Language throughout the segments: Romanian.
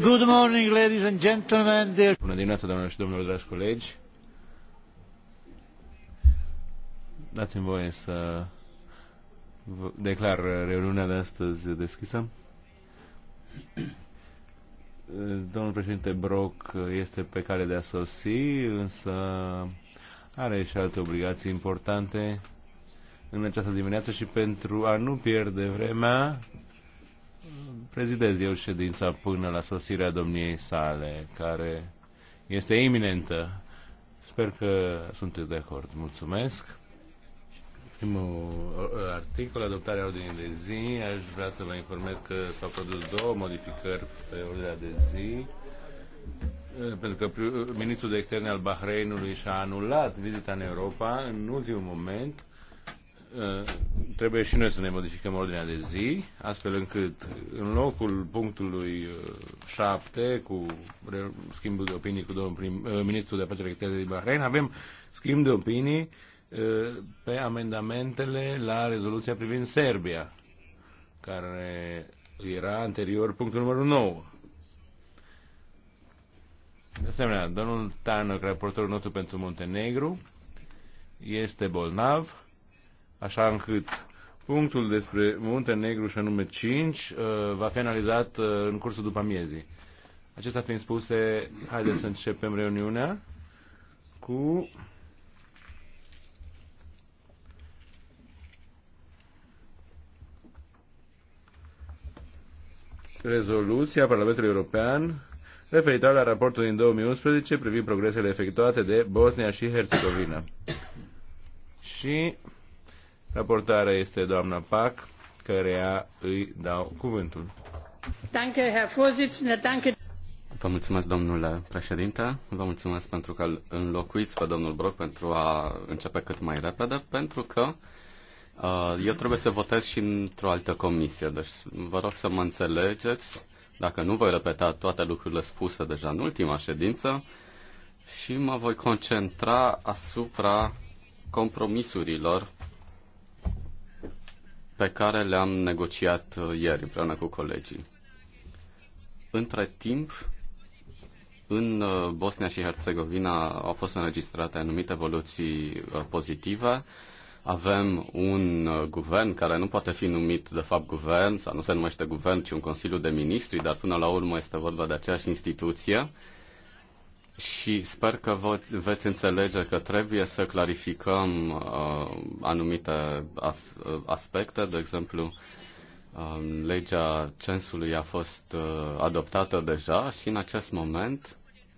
Good morning, ladies and gentlemen. Dear... Bună dimineața, doamnelor și domnilor, dragi colegi. Dați-mi voie să vă declar reuniunea de astăzi deschisă. Domnul președinte Brock este pe cale de a sosi, însă are și alte obligații importante în această dimineață și pentru a nu pierde vremea, prezidez eu ședința până la sosirea domniei sale, care este iminentă. Sper că sunteți de acord. Mulțumesc. Primul uh, articol, adoptarea ordinii de zi. Aș vrea să vă informez că s-au produs două modificări pe ordinea de zi uh, pentru că uh, ministrul de externe al Bahreinului și-a anulat vizita în Europa în ultimul moment Uh, trebuie și noi să ne modificăm ordinea de zi, astfel încât în locul punctului 7 uh, cu schimbul de opinii cu domnul prim, uh, ministru de afaceri externe din Bahrain, avem schimb de opinii pe amendamentele la rezoluția privind Serbia, care era anterior punctul numărul 9. De asemenea, domnul Tanoc, raportorul nostru pentru Montenegru, este bolnav așa încât punctul despre Negru și anume 5 uh, va fi analizat uh, în cursul după amiezii. Acestea fiind spuse, haideți să începem reuniunea cu rezoluția Parlamentului European referitoare la raportul din 2011 privind progresele efectuate de Bosnia și Herțegovina. Și Raportarea este doamna Pac, căreia îi dau cuvântul. Danke, Herr Vorsitzender, danke. Vă mulțumesc, domnule președinte. Vă mulțumesc pentru că îl înlocuiți pe domnul Brock pentru a începe cât mai repede, pentru că uh, eu trebuie să votez și într-o altă comisie. Deci vă rog să mă înțelegeți dacă nu voi repeta toate lucrurile spuse deja în ultima ședință și mă voi concentra asupra compromisurilor pe care le-am negociat uh, ieri împreună cu colegii. Între timp, în uh, Bosnia și Herțegovina au fost înregistrate anumite evoluții uh, pozitive. Avem un guvern care nu poate fi numit de fapt guvern, sau nu se numește guvern, ci un Consiliu de Ministri, dar până la urmă este vorba de aceeași instituție și sper că vă, veți înțelege că trebuie să clarificăm uh, anumite as, aspecte, de exemplu, uh, legea censului a fost uh, adoptată deja și în acest moment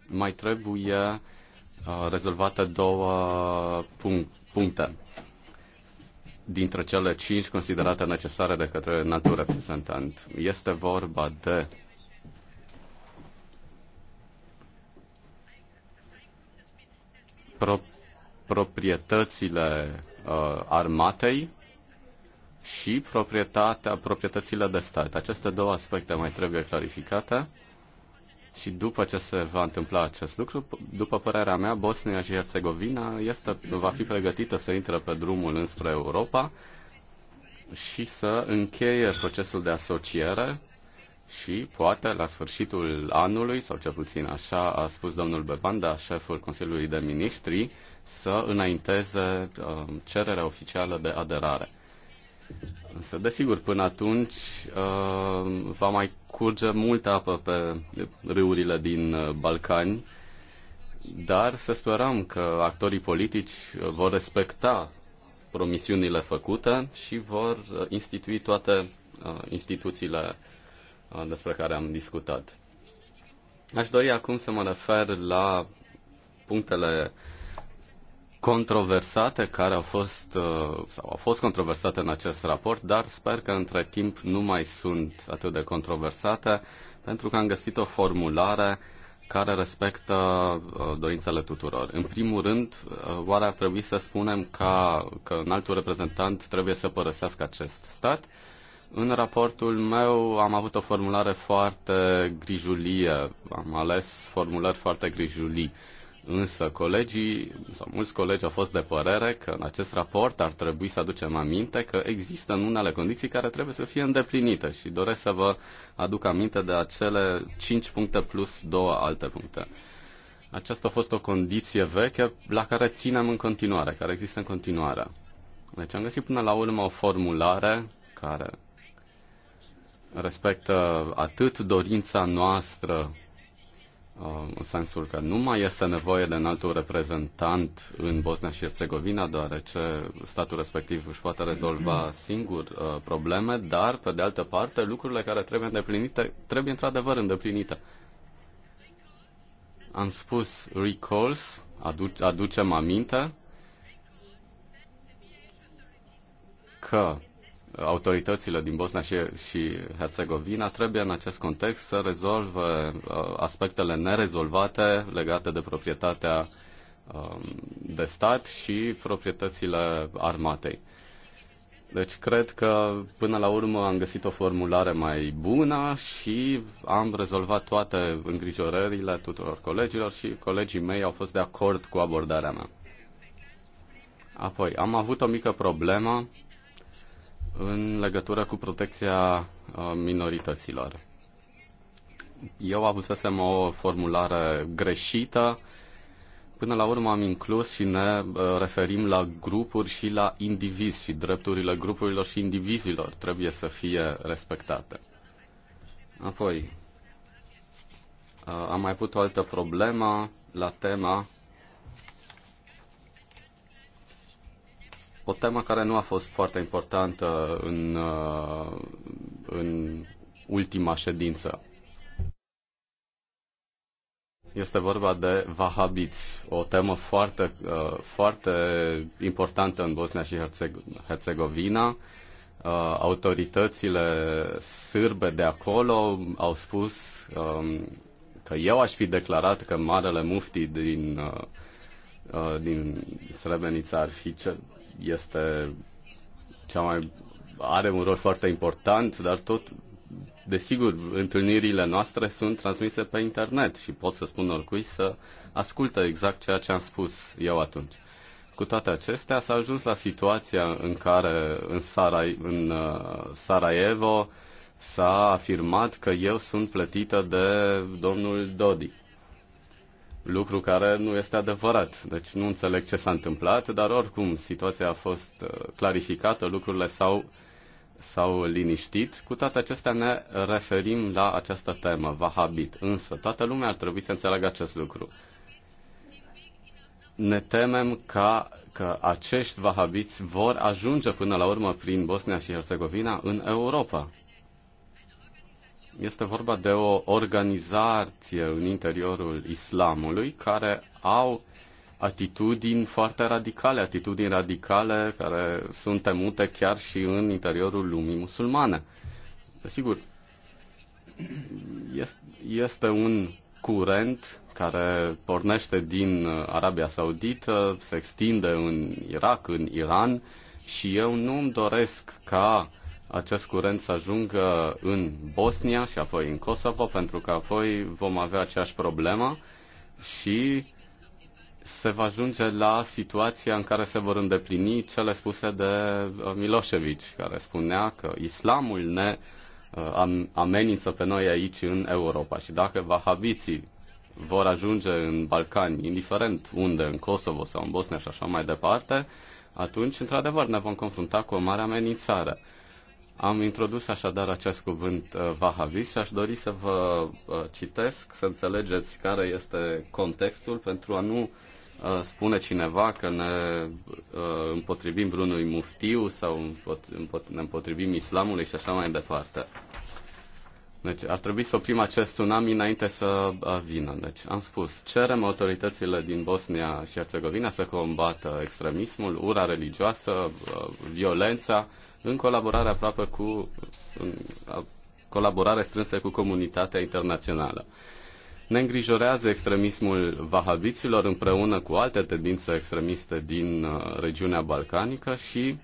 mai trebuie uh, rezolvate două punct, puncte dintre cele cinci considerate necesare de către înalt reprezentant. Este vorba de pro- proprietățile uh, armatei și proprietatea, proprietățile de stat. Aceste două aspecte mai trebuie clarificate și după ce se va întâmpla acest lucru, după părerea mea, Bosnia și Herțegovina este, va fi pregătită să intre pe drumul înspre Europa și să încheie procesul de asociere și poate la sfârșitul anului, sau cel puțin așa a spus domnul Bevanda, șeful Consiliului de Ministri, să înainteze uh, cererea oficială de aderare. Însă, desigur, până atunci uh, va mai curge multă apă pe râurile din uh, Balcani, dar să sperăm că actorii politici vor respecta promisiunile făcute și vor institui toate uh, instituțiile Uh, despre care am discutat. Aș dori acum să mă refer la punctele controversate care au fost uh, sau au fost controversate în acest raport, dar sper că între timp nu mai sunt atât de controversate pentru că am găsit o formulare care respectă uh, dorințele tuturor. În primul rând, oare ar trebui să spunem ca, că un altul reprezentant trebuie să părăsească acest stat în raportul meu am avut o formulare foarte grijulie, am ales formulări foarte grijulii. Însă colegii, sau mulți colegi au fost de părere că în acest raport ar trebui să aducem aminte că există în unele condiții care trebuie să fie îndeplinite și doresc să vă aduc aminte de acele 5 puncte plus două alte puncte. Aceasta a fost o condiție veche la care ținem în continuare, care există în continuare. Deci am găsit până la urmă o formulare care respectă atât dorința noastră uh, în sensul că nu mai este nevoie de înaltul reprezentant în Bosnia și Herțegovina, deoarece statul respectiv își poate rezolva singur uh, probleme, dar, pe de altă parte, lucrurile care trebuie îndeplinite trebuie într-adevăr îndeplinite. Am spus recalls, adu- aducem aminte că autoritățile din Bosnia și, și Herțegovina trebuie în acest context să uh, aspectele nerezolvate legate de proprietatea um, de stat și proprietățile armatei. Deci cred că până la urmă am găsit o formulare mai bună și am rezolvat toate îngrijorările tuturor colegilor și colegii mei au fost de acord cu abordarea mea. Apoi, am avut o mică problemă în legătură cu protecția uh, minorităților. Eu avusesem o formulare greșită. Până la urmă am inclus și ne uh, referim la grupuri și la indivizi și drepturile grupurilor și indivizilor trebuie să fie respectate. Apoi, uh, am mai avut o altă problemă la tema o temă care nu a fost foarte importantă în, uh, în ultima ședință. Este vorba de vahabiți, o temă foarte, uh, foarte importantă în Bosnia și Herțegovina. Uh, autoritățile sârbe de acolo au spus um, că eu aș fi declarat că marele mufti din, din Srebrenica ar fi cel, este cea mai are un rol foarte important, dar tot desigur, întâlnirile noastre sunt transmise pe internet și pot să spun oricui să ascultă exact ceea ce am spus eu atunci. Cu toate acestea, s-a ajuns la situația în care în, Sarai- în uh, Sarajevo s-a afirmat că eu sunt plătită de domnul Dodic lucru care nu este adevărat. Deci nu înțeleg ce s-a întâmplat, dar oricum situația a fost uh, clarificată, lucrurile s-au, s-au liniștit. Cu toate acestea ne referim la această temă, Vahabit. Însă toată lumea ar trebui să înțeleagă acest lucru. Ne temem ca, că acești vahabiți vor ajunge până la urmă prin Bosnia și Herțegovina în Europa. Este vorba de o organizație în interiorul islamului care au atitudini foarte radicale, atitudini radicale care sunt temute chiar și în interiorul lumii musulmane. Sigur, este un curent care pornește din Arabia Saudită, se extinde în Irak, în Iran și eu nu mi doresc ca acest curent să ajungă în Bosnia și apoi în Kosovo, pentru că apoi vom avea aceeași problemă și se va ajunge la situația în care se vor îndeplini cele spuse de uh, Milosevic, care spunea că islamul ne uh, amenință pe noi aici în Europa și dacă vahabiții vor ajunge în Balcani, indiferent unde, în Kosovo sau în Bosnia și așa mai departe, atunci, într-adevăr, ne vom confrunta cu o mare amenințare. Am introdus așadar acest cuvânt uh, vahavis și aș dori să vă uh, citesc, să înțelegeți care este contextul pentru a nu uh, spune cineva că ne împotrivim vreunui muftiu sau ne împotrivim islamului și așa mai departe. Deci ar trebui să oprim acest tsunami înainte să vină. Deci am spus, cerem autoritățile din Bosnia și Herțegovina să combată extremismul, ura religioasă, violența, în colaborare aproape cu în colaborare strânsă cu comunitatea internațională. Ne îngrijorează extremismul vahabiților împreună cu alte tendințe extremiste din uh, regiunea balcanică și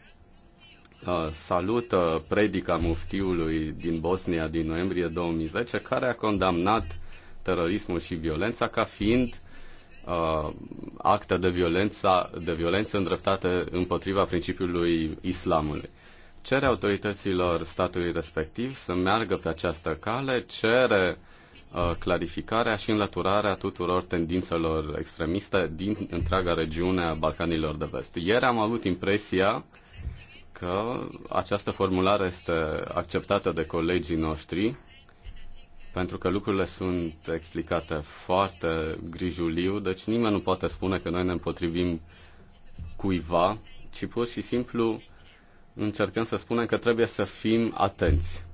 uh, salută predica muftiului din Bosnia din noiembrie 2010, care a condamnat terorismul și violența ca fiind uh, acte de violență, de violență îndreptate împotriva principiului islamului cere autorităților statului respectiv să meargă pe această cale, cere uh, clarificarea și înlăturarea tuturor tendințelor extremiste din întreaga regiune a Balcanilor de Vest. Ieri am avut impresia că această formulare este acceptată de colegii noștri, pentru că lucrurile sunt explicate foarte grijuliu, deci nimeni nu poate spune că noi ne împotrivim cuiva, ci pur și simplu încercăm să spunem că trebuie să fim atenți.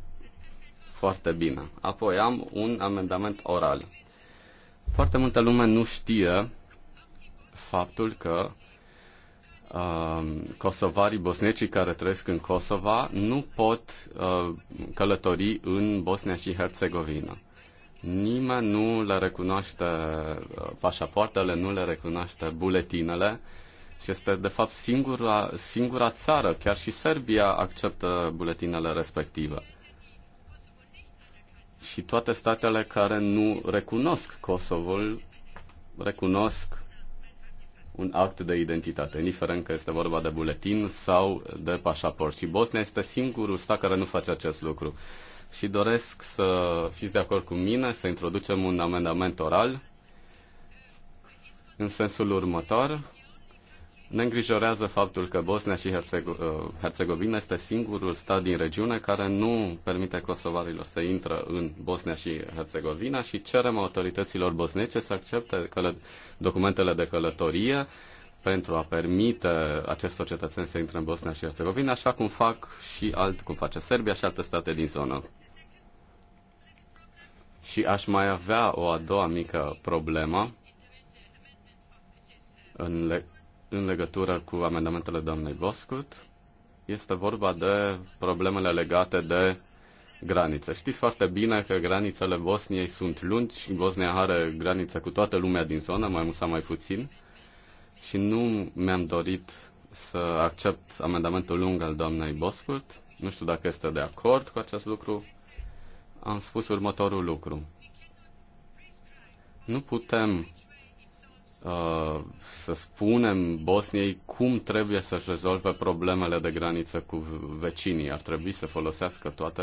Foarte bine. Apoi am un amendament oral. Foarte multă lume nu știe faptul că uh, kosovarii bosnecii care trăiesc în Kosova nu pot uh, călători în Bosnia și Herțegovina. Nimeni nu le recunoaște uh, pașapoartele, nu le recunoaște buletinele și este, de fapt, singura, singura țară, chiar și Serbia acceptă buletinele respective. Și toate statele care nu recunosc Kosovul recunosc un act de identitate, indiferent că este vorba de buletin sau de pașaport. Și Bosnia este singurul stat care nu face acest lucru. Și doresc să fiți de acord cu mine, să introducem un amendament oral în sensul următor, ne îngrijorează faptul că Bosnia și uh, Herțegovina este singurul stat din regiune care nu permite kosovarilor să intră în Bosnia și Herțegovina și cerem autorităților bosnece să accepte călă- documentele de călătorie pentru a permite acestor cetățeni să intre în Bosnia și Herțegovina, așa cum fac și alt, cum face Serbia și alte state din zonă. Și aș mai avea o a doua mică problemă în le- în legătură cu amendamentele doamnei Boscut. Este vorba de problemele legate de granițe. Știți foarte bine că granițele Bosniei sunt lungi, Bosnia are granițe cu toată lumea din zonă, mai mult sau mai puțin, și nu mi-am dorit să accept amendamentul lung al doamnei Boscut. Nu știu dacă este de acord cu acest lucru. Am spus următorul lucru. Nu putem Uh, să spunem Bosniei cum trebuie să-și rezolve problemele de graniță cu vecinii. Ar trebui să folosească toate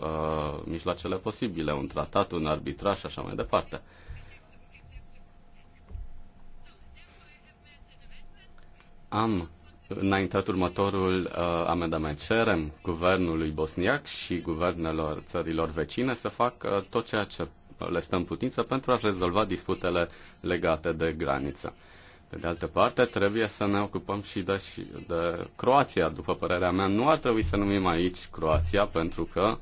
uh, mijloacele posibile, un tratat, un arbitraj și așa mai departe. Am înaintat următorul uh, amendament. Cerem guvernului bosniac și guvernelor țărilor vecine să facă tot ceea ce le stă în putință pentru a rezolva disputele legate de graniță. Pe de altă parte, trebuie să ne ocupăm și de, și de Croația. După părerea mea, nu ar trebui să numim aici Croația, pentru că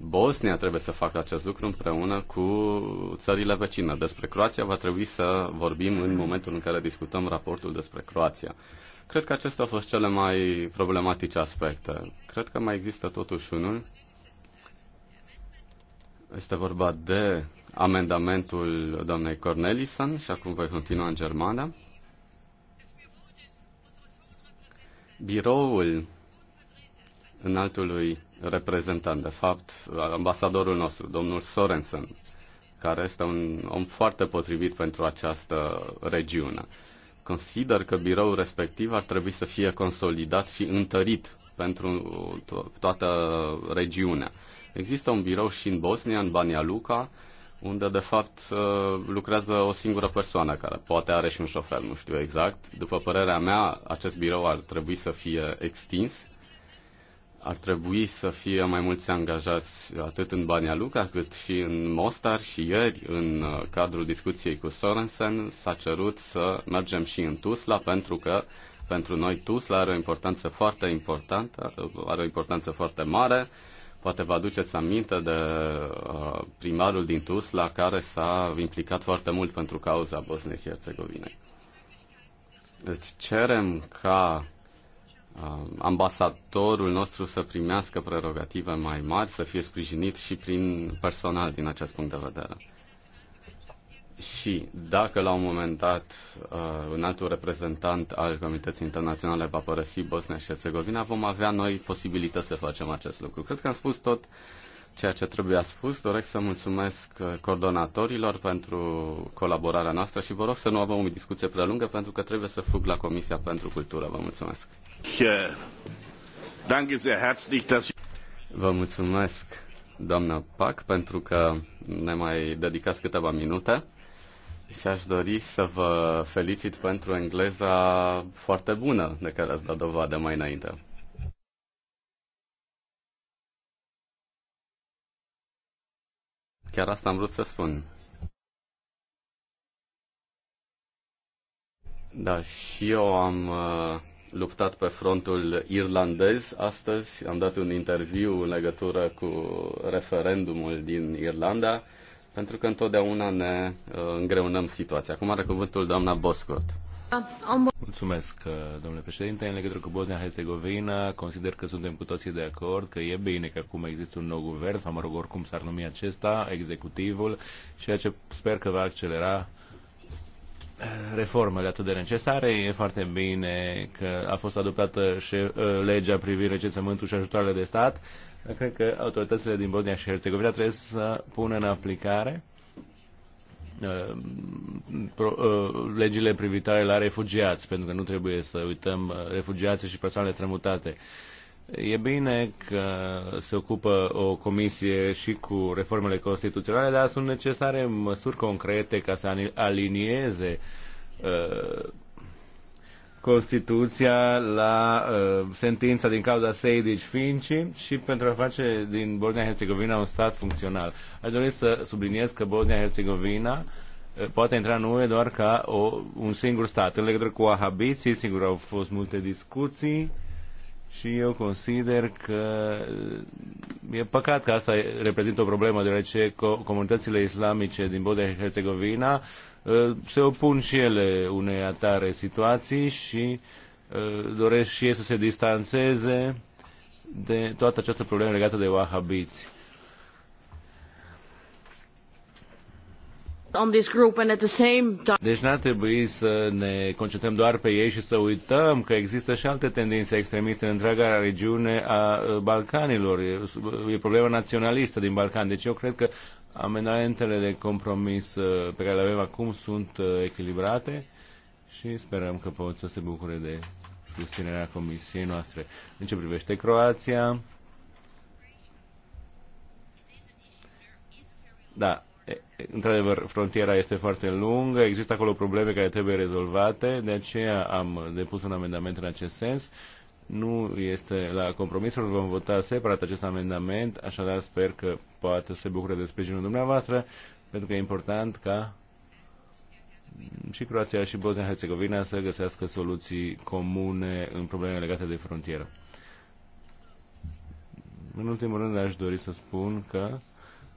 Bosnia trebuie să facă acest lucru împreună cu țările vecine. Despre Croația va trebui să vorbim în momentul în care discutăm raportul despre Croația. Cred că acestea au fost cele mai problematice aspecte. Cred că mai există totuși unul este vorba de amendamentul doamnei Cornelissen și acum voi continua în germană. Biroul înaltului reprezentant, de fapt, ambasadorul nostru, domnul Sorensen, care este un om foarte potrivit pentru această regiune. Consider că biroul respectiv ar trebui să fie consolidat și întărit pentru to- toată regiunea. Există un birou și în Bosnia, în Bania Luka, unde de fapt uh, lucrează o singură persoană care poate are și un șofer, nu știu exact. După părerea mea, acest birou ar trebui să fie extins, ar trebui să fie mai mulți angajați atât în Bania Luka cât și în Mostar și ieri în uh, cadrul discuției cu Sorensen s-a cerut să mergem și în Tuzla pentru că pentru noi Tuzla are o importanță foarte importantă, uh, are o importanță foarte mare Poate vă aduceți aminte de uh, primarul din Tuzla care s-a implicat foarte mult pentru cauza Bosniei și Herțegovinei. Deci cerem ca uh, ambasadorul nostru să primească prerogative mai mari, să fie sprijinit și prin personal din acest punct de vedere și dacă la un moment dat uh, un alt reprezentant al Comității Internaționale va părăsi Bosnia și Herțegovina, vom avea noi posibilități să facem acest lucru. Cred că am spus tot ceea ce a spus. Doresc să mulțumesc uh, coordonatorilor pentru colaborarea noastră și vă rog să nu avem o discuție prea lungă pentru că trebuie să fug la Comisia pentru Cultură. Vă mulțumesc. Vă mulțumesc, doamnă Pac, pentru că ne mai dedicați câteva minute. Și aș dori să vă felicit pentru engleza foarte bună de care ați dat dovadă mai înainte. Chiar asta am vrut să spun. Da, și eu am uh, luptat pe frontul irlandez astăzi. Am dat un interviu în legătură cu referendumul din Irlanda pentru că întotdeauna ne uh, îngreunăm situația. Acum are cuvântul doamna Boscot. Mulțumesc, uh, domnule președinte. În legătură cu Bosnia-Herzegovina, consider că suntem cu toții de acord că e bine că acum există un nou guvern, sau mă rog, oricum s-ar numi acesta, executivul, ceea ce sper că va accelera reformele atât de necesare. E foarte bine că a fost adoptată și uh, legea privind recensământul și ajutoarele de stat. Cred că autoritățile din Bosnia și Herțegovina trebuie să pună în aplicare uh, uh, legile privitoare la refugiați, pentru că nu trebuie să uităm refugiații și persoanele strămutate. E bine că se ocupă o comisie și cu reformele constituționale, dar sunt necesare măsuri concrete ca să alinieze uh, Constituția la uh, sentința din cauza Seidici Finci și pentru a face din Bosnia-Herzegovina un stat funcțional. Aș dori să subliniez că Bosnia-Herzegovina uh, poate intra în UE doar ca o, un singur stat. În legătură cu ahabiții, sigur, au fost multe discuții și eu consider că uh, e păcat că asta reprezintă o problemă, deoarece comunitățile islamice din Bosnia și Herzegovina uh, se opun și ele unei atare situații și uh, doresc și ei să se distanțeze de toată această problemă legată de wahabiți. on this group and at the same time. Deci n-ar trebui să ne concentrăm doar pe ei și să uităm că există și alte tendințe extremiste în întreaga regiune a uh, Balcanilor. E, e problema naționalistă din Balcan. Deci eu cred că amendamentele de compromis uh, pe care le avem acum sunt uh, echilibrate și sperăm că pot să se bucure de susținerea comisiei noastre. În ce privește Croația, da, Într-adevăr, frontiera este foarte lungă, există acolo probleme care trebuie rezolvate, de aceea am depus un amendament în acest sens. Nu este la compromisul, vom vota separat acest amendament, așadar sper că poate se bucure de sprijinul dumneavoastră, pentru că e important ca și Croația și Bosnia-Herzegovina să găsească soluții comune în problemele legate de frontieră. În ultimul rând aș dori să spun că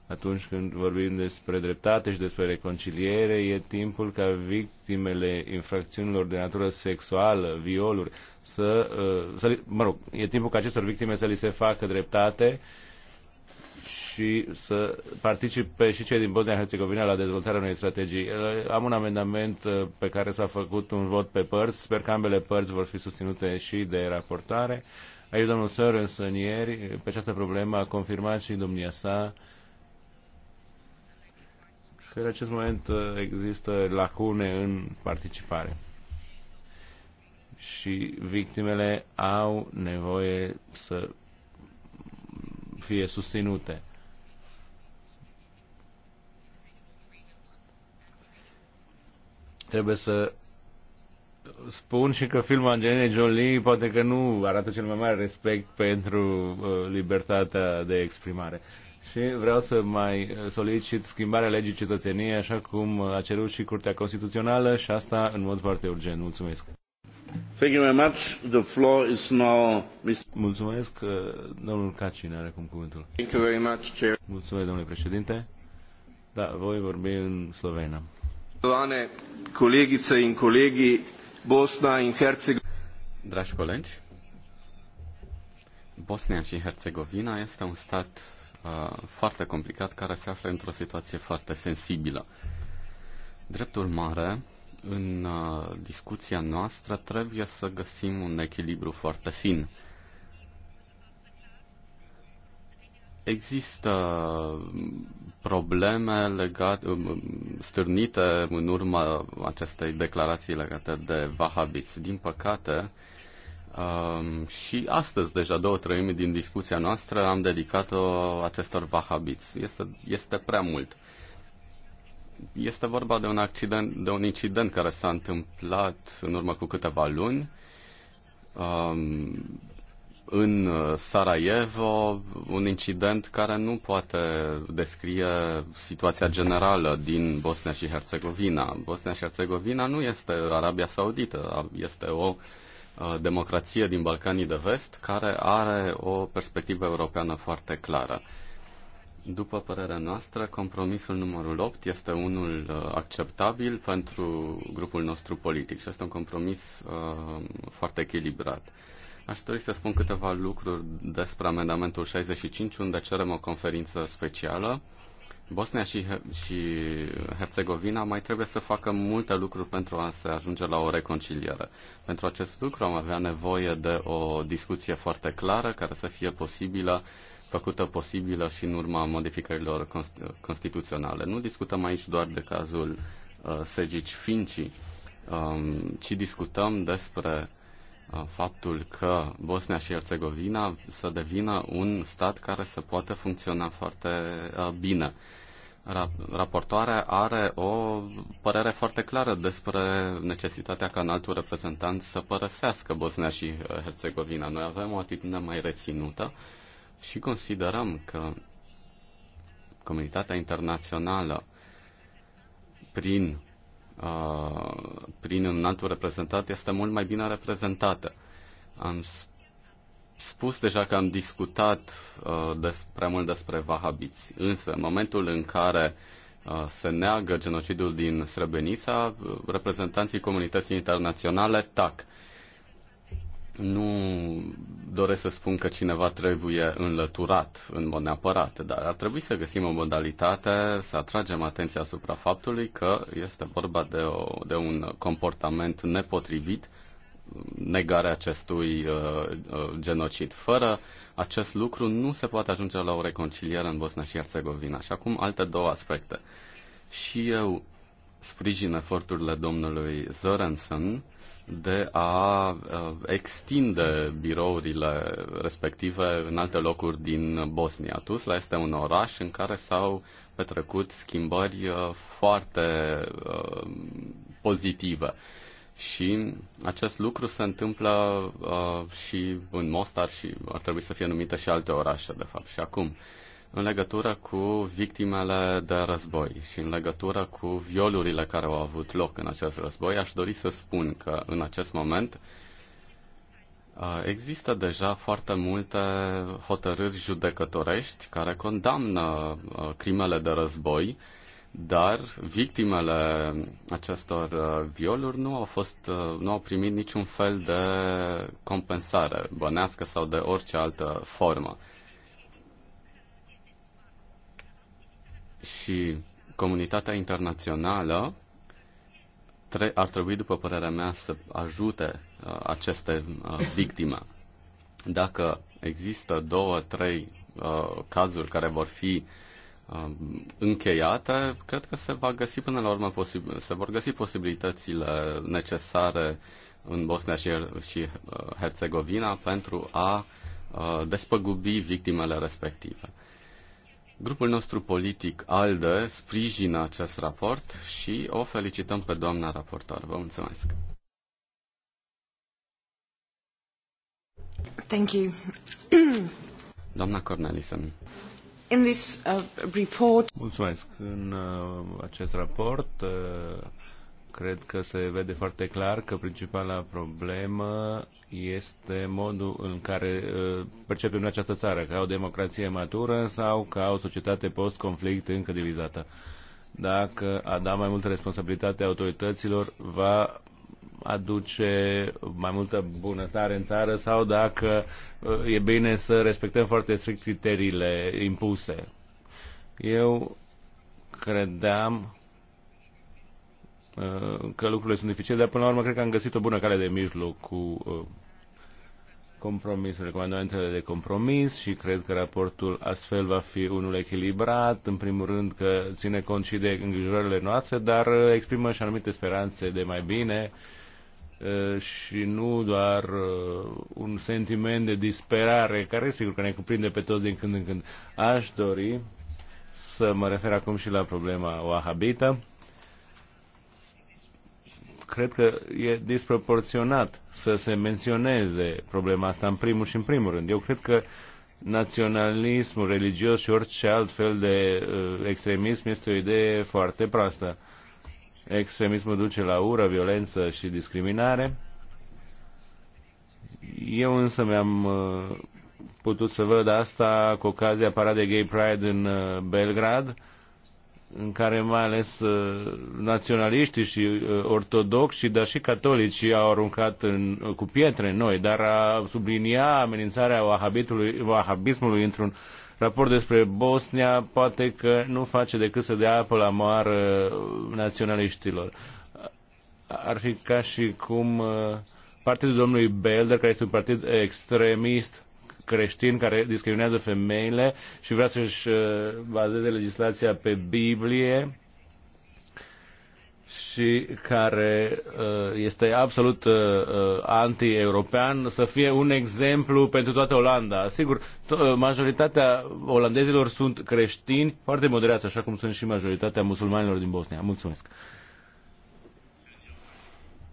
atunci când vorbim despre dreptate și despre reconciliere, e timpul ca victimele infracțiunilor de natură sexuală, violuri, să, uh, să mă rog, e timpul ca acestor victime să li se facă dreptate și să participe și cei din Bosnia-Herzegovina la dezvoltarea unei strategii. Uh, am un amendament uh, pe care s-a făcut un vot pe părți. Sper că ambele părți vor fi susținute și de raportare. Aici domnul Sănieri, pe această problemă, a confirmat și domnia sa că în acest moment uh, există lacune în participare și victimele au nevoie să fie susținute. Trebuie să spun și că filmul Angelina Jolie poate că nu arată cel mai mare respect pentru uh, libertatea de exprimare. Și vreau să mai solicit schimbarea legii cetățeniei, așa cum a cerut și Curtea Constituțională și asta în mod foarte urgent. Mulțumesc. Thank you very much. The floor is now Mr. Mulțumesc. Uh, domnul Cacin are acum cuvântul. Thank you very much, Chair. Mulțumesc, domnule președinte. Da, voi vorbi în slovenă. Doamne, colegițe în colegii, Bosna în Herțegovina. Dragi colegi, Bosnia și Herțegovina este un stat Uh, foarte complicat care se află într-o situație foarte sensibilă. Drept urmare, în uh, discuția noastră trebuie să găsim un echilibru foarte fin. Există probleme legate, um, um, stârnite în urma acestei declarații legate de vahabiți. Din păcate, Um, și astăzi, deja două treimi din discuția noastră, am dedicat-o acestor vahabiți. Este, este prea mult. Este vorba de un, accident, de un incident care s-a întâmplat în urmă cu câteva luni. Um, în Sarajevo, un incident care nu poate descrie situația generală din Bosnia și Herțegovina. Bosnia și Herțegovina nu este Arabia Saudită, este o uh, Uh, democrație din Balcanii de Vest care are o perspectivă europeană foarte clară. După părerea noastră, compromisul numărul 8 este unul uh, acceptabil pentru grupul nostru politic și este un compromis uh, foarte echilibrat. Aș dori să spun câteva lucruri despre amendamentul 65, unde cerem o conferință specială uh, Bosnia și, și Herțegovina mai trebuie să facă multe lucruri pentru a se ajunge la o reconciliere. Pentru acest lucru am avea nevoie de o discuție foarte clară care să fie posibilă făcută posibilă și în urma modificărilor constituționale. Nu discutăm aici doar de cazul uh, Segici Fincii, um, ci discutăm despre uh, faptul că Bosnia și Herțegovina să devină un stat care să poată funcționa foarte uh, bine raportoare are o părere foarte clară despre necesitatea ca înaltul reprezentant să părăsească Bosnia și uh, Herțegovina. Noi avem o atitudine mai reținută și considerăm că comunitatea internațională prin, uh, prin înaltul reprezentat este mult mai bine reprezentată. Am spus spus deja că am discutat uh, des, prea mult despre vahabiți, însă în momentul în care uh, se neagă genocidul din Srebrenica, uh, reprezentanții comunității internaționale tac. Nu doresc să spun că cineva trebuie înlăturat în mod neapărat, dar ar trebui să găsim o modalitate să atragem atenția asupra faptului că este vorba de, o, de un comportament nepotrivit negarea acestui uh, uh, genocid. Fără acest lucru nu se poate ajunge la o reconciliere în Bosnia și Herțegovina. Și acum alte două aspecte. Și eu sprijin eforturile domnului Zorensen de a uh, extinde birourile respective în alte locuri din Bosnia. Tuzla este un oraș în care s-au petrecut schimbări foarte pozitive. Și acest lucru se întâmplă uh, și în Mostar și ar trebui să fie numită și alte orașe, de fapt. Și acum, în legătură cu victimele de război și în legătură cu violurile care au avut loc în acest război, aș dori să spun că în acest moment uh, Există deja foarte multe hotărâri judecătorești care condamnă uh, crimele de război dar victimele acestor uh, violuri nu au, fost, uh, nu au primit niciun fel de compensare bănească sau de orice altă formă. Și comunitatea internațională ar trebui, după părerea mea, să ajute uh, aceste victime. Dacă există două, trei cazuri care vor fi uh, încheiate, cred că se va găsi până la urmă posibil, se vor găsi posibilitățile necesare în Bosnia și, și uh, Herțegovina pentru a uh, despăgubi victimele respective. Grupul nostru politic ALDE sprijină acest raport și o felicităm pe doamna raportor. Vă mulțumesc! Thank you. doamna Cornelison. In this uh, report... Mulțumesc. În uh, acest raport uh, cred că se vede foarte clar că principala problemă este modul în care uh, percepem această țară, ca o democrație matură sau ca o societate post-conflict încă divizată. Dacă a da mai multă responsabilitate autorităților, va aduce mai multă bunătare în țară sau dacă uh, e bine să respectăm foarte strict criteriile impuse. Eu credeam uh, că lucrurile sunt dificile, dar până la urmă cred că am găsit o bună cale de mijloc cu uh, compromis, recomandamentele de compromis și cred că raportul astfel va fi unul echilibrat, în primul rând că ține cont și de îngrijorările noastre, dar exprimă și anumite speranțe de mai bine Eh, și nu doar eh, un sentiment de disperare, care sigur că ne cuprinde pe toți din când în când. Aș dori să mă refer acum și la problema wahabită. Cred că e disproporționat să se menționeze problema asta în primul și în primul rând. Eu cred că naționalismul religios și orice alt fel de eh, extremism este o idee foarte proastă extremismul duce la ură, violență și discriminare. Eu însă mi-am uh, putut să văd asta cu ocazia paradei Gay Pride în uh, Belgrad, în care mai ales uh, naționaliștii și ortodoxi, dar și catolicii au aruncat în, cu pietre noi, dar a sublinia amenințarea wahabismului într-un uh, raport despre Bosnia poate că nu face decât să dea apă la moară naționaliștilor. Ar fi ca și cum uh, partidul domnului Belder, care este un partid extremist, creștin care discriminează femeile și vrea să-și uh, bazeze legislația pe Biblie, și care uh, este absolut uh, uh, anti-european să fie un exemplu pentru toată Olanda. Sigur, majoritatea olandezilor sunt creștini, foarte moderați, așa cum sunt și majoritatea musulmanilor din Bosnia. Mulțumesc.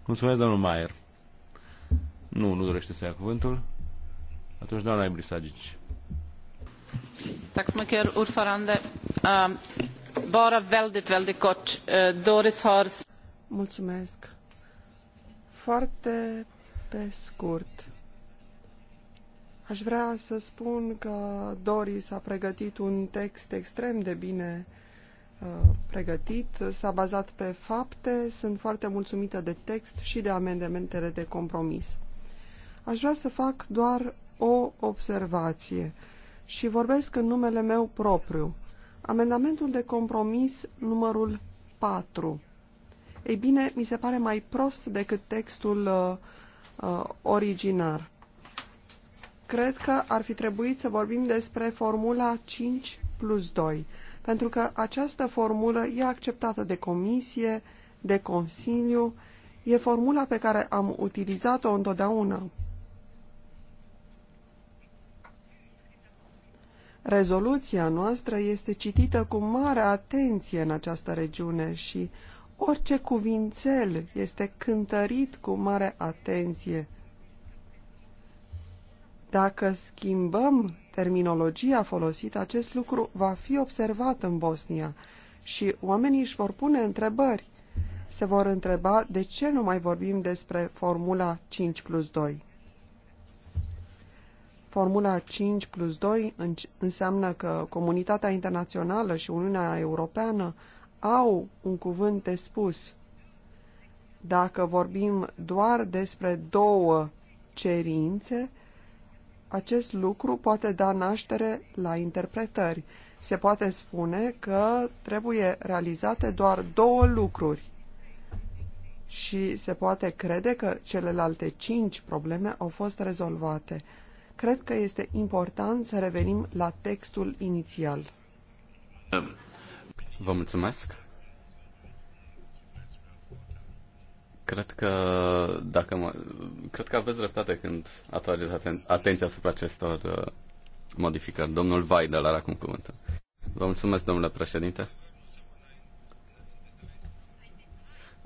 Mulțumesc, domnul Maier. Nu, nu dorește să ia cuvântul. Atunci, doamna Ibrisagici. Tack så urfarande. Eh, Mulțumesc. Foarte pe scurt. Aș vrea să spun că Doris a pregătit un text extrem de bine uh, pregătit, s-a bazat pe fapte, sunt foarte mulțumită de text și de amendamentele de compromis. Aș vrea să fac doar o observație și vorbesc în numele meu propriu. Amendamentul de compromis numărul 4. Ei bine, mi se pare mai prost decât textul uh, uh, originar. Cred că ar fi trebuit să vorbim despre formula 5 plus 2, pentru că această formulă e acceptată de comisie, de consiliu, e formula pe care am utilizat-o întotdeauna Rezoluția noastră este citită cu mare atenție în această regiune și orice cuvințel este cântărit cu mare atenție. Dacă schimbăm terminologia folosită, acest lucru va fi observat în Bosnia și oamenii își vor pune întrebări. Se vor întreba de ce nu mai vorbim despre formula 5 plus 2. Formula 5 plus 2 înseamnă că comunitatea internațională și Uniunea Europeană au un cuvânt de spus. Dacă vorbim doar despre două cerințe, acest lucru poate da naștere la interpretări. Se poate spune că trebuie realizate doar două lucruri și se poate crede că celelalte cinci probleme au fost rezolvate. Cred că este important să revenim la textul inițial. Vă mulțumesc. Cred că, dacă mă, cred că aveți dreptate când atrageți aten- atenția asupra acestor uh, modificări. Domnul Vaidel are acum cuvântul. Vă mulțumesc, domnule președinte.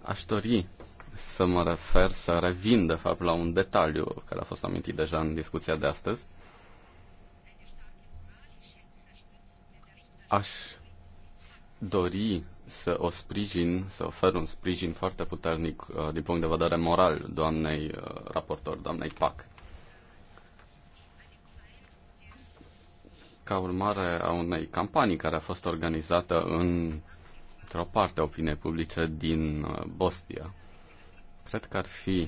Aș dori să mă refer, să revin, de fapt, la un detaliu care a fost amintit deja în discuția de astăzi. Aș dori să o sprijin, să ofer un sprijin foarte puternic uh, din punct de vedere moral doamnei uh, raportor, doamnei PAC. Ca urmare a unei campanii care a fost organizată în într-o parte a opiniei publice din uh, Bosnia, Cred că ar fi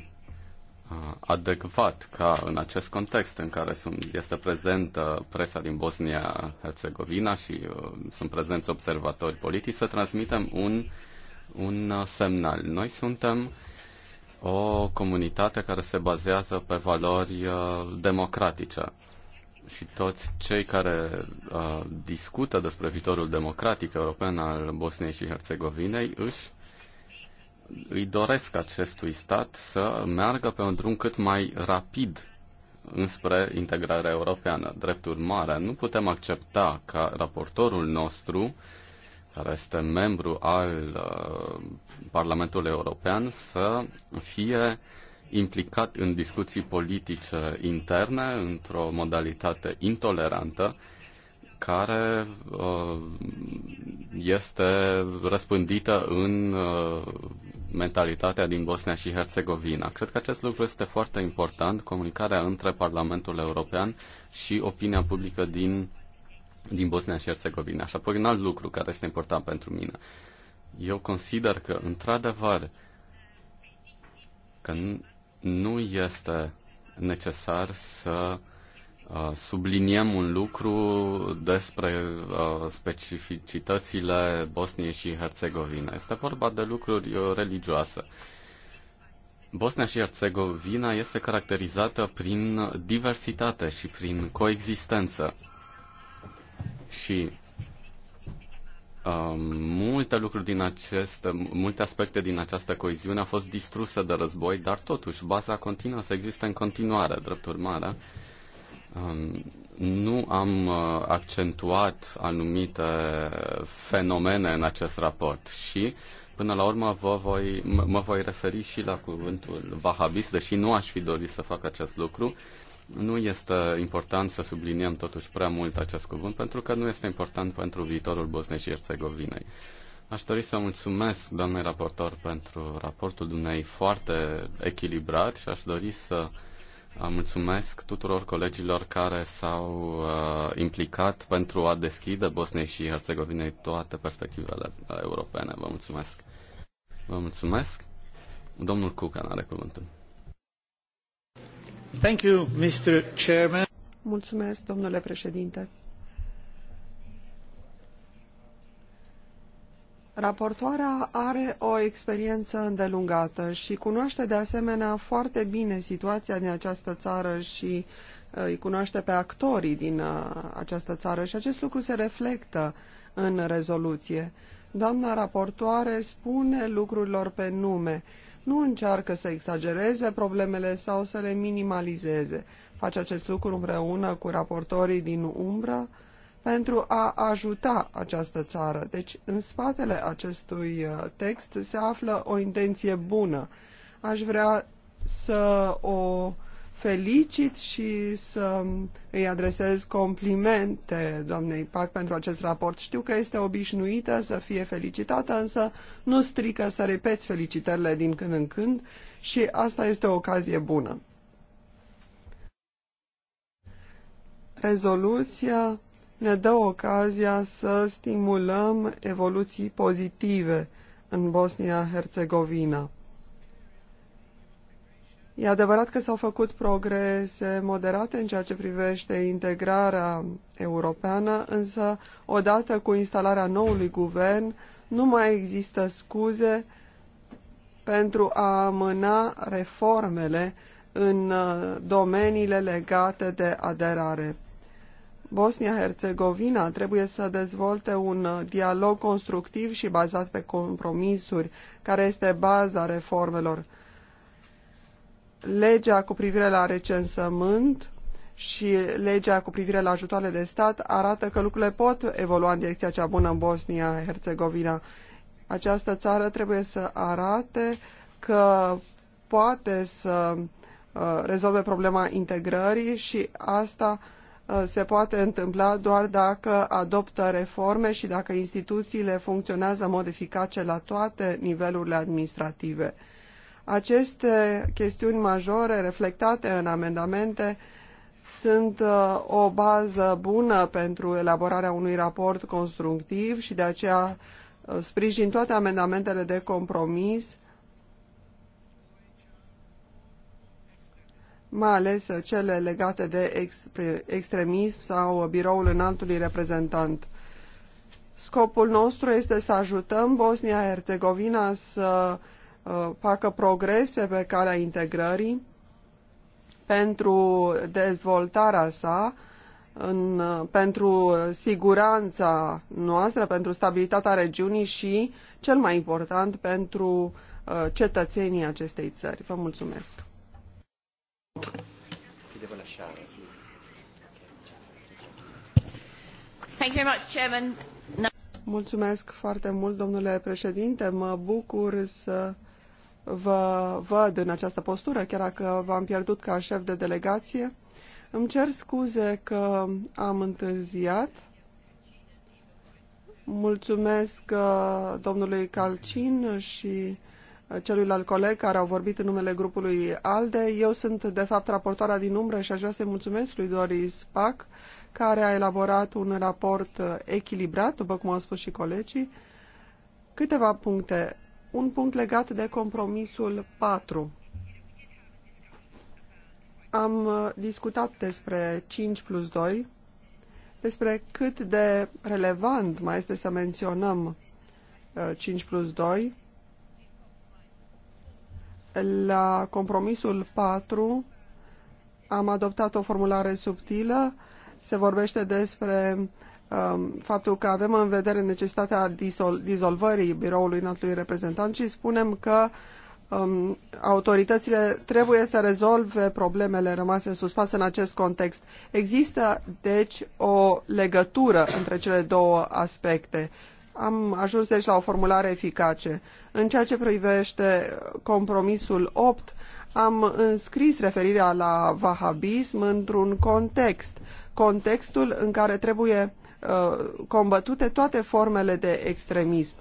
uh, adecvat ca în acest context în care sunt, este prezentă presa din Bosnia-Herzegovina și uh, sunt prezenți observatori politici, să transmitem un, un uh, semnal. Noi suntem o comunitate care se bazează pe valori uh, democratice și toți cei care uh, discută despre viitorul democratic european al Bosniei și Herzegovinei își îi doresc acestui stat să meargă pe un drum cât mai rapid înspre integrarea europeană. Drept urmare, nu putem accepta ca raportorul nostru, care este membru al uh, Parlamentului European, să fie implicat în discuții politice interne într-o modalitate intolerantă care uh, este răspândită în uh, mentalitatea din Bosnia și Herțegovina. Cred că acest lucru este foarte important, comunicarea între Parlamentul European și opinia publică din, din Bosnia și Herțegovina. Și apoi un alt lucru care este important pentru mine. Eu consider că, într-adevăr, că nu este necesar să uh, Uh, subliniem un lucru despre uh, specificitățile Bosniei și Herțegovina. Este vorba de lucruri uh, religioase. Bosnia și Herțegovina este caracterizată prin diversitate și prin coexistență. Și uh, multe lucruri din aceste, multe aspecte din această coeziune au fost distruse de război, dar totuși baza continuă să existe în continuare, drept urmare. Uh, Um, nu am uh, accentuat anumite fenomene în acest raport și Până la urmă vă voi, mă voi referi și la cuvântul vahabist, deși nu aș fi dorit să fac acest lucru. Nu este important să subliniem totuși prea mult acest cuvânt, pentru că nu este important pentru viitorul Bosnei și Herțegovinei. Aș dori să mulțumesc doamnei raportor pentru raportul dumnei foarte echilibrat și aș dori să Mulțumesc tuturor colegilor care s-au uh, implicat pentru a deschide Bosniei și Herțegovinei toate perspectivele uh, europene. Vă mulțumesc. Vă mulțumesc. Domnul Cucan are cuvântul. Thank you, Mr. Chairman. Mulțumesc, domnule președinte. Raportoarea are o experiență îndelungată și cunoaște de asemenea foarte bine situația din această țară și uh, îi cunoaște pe actorii din uh, această țară și acest lucru se reflectă în rezoluție. Doamna raportoare spune lucrurilor pe nume, nu încearcă să exagereze problemele sau să le minimalizeze. Face acest lucru împreună cu raportorii din umbră, pentru a ajuta această țară. Deci, în spatele acestui uh, text se află o intenție bună. Aș vrea să o felicit și să îi adresez complimente doamnei Pac pentru acest raport. Știu că este obișnuită să fie felicitată, însă nu strică să repeți felicitările din când în când și asta este o ocazie bună. Rezoluția ne dă ocazia să stimulăm evoluții pozitive în Bosnia-Herzegovina. E adevărat că s-au făcut progrese moderate în ceea ce privește integrarea europeană, însă odată cu instalarea noului guvern nu mai există scuze pentru a amâna reformele în uh, domeniile legate de aderare. Bosnia-Herzegovina trebuie să dezvolte un uh, dialog constructiv și bazat pe compromisuri, care este baza reformelor. Legea cu privire la recensământ și legea cu privire la ajutoarele de stat arată că lucrurile pot evolua în direcția cea bună în Bosnia-Herzegovina. Această țară trebuie să arate că poate să uh, rezolve problema integrării și asta uh, Uh, se poate întâmpla doar dacă adoptă reforme și dacă instituțiile funcționează în mod eficace la toate nivelurile administrative. Aceste chestiuni majore reflectate în amendamente sunt uh, o bază bună pentru elaborarea unui raport constructiv și de aceea uh, sprijin toate amendamentele de compromis mai ales cele legate de extremism sau biroul înaltului reprezentant. Scopul nostru este să ajutăm Bosnia-Herzegovina să uh, facă progrese pe calea integrării pentru dezvoltarea sa, în, uh, pentru siguranța noastră, pentru stabilitatea regiunii și, cel mai important, pentru uh, cetățenii acestei țări. Vă mulțumesc! devo lasciare. Thank you very much, Chairman. Mulțumesc foarte mult, domnule președinte. Mă bucur să vă văd în această postură, chiar dacă v-am pierdut ca șef de delegație. Îmi cer scuze că am întârziat. Mulțumesc uh, domnului Calcin și celuilalt coleg care au vorbit în numele grupului ALDE. Eu sunt, de fapt, raportoarea din umbră și aș vrea să-i mulțumesc lui Doris Pac, care a elaborat un raport uh, echilibrat, după cum au spus și colegii. Câteva puncte. Un punct legat de compromisul 4. Am uh, discutat despre 5 plus 2, despre cât de relevant mai este să menționăm 5 uh, plus 2, la compromisul 4 am adoptat o formulare subtilă. Se vorbește despre um, faptul că avem în vedere necesitatea disol dizolvării biroului înaltului reprezentant și spunem că um, autoritățile trebuie să rezolve problemele rămase în în acest context. Există, deci, o legătură între cele două aspecte am ajuns deci la o formulare eficace. În ceea ce privește compromisul 8, am înscris referirea la vahabism într-un context, contextul în care trebuie uh, combătute toate formele de extremism.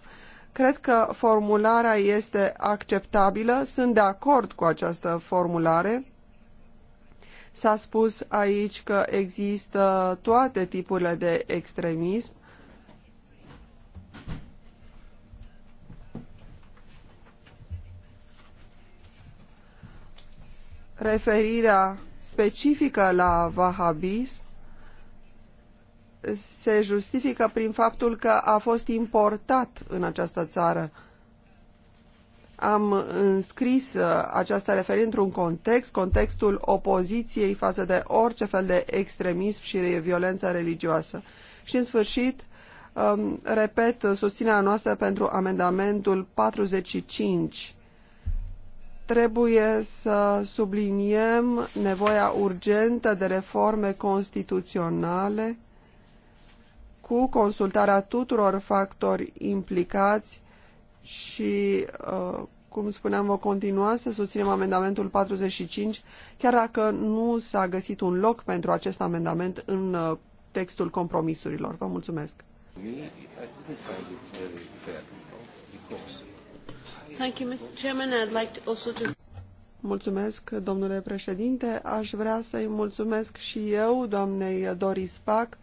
Cred că formularea este acceptabilă, sunt de acord cu această formulare. S-a spus aici că există toate tipurile de extremism referirea specifică la wahabism se justifică prin faptul că a fost importat în această țară. Am înscris uh, această referire într-un context, contextul opoziției față de orice fel de extremism și violență religioasă. Și, în sfârșit, repet susținerea noastră pentru amendamentul 45. Trebuie să subliniem nevoia urgentă de reforme constituționale cu consultarea tuturor factori implicați și, uh, cum spuneam, vom continua să susținem amendamentul 45, chiar dacă nu s-a găsit un loc pentru acest amendament în uh, textul compromisurilor. Vă mulțumesc! Me, I didn't find it very fair because. Thank you, Mr. Chairman. I'd like to also to. Mulțumesc, domnule președinte. Aș vrea să-i mulțumesc și eu, doamnei Doris Pac,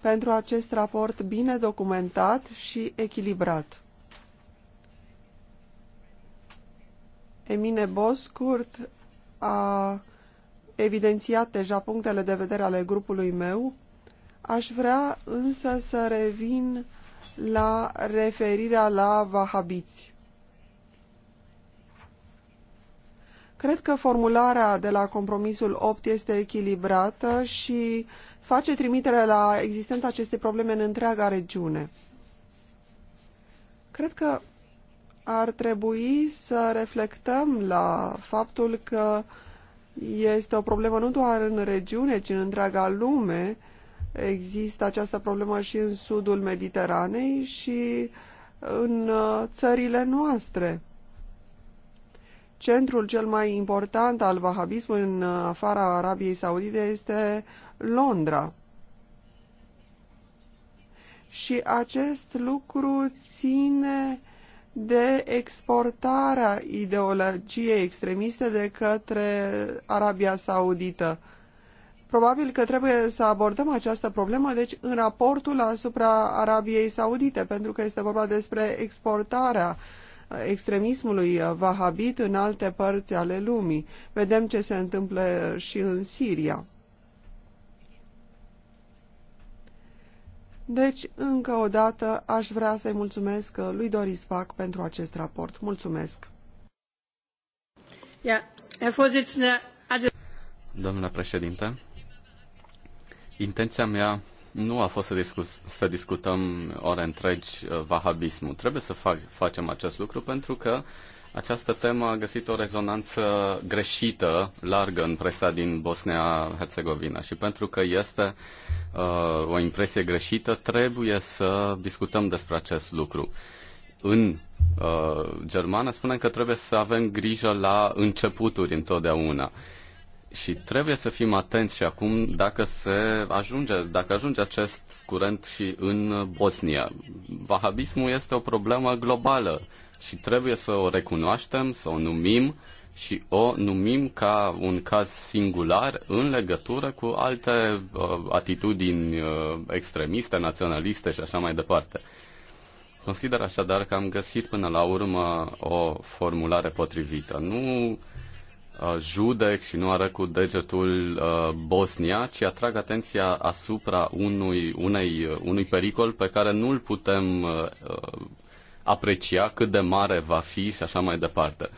pentru acest raport bine documentat și echilibrat. Emine Boscurt a evidențiat deja punctele de vedere ale grupului meu Aș vrea însă să revin la referirea la vahabiți. Cred că formularea de la compromisul 8 este echilibrată și face trimitere la existența acestei probleme în întreaga regiune. Cred că ar trebui să reflectăm la faptul că este o problemă nu doar în regiune, ci în întreaga lume, Există această problemă și în sudul Mediteranei și în uh, țările noastre. Centrul cel mai important al vahabismului în afara Arabiei Saudite este Londra. Și acest lucru ține de exportarea ideologiei extremiste de către Arabia Saudită. Probabil că trebuie să abordăm această problemă, deci, în raportul asupra Arabiei Saudite, pentru că este vorba despre exportarea uh, extremismului uh, vahabit în alte părți ale lumii. Vedem ce se întâmplă și în Siria. Deci, încă o dată, aș vrea să-i mulțumesc uh, lui Doris Fac pentru acest raport. Mulțumesc! Domnule președinte, Intenția mea nu a fost să, discu- să discutăm ore întregi uh, vahabismul. Trebuie să fac, facem acest lucru pentru că această temă a găsit o rezonanță greșită, largă în presa din Bosnia-Herzegovina și pentru că este uh, o impresie greșită, trebuie să discutăm despre acest lucru. În uh, germană spunem că trebuie să avem grijă la începuturi întotdeauna. Uh, și trebuie să fim atenți și acum dacă se ajunge, dacă ajunge acest curent și în Bosnia. Vahabismul este o problemă globală și trebuie să o recunoaștem, să o numim și o numim ca un caz singular în legătură cu alte uh, atitudini uh, extremiste, naționaliste și așa mai departe. Consider așadar că am găsit până la urmă o formulare potrivită. Nu Uh, judec și nu are cu degetul uh, Bosnia, ci atrag atenția asupra unui, unei, uh, unui pericol pe care nu-l putem aprecia cât de mare va fi și așa mai departe.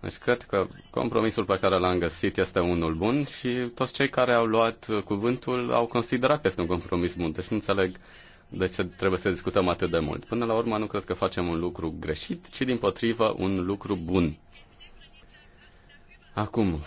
Deci cred că compromisul pe care l-am găsit este unul bun și toți cei care au luat cuvântul au considerat că este un compromis bun. Deci nu înțeleg de ce trebuie să discutăm atât de mult. Până la urmă nu cred că facem un lucru greșit, ci din potrivă un lucru bun. Acum, uh,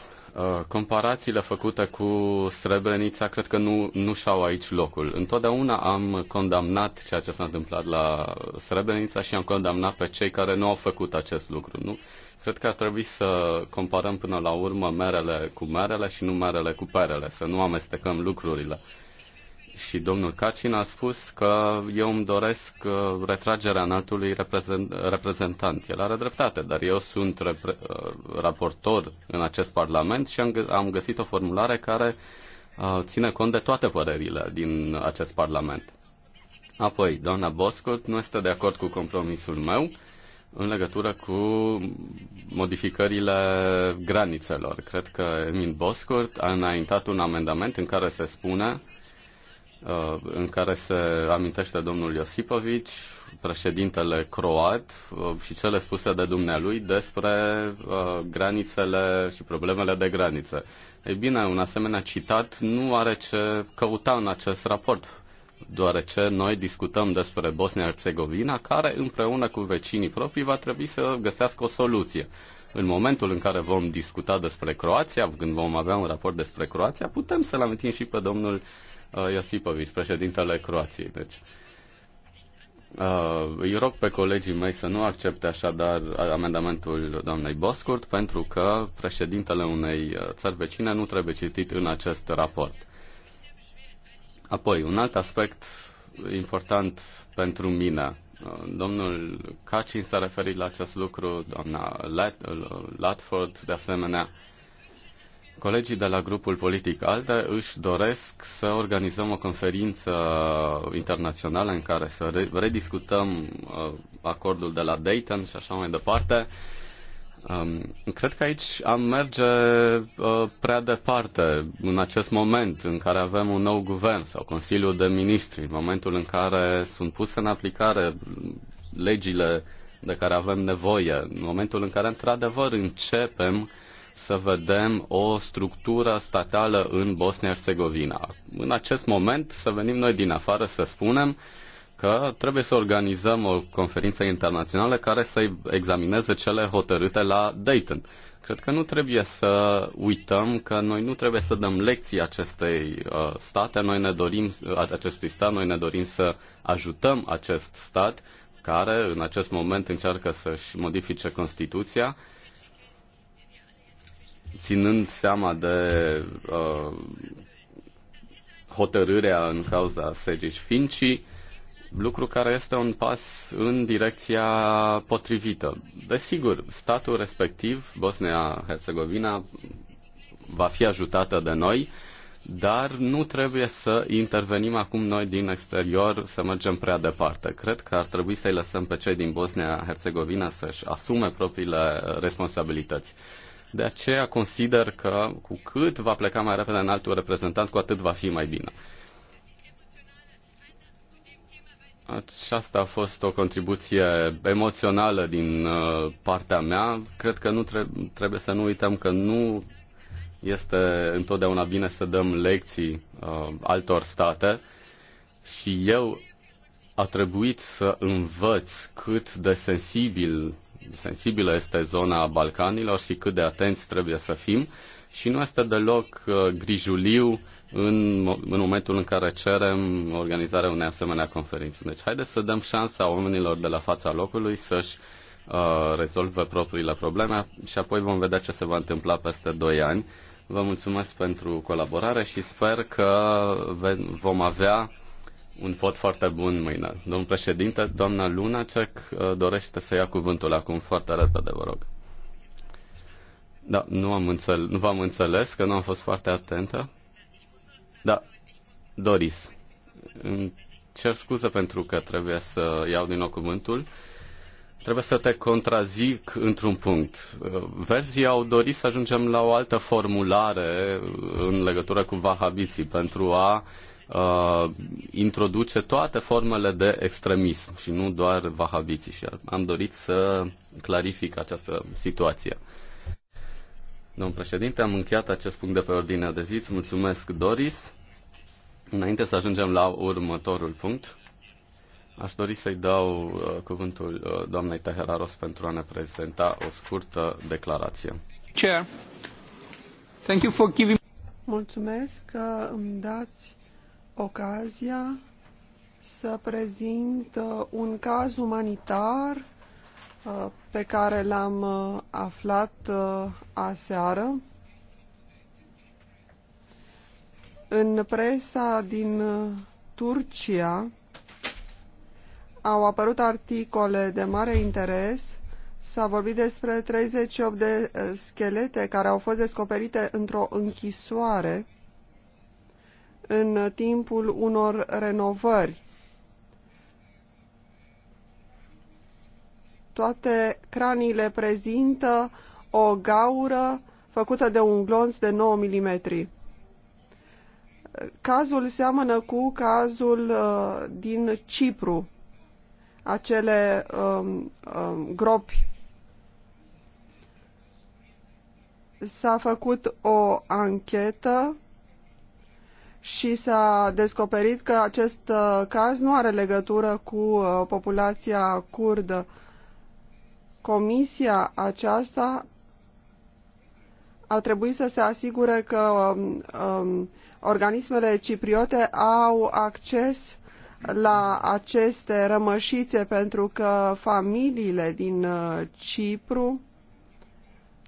comparațiile făcute cu Srebrenica cred că nu, nu și-au aici locul. Întotdeauna am condamnat ceea ce s-a întâmplat la Srebrenica și am condamnat pe cei care nu au făcut acest lucru. Nu? Cred că ar trebui să comparăm până la urmă merele cu merele și nu merele cu perele, să nu amestecăm lucrurile și domnul Cacin a spus că eu îmi doresc uh, retragerea înaltului reprezentant. El are dreptate, dar eu sunt uh, raportor în acest parlament și am, găsit o formulare care uh, ține cont de toate părerile din acest parlament. Apoi, doamna Boscot nu este de acord cu compromisul meu în legătură cu modificările granițelor. Cred că Emil Boscurt a înaintat un amendament în care se spune Uh, în care se amintește domnul Iosipovici, președintele croat uh, și cele spuse de dumnealui despre uh, granițele și problemele de graniță. Ei bine, un asemenea citat nu are ce căuta în acest raport, deoarece noi discutăm despre Bosnia-Herzegovina, care împreună cu vecinii proprii va trebui să găsească o soluție. În momentul în care vom discuta despre Croația, când vom avea un raport despre Croația, putem să-l amintim și pe domnul uh, Uh, Iosipovic, președintele Croației. Deci, Uh, îi rog pe colegii mei să nu accepte așadar amendamentul doamnei Boscurt, pentru că președintele unei uh, țări vecine nu trebuie citit în acest raport. Apoi, un alt aspect important pentru mine. Uh, domnul Cacin s-a referit la acest lucru, doamna Lat- Latford de asemenea. Colegii de la grupul politic ALDE își doresc să organizăm o conferință internațională în care să rediscutăm uh, acordul de la Dayton și așa mai departe. Um, cred că aici am merge uh, prea departe în acest moment în care avem un nou guvern sau Consiliul de Ministri, în momentul în care sunt puse în aplicare legile de care avem nevoie, în momentul în care într-adevăr începem să vedem o structură statală în Bosnia-Herzegovina. În acest moment să venim noi din afară să spunem că trebuie să organizăm o conferință internațională care să examineze cele hotărâte la Dayton. Cred că nu trebuie să uităm că noi nu trebuie să dăm lecții acestei uh, state, noi ne dorim uh, acestui stat, noi ne dorim să ajutăm acest stat care în acest moment încearcă să-și modifice Constituția ținând seama de uh, hotărârea în cauza Segici Finci, lucru care este un pas în direcția potrivită. Desigur, statul respectiv, Bosnia-Herzegovina, va fi ajutată de noi, dar nu trebuie să intervenim acum noi din exterior, să mergem prea departe. Cred că ar trebui să-i lăsăm pe cei din Bosnia-Herzegovina să-și asume propriile responsabilități. De aceea consider că cu cât va pleca mai repede în altul reprezentant, cu atât va fi mai bine. Aceasta a fost o contribuție emoțională din uh, partea mea. Cred că nu tre- trebuie să nu uităm că nu este întotdeauna bine să dăm lecții uh, altor state și eu a trebuit să învăț cât de sensibil sensibilă este zona Balcanilor și cât de atenți trebuie să fim și nu este deloc uh, grijuliu în, în momentul în care cerem organizarea unei asemenea conferințe. Deci haideți să dăm șansa oamenilor de la fața locului să-și uh, rezolve propriile probleme și apoi vom vedea ce se va întâmpla peste 2 ani. Vă mulțumesc pentru colaborare și sper că vom avea un vot foarte bun mâine. Domnul președinte, doamna Lunacek uh, dorește să ia cuvântul acum foarte repede, vă rog. Da, nu, am înțeles, nu v-am înțeles, că nu am fost foarte atentă. Da, Doris, îmi cer scuze pentru că trebuie să iau din nou cuvântul. Trebuie să te contrazic într-un punct. Uh, Verzii au dorit să ajungem la o altă formulare uh, în legătură cu vahabiții pentru a uh, uh, introduce toate formele de extremism și nu doar vahabiții. Și am dorit să clarific această situație. Domnul președinte, am încheiat acest punct de pe ordinea de zi. Îți mulțumesc, Doris. Înainte să ajungem la următorul punct, aș dori să-i dau uh, cuvântul uh, doamnei Teheraros pentru a ne prezenta o scurtă declarație. Chair, thank you for giving... Mulțumesc că îmi dați ocazia să prezint uh, un caz umanitar uh, pe care l-am uh, aflat aseară. În presa din Turcia au apărut articole de mare interes. S-a vorbit despre 38 de schelete care au fost descoperite într-o închisoare în timpul unor renovări. Toate craniile prezintă o gaură făcută de un glonț de 9 mm. Cazul seamănă cu cazul uh, din Cipru, acele um, um, gropi. S-a făcut o anchetă și s-a descoperit că acest uh, caz nu are legătură cu uh, populația kurdă. Comisia aceasta ar trebui să se asigure că um, um, organismele cipriote au acces la aceste rămășițe pentru că familiile din uh, Cipru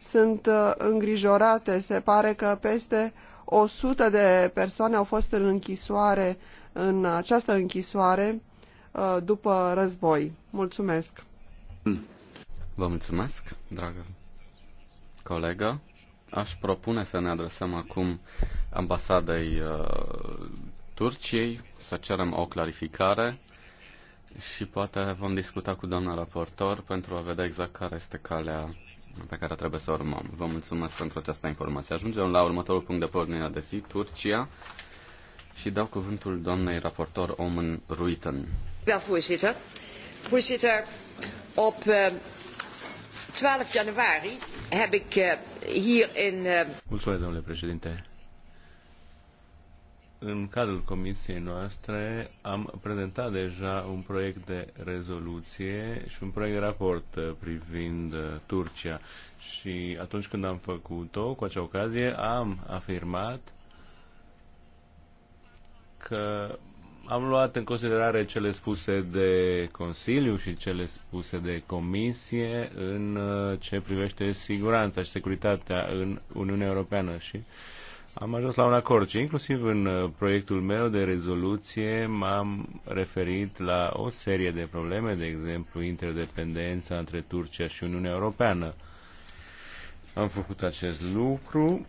sunt îngrijorate. Se pare că peste o sută de persoane au fost în închisoare, în această închisoare, uh, după război. Mulțumesc! Vă mulțumesc, dragă colegă. Aș propune să ne adresăm acum ambasadei uh, Turciei, să cerem o clarificare și poate vom discuta cu doamna raportor pentru a vedea exact care este calea pe care trebuie să urmăm. Vă mulțumesc pentru această informație. Ajungem la următorul punct de pornire, de zi, Turcia, și dau cuvântul doamnei raportor Omen Ruiten. Da, voorzitter. Voorzitter, op 12 eh, januari heb ik eh, hier in... Eh, mulțumesc, domnule președinte în cadrul comisiei noastre am prezentat deja un proiect de rezoluție și un proiect de raport uh, privind uh, Turcia și atunci când am făcut-o, cu acea ocazie, am afirmat că am luat în considerare cele spuse de Consiliu și cele spuse de Comisie în uh, ce privește siguranța și securitatea în Uniunea Europeană și uh, am ajuns la un acord și inclusiv în uh, proiectul meu de rezoluție m-am referit la o serie de probleme, de exemplu interdependența între Turcia și Uniunea Europeană. Am făcut acest lucru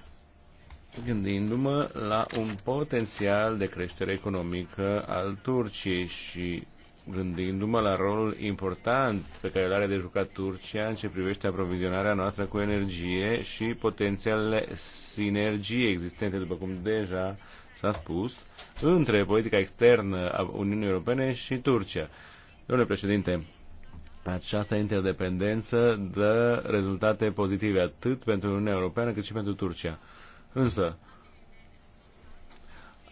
gândindu-mă la un potențial de creștere economică al Turciei și gândindu-mă la rolul important pe care îl are de jucat Turcia în ce privește aprovizionarea noastră cu energie și potențialele sinergii existente, după cum deja s-a spus, între politica externă a Uniunii Europene și Turcia. Domnule președinte, această interdependență dă rezultate pozitive atât pentru Uniunea Europeană cât și pentru Turcia. Însă,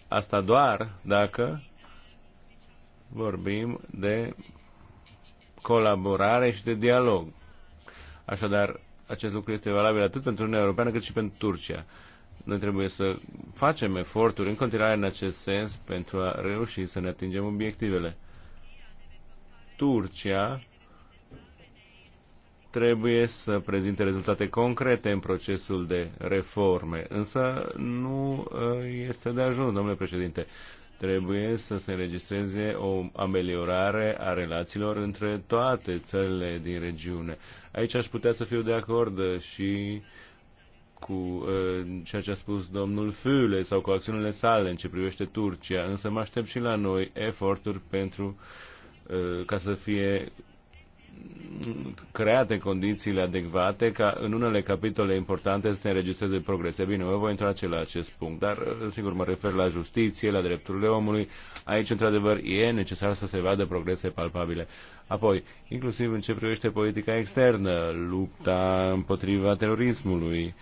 asta doar dacă vorbim de colaborare și de dialog. Așadar, acest lucru este valabil atât pentru Uniunea Europeană cât și pentru Turcia. Noi trebuie să facem eforturi în continuare în acest sens pentru a reuși să ne atingem obiectivele. Turcia trebuie să prezinte rezultate concrete în procesul de reforme, însă nu uh, este de ajuns, domnule președinte trebuie să se înregistreze o ameliorare a relațiilor între toate țările din regiune. Aici aș putea să fiu de acord și cu uh, ceea ce a spus domnul Füle sau cu acțiunile sale în ce privește Turcia, însă mă aștept și la noi eforturi pentru uh, ca să fie create condițiile adecvate ca în unele capitole importante să se înregistreze progrese. Bine, eu voi ce la acest punct, dar sigur mă refer la justiție, la drepturile omului. Aici, într-adevăr, e necesar să se vadă progrese palpabile. Apoi, inclusiv în ce privește politica externă, lupta împotriva terorismului,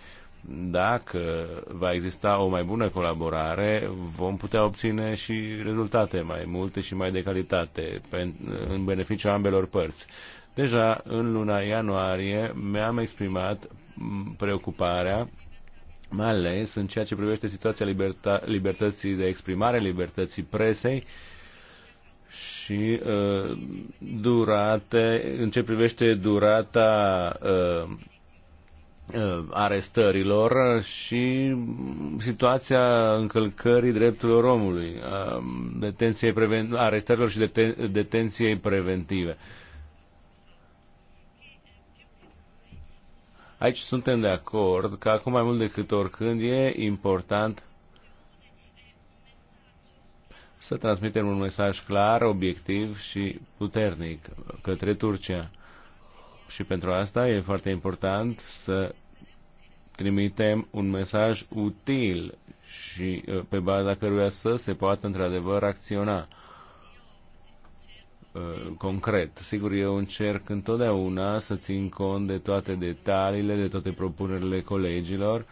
dacă va exista o mai bună colaborare, vom putea obține și rezultate mai multe și mai de calitate în beneficiul ambelor părți. Deja în luna ianuarie mi-am exprimat preocuparea mai ales în ceea ce privește situația liberta, libertății de exprimare, libertății presei și uh, durate, în ce privește durata uh, uh, arestărilor și situația încălcării drepturilor omului, uh, detenției arestărilor și deten- detenției preventive. Uh, Aici suntem de acord că acum mai mult decât oricând e important să transmitem un mesaj clar, obiectiv și puternic către Turcia. Și pentru asta e foarte important să trimitem un mesaj util și uh, pe baza căruia să se poată într-adevăr acționa. Uh, concret. Sigur, eu încerc întotdeauna să țin cont de toate detaliile, de toate propunerile colegilor,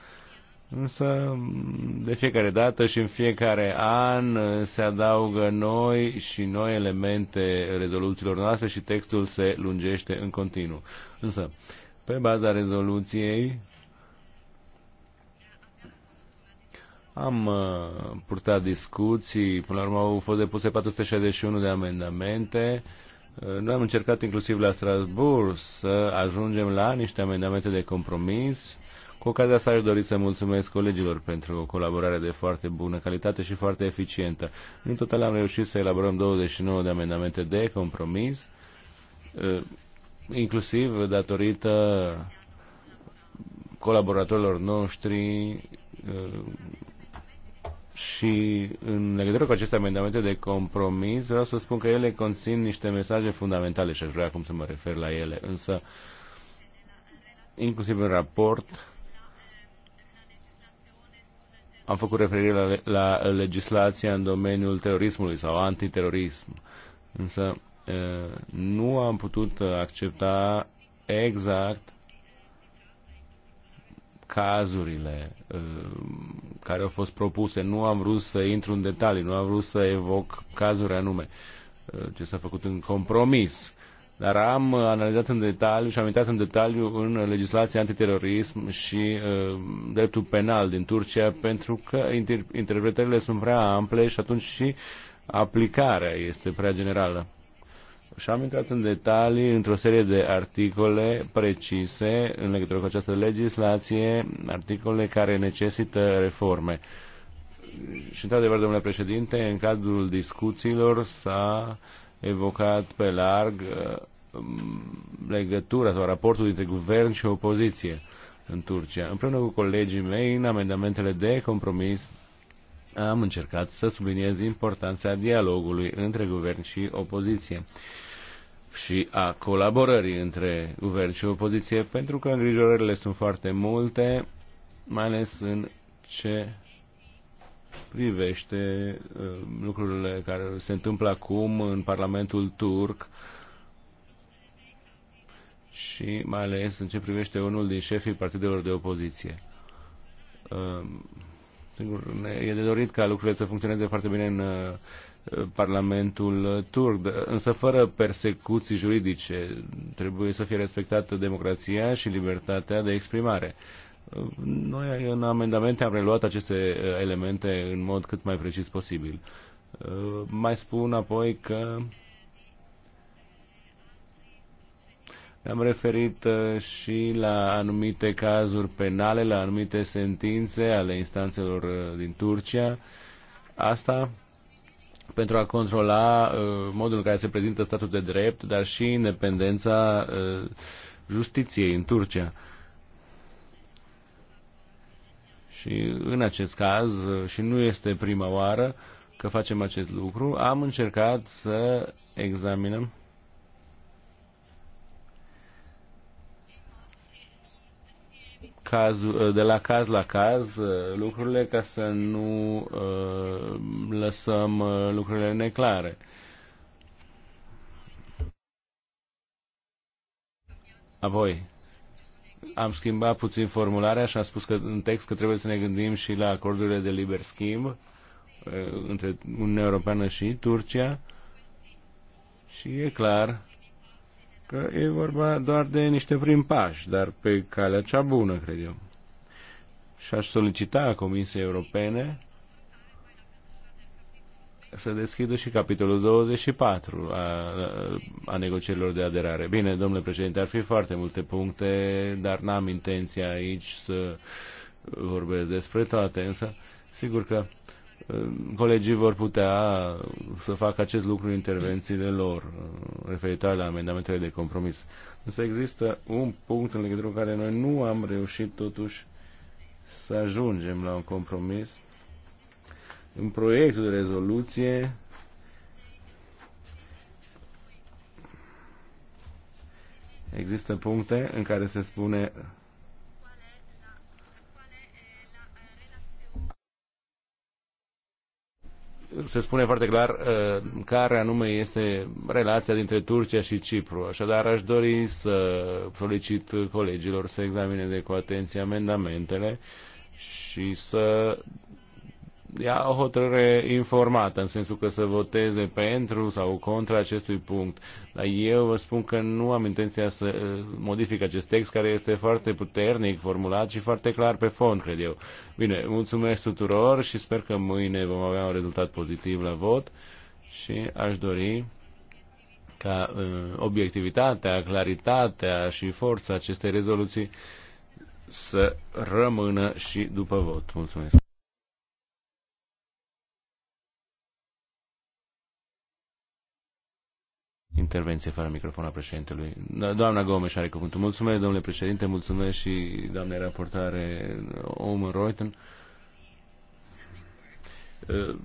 însă mm, de fiecare dată și în fiecare an uh, se adaugă noi și noi elemente rezoluțiilor noastre și textul se lungește în continuu. Însă, pe baza rezoluției Am uh, purtat discuții, până la urmă au fost depuse 461 de amendamente. Uh, noi am încercat inclusiv la Strasbourg să ajungem la niște amendamente de compromis. Cu ocazia asta aș dori să mulțumesc colegilor pentru o colaborare de foarte bună calitate și foarte eficientă. În total am reușit să elaborăm 29 de amendamente de compromis, uh, inclusiv datorită colaboratorilor noștri și în legătură cu aceste amendamente de compromis, vreau să spun că ele conțin niște mesaje fundamentale și aș vrea acum să mă refer la ele. Însă, inclusiv în raport, am făcut referire la, la legislația în domeniul terorismului sau antiterorism. Însă, nu am putut accepta exact cazurile uh, care au fost propuse. Nu am vrut să intru în detalii, nu am vrut să evoc cazuri anume, uh, ce s-a făcut în compromis. Dar am analizat în detaliu și am intrat în detaliu în legislația antiterorism și uh, dreptul penal din Turcia pentru că inter- interpretările sunt prea ample și atunci și aplicarea este prea generală și am intrat în detalii într-o serie de articole precise în legătură cu această legislație, articole care necesită reforme. Și, într-adevăr, domnule președinte, în cadrul discuțiilor s-a evocat pe larg uh, legătura sau raportul dintre guvern și opoziție în Turcia. Împreună cu colegii mei, în amendamentele de compromis, am încercat să subliniez importanța dialogului între guvern și opoziție și a colaborării între guvern și opoziție, pentru că îngrijorările sunt foarte multe, mai ales în ce privește uh, lucrurile care se întâmplă acum în Parlamentul turc și mai ales în ce privește unul din șefii partidelor de opoziție. Uh, sigur, e de dorit ca lucrurile să funcționeze foarte bine în uh, Parlamentul turc, însă fără persecuții juridice. Trebuie să fie respectată democrația și libertatea de exprimare. Noi în amendamente am reluat aceste uh, elemente în mod cât mai precis posibil. Uh, mai spun apoi că Ne-am referit uh, și la anumite cazuri penale, la anumite sentințe ale instanțelor din Turcia. Asta pentru a controla uh, modul în care se prezintă statul de drept, dar și independența uh, justiției în Turcia. Și în acest caz, uh, și nu este prima oară că facem acest lucru, am încercat să examinăm caz, de la caz la caz uh, lucrurile ca să nu uh, lăsăm uh, lucrurile neclare. Apoi, am schimbat puțin formularea și am spus că în text că trebuie să ne gândim și la acordurile de liber schimb uh, între Uniunea Europeană și Turcia și e clar că e vorba doar de niște prim pași, dar pe calea cea bună, cred eu. Și aș solicita Comisiei Europene să deschidă și capitolul 24 a, a negocierilor de aderare. Bine, domnule președinte, ar fi foarte multe puncte, dar n-am intenția aici să vorbesc despre toate, însă sigur că colegii vor putea să facă acest lucru în intervențiile lor uh, referitoare la amendamentele de compromis. Însă există un punct în legătură cu care noi nu am reușit totuși să ajungem la un compromis. În proiectul de rezoluție există puncte în care se spune se spune foarte clar uh, care anume este relația dintre Turcia și Cipru. Așadar, aș dori să solicit colegilor să examineze cu atenție amendamentele și să ia o hotărâre informată, în sensul că să voteze pentru sau contra acestui punct. Dar eu vă spun că nu am intenția să eh, modific acest text care este foarte puternic formulat și foarte clar pe fond, cred eu. Bine, mulțumesc tuturor și sper că mâine vom avea un rezultat pozitiv la vot și aș dori ca uh, obiectivitatea, claritatea și forța acestei rezoluții să rămână și după vot. Mulțumesc! Intervenție fără microfon a președintelui. Da, doamna Gomes are cuvântul. Mulțumesc, domnule președinte, mulțumesc și doamne raportare Omer Reuten. Uh,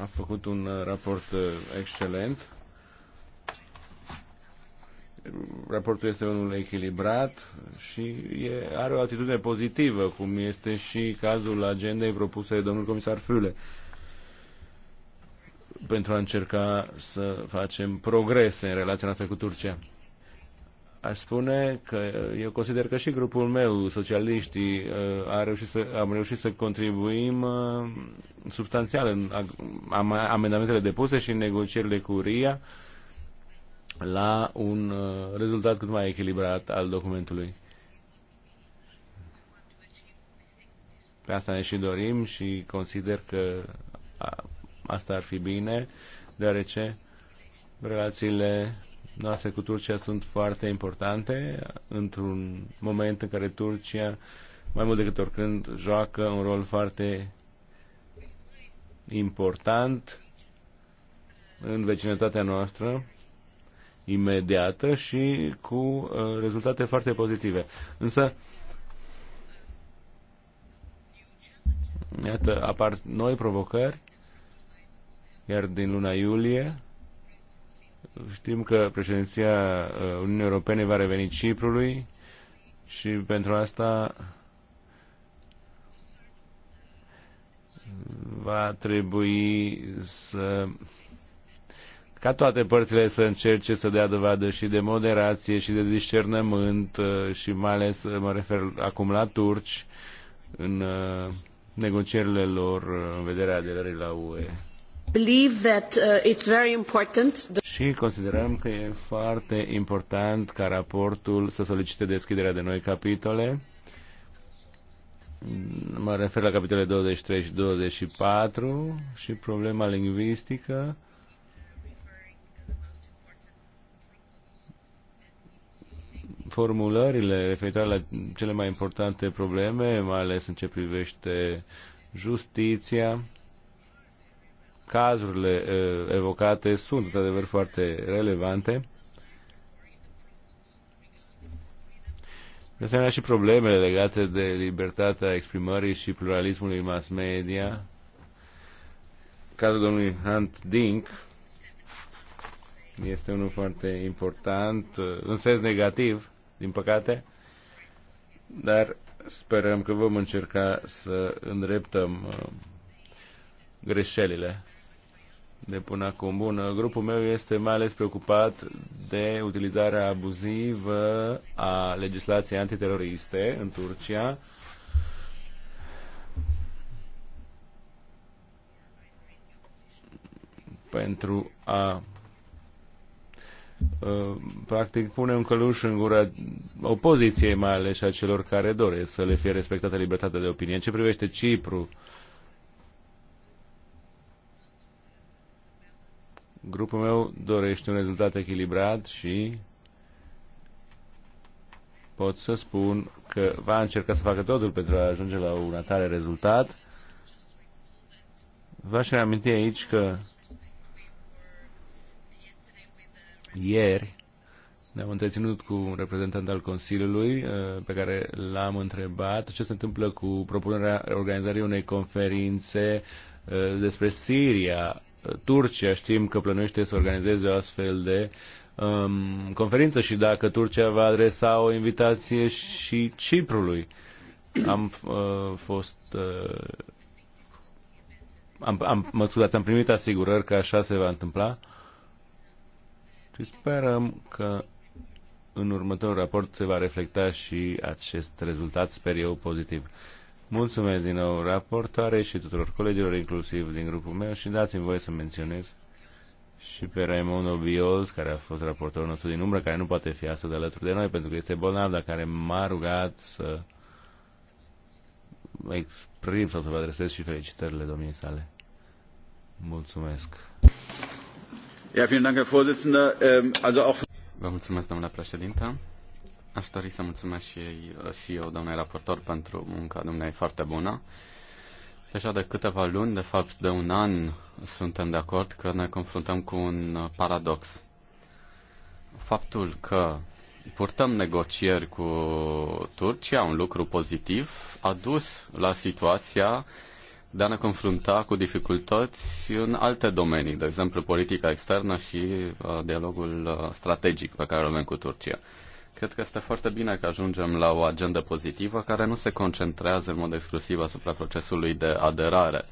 a făcut un raport uh, excelent. Raportul este unul echilibrat și e, are o atitudine pozitivă, cum este și cazul agendei propuse de domnul comisar Füle pentru a încerca să facem progrese în relația noastră cu Turcia. Aș spune că eu consider că și grupul meu, socialiștii, uh, a reușit să, am reușit să contribuim uh, substanțial în amendamentele depuse și în negocierile cu RIA la un uh, rezultat cât mai echilibrat al documentului. Pe asta ne și dorim și consider că Asta ar fi bine, deoarece relațiile noastre cu Turcia sunt foarte importante într-un moment în care Turcia, mai mult decât oricând, joacă un rol foarte important în vecinătatea noastră imediată și cu uh, rezultate foarte pozitive. Însă, iată, apar noi provocări iar din luna iulie știm că președinția uh, Uniunii Europene va reveni Ciprului și pentru asta va trebui să ca toate părțile să încerce să dea dovadă și de moderație și de discernământ uh, și mai ales uh, mă refer acum la turci în negocierile lor în vederea aderării la UE. Believe that uh, it's very important. Și considerăm că e foarte important ca raportul să solicite deschiderea de noi capitole. Mă refer la capitolele 23 și 24 și problema lingvistică. formulările referitoare la cele mai importante probleme, mai ales în ce privește justiția cazurile evocate sunt într-adevăr foarte relevante. De asemenea și problemele legate de libertatea exprimării și pluralismului mass media. Cazul domnului Hunt Dink este unul foarte important, în sens negativ, din păcate, dar sperăm că vom încerca să îndreptăm greșelile de până acum. Bun, grupul meu este mai ales preocupat de utilizarea abuzivă a legislației antiteroriste în Turcia. pentru a ă, practic pune un căluș în gura opoziției, mai ales a celor care doresc să le fie respectată libertatea de opinie. În ce privește Cipru, Grupul meu dorește un rezultat echilibrat și pot să spun că va încerca să facă totul pentru a ajunge la un atare rezultat. V-aș reaminti aici că ieri ne-am întreținut cu un reprezentant al Consiliului uh, pe care l-am întrebat ce se întâmplă cu propunerea organizării unei conferințe uh, despre Siria Turcia știm că plănuiește să organizeze o astfel de um, conferință și dacă Turcia va adresa o invitație și Ciprului. Am uh, fost uh, am, am, mă scuzați, am primit asigurări că așa se va întâmpla și sperăm că în următorul raport se va reflecta și acest rezultat, sper eu, pozitiv. Mulțumesc din nou raportoare și tuturor colegilor, inclusiv din grupul meu, și dați-mi voie să menționez și pe Raymond Obios, care a fost raportorul nostru din umbră, care nu poate fi astăzi alături de noi pentru că este bolnav, dar care m-a rugat să exprim sau să vă adresez și felicitările domniei sale. Mulțumesc. Ja, vielen Dank, Herr Vorsitzender. Ähm, also auch... Vă mulțumesc, domnule președinte. Aș dori să mulțumesc și, ei, și eu, domnule raportor, pentru munca dumneavoastră foarte bună. Deja de câteva luni, de fapt de un an, suntem de acord că ne confruntăm cu un paradox. Faptul că purtăm negocieri cu Turcia, un lucru pozitiv, a dus la situația de a ne confrunta cu dificultăți în alte domenii, de exemplu politica externă și uh, dialogul uh, strategic pe care îl avem cu Turcia. Cred că este foarte bine că ajungem la o agendă pozitivă care nu se concentrează în mod exclusiv asupra procesului de aderare.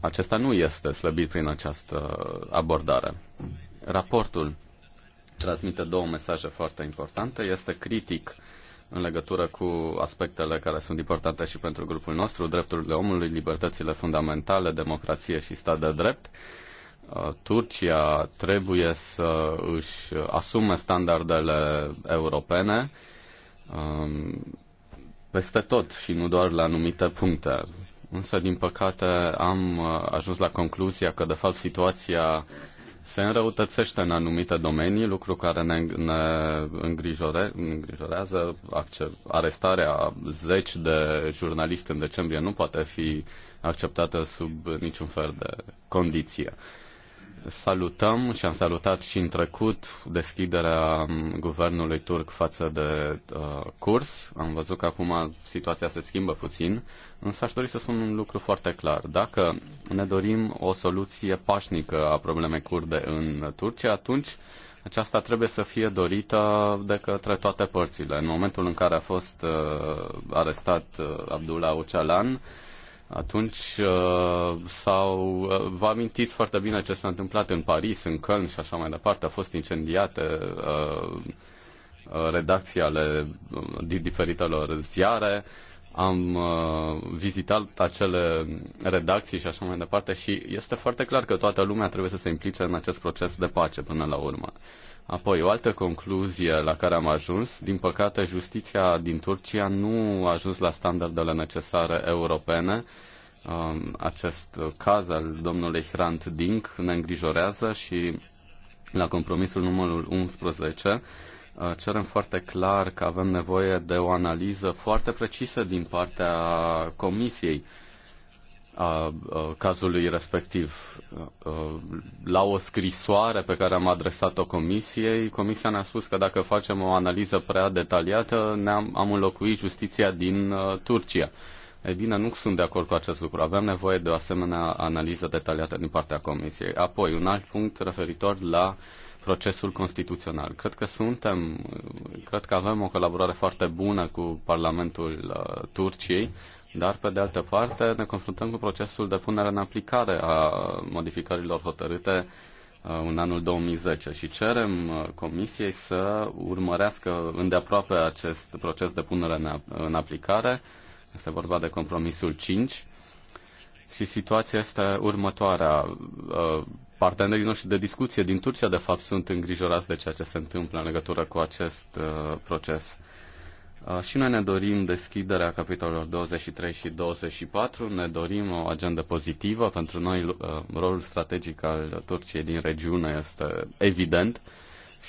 Acesta nu este slăbit prin această abordare. Raportul transmite două mesaje foarte importante. Este critic în legătură cu aspectele care sunt importante și pentru grupul nostru, drepturile omului, libertățile fundamentale, democrație și stat de drept Uh, Turcia trebuie să își asume standardele europene um, peste tot și nu doar la anumite puncte. Însă, din păcate, am uh, ajuns la concluzia că, de fapt, situația se înrăutățește în anumite domenii, lucru care ne, ne îngrijore, îngrijorează. Arestarea zeci de jurnaliști în decembrie nu poate fi acceptată sub niciun fel de condiție. Uh, Salutăm și am salutat și în trecut deschiderea guvernului turc față de uh, curs. Am văzut că acum situația se schimbă puțin, însă aș dori să spun un lucru foarte clar. Dacă ne dorim o soluție pașnică a problemei curde în Turcia, atunci aceasta trebuie să fie dorită de către toate părțile. În momentul în care a fost uh, arestat uh, Abdullah Ocalan, atunci uh, sau uh, vă amintiți foarte bine ce s-a întâmplat în Paris, în Köln și așa mai departe. A fost incendiată uh, redacția ale diferitelor ziare, am vizitat acele redacții și așa mai departe și este foarte clar că toată lumea trebuie să se implice în acest proces de pace până la urmă. Apoi, o altă concluzie la care am ajuns, din păcate, justiția din Turcia nu a ajuns la standardele necesare europene. Um, acest caz al domnului Hrant Dink ne îngrijorează și la compromisul numărul 11 uh, cerem foarte clar că avem nevoie de o analiză foarte precisă din partea Comisiei a, cazului respectiv. La o scrisoare pe care am adresat-o comisiei, comisia ne-a spus că dacă facem o analiză prea detaliată, ne-am am înlocuit justiția din Turcia. Ei bine, nu sunt de acord cu acest lucru. Avem nevoie de o asemenea analiză detaliată din partea comisiei. Apoi, un alt punct referitor la procesul constituțional. Cred că suntem, cred că avem o colaborare foarte bună cu Parlamentul Turciei dar, pe de altă parte, ne confruntăm cu procesul de punere în aplicare a modificărilor hotărâte uh, în anul 2010 și cerem uh, Comisiei să urmărească îndeaproape acest proces de punere în aplicare. Este vorba de compromisul 5 și situația este următoarea. Uh, partenerii noștri de discuție din Turcia, de fapt, sunt îngrijorați de ceea ce se întâmplă în legătură cu acest proces. Uh, și noi ne dorim deschiderea capitolelor 23 și 24, ne dorim o agendă pozitivă. Pentru noi uh, rolul strategic al Turciei din regiune este evident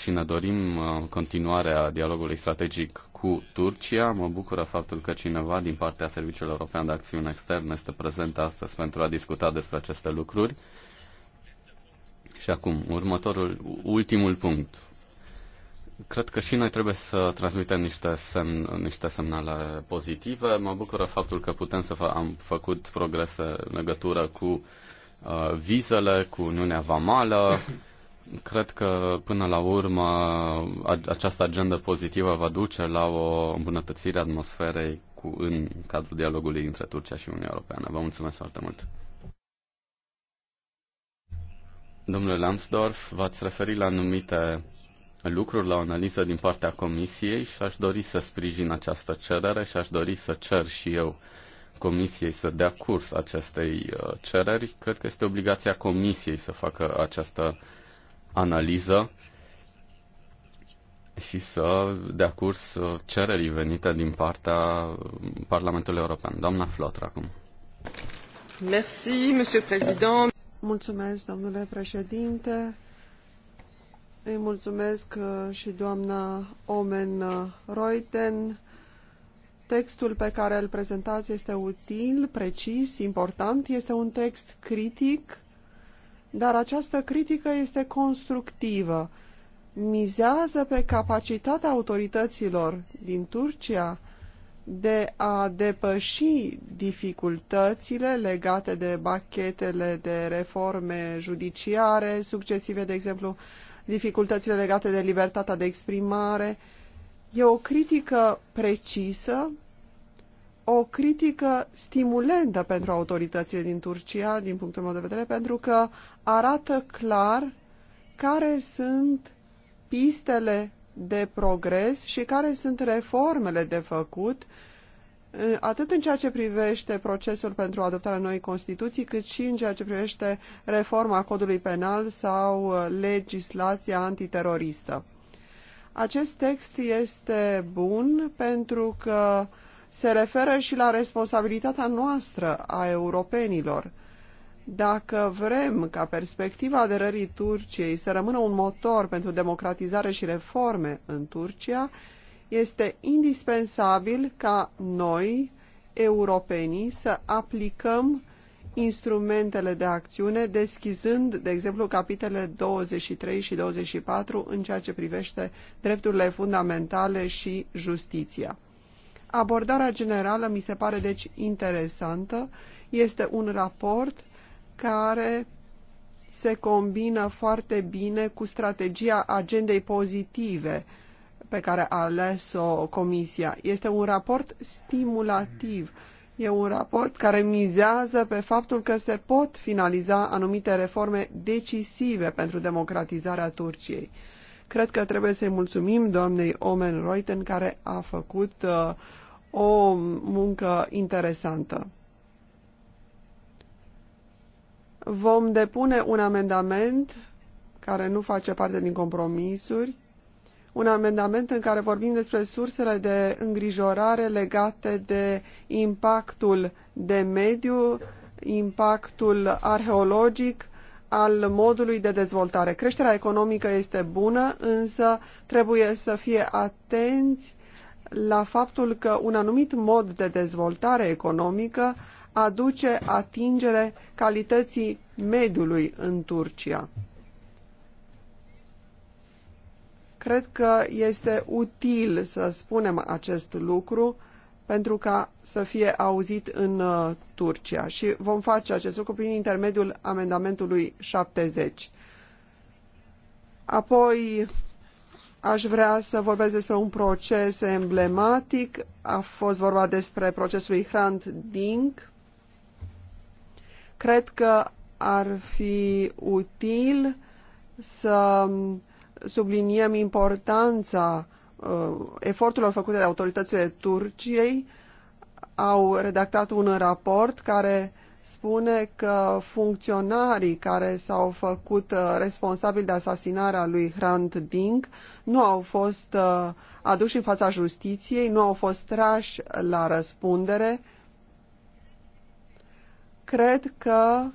și ne dorim uh, continuarea dialogului strategic cu Turcia. Mă bucură faptul că cineva din partea Serviciului European de Acțiune Externă este prezent astăzi pentru a discuta despre aceste lucruri. Și acum, următorul, ultimul punct. Cred că și noi trebuie să transmitem niște, semn, niște semnale pozitive. Mă bucură faptul că putem să fa- am făcut progrese în legătură cu uh, vizele, cu Uniunea Vamală. Cred că până la urmă această agendă pozitivă va duce la o îmbunătățire a atmosferei cu, în cadrul dialogului dintre Turcia și Uniunea Europeană. Vă mulțumesc foarte mult! Domnule Lambsdorff, v-ați referit la anumite lucruri, la o analiză din partea Comisiei și aș dori să sprijin această cerere și aș dori să cer și eu Comisiei să dea curs acestei uh, cereri. Cred că este obligația Comisiei să facă această analiză și să dea curs uh, cererii venite din partea uh, Parlamentului European. Doamna Flotra, acum. Merci, Mulțumesc, domnule președinte. Îi mulțumesc uh, și doamna Omen uh, Reuten. Textul pe care îl prezentați este util, precis, important. Este un text critic, dar această critică este constructivă. Mizează pe capacitatea autorităților din Turcia de a depăși dificultățile legate de bachetele de reforme judiciare succesive, de exemplu, dificultățile legate de libertatea de exprimare. E o critică precisă, o critică stimulentă pentru autoritățile din Turcia, din punctul meu de vedere, pentru că arată clar care sunt pistele de progres și care sunt reformele de făcut uh, atât în ceea ce privește procesul pentru adoptarea noii Constituții, cât și în ceea ce privește reforma codului penal sau uh, legislația antiteroristă. Acest text este bun pentru că se referă și la responsabilitatea noastră a europenilor. Dacă vrem ca perspectiva aderării Turciei să rămână un motor pentru democratizare și reforme în Turcia, este indispensabil ca noi, europenii, să aplicăm instrumentele de acțiune, deschizând, de exemplu, capitele 23 și 24 în ceea ce privește drepturile fundamentale și justiția. Abordarea generală mi se pare deci interesantă. Este un raport care se combină foarte bine cu strategia agendei pozitive pe care a ales-o Comisia. Este un raport stimulativ. E un raport care mizează pe faptul că se pot finaliza anumite reforme decisive pentru democratizarea Turciei. Cred că trebuie să-i mulțumim doamnei Omen Reuten care a făcut uh, o muncă interesantă. Vom depune un amendament care nu face parte din compromisuri un amendament în care vorbim despre sursele de îngrijorare legate de impactul de mediu, impactul arheologic, al modului de dezvoltare. Creșterea economică este bună, însă trebuie să fie atenți la faptul că un anumit mod de dezvoltare economică aduce atingere calității mediului în Turcia. Cred că este util să spunem acest lucru pentru ca să fie auzit în uh, Turcia și vom face acest lucru prin intermediul amendamentului 70. Apoi aș vrea să vorbesc despre un proces emblematic. A fost vorba despre procesul Hrant Dink. Cred că ar fi util să um, subliniem importanța uh, eforturilor făcute de autoritățile Turciei. Au redactat un raport care spune că funcționarii care s-au făcut uh, responsabili de asasinarea lui Hrant Dink nu au fost uh, aduși în fața justiției, nu au fost trași la răspundere. Cred că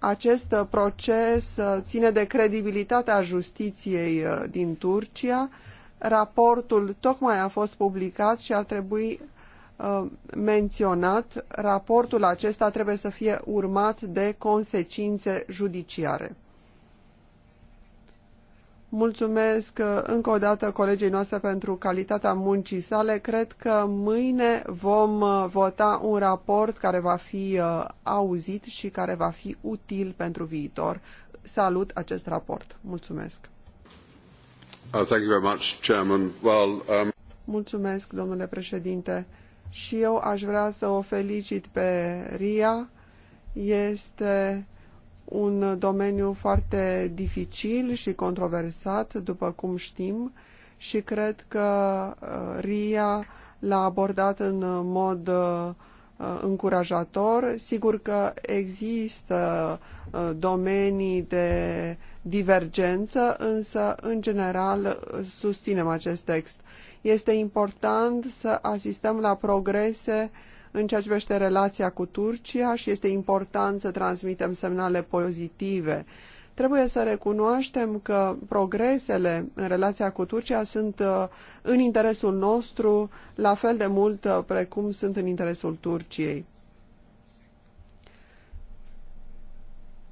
acest uh, proces uh, ține de credibilitatea justiției uh, din Turcia. Raportul tocmai a fost publicat și ar trebui menționat, raportul acesta trebuie să fie urmat de consecințe judiciare. Mulțumesc uh, încă o dată colegii noastre pentru calitatea muncii sale. Cred că mâine vom uh, vota un raport care va fi uh, auzit și care va fi util pentru viitor. Salut acest raport. Mulțumesc. thank you very much, Chairman. Well, um... Mulțumesc, domnule președinte. Și eu aș vrea să o felicit pe Ria. Este un domeniu foarte dificil și controversat, după cum știm, și cred că uh, RIA l-a abordat în mod uh, uh, încurajator. Sigur că există domenii de divergență, însă, în general, susținem acest text. Este important să asistăm la progrese uh, în ceea ce vește relația cu Turcia și este important să transmitem semnale pozitive. Trebuie să recunoaștem că progresele în relația cu Turcia sunt uh, în interesul nostru la fel de mult uh, precum sunt în interesul Turciei.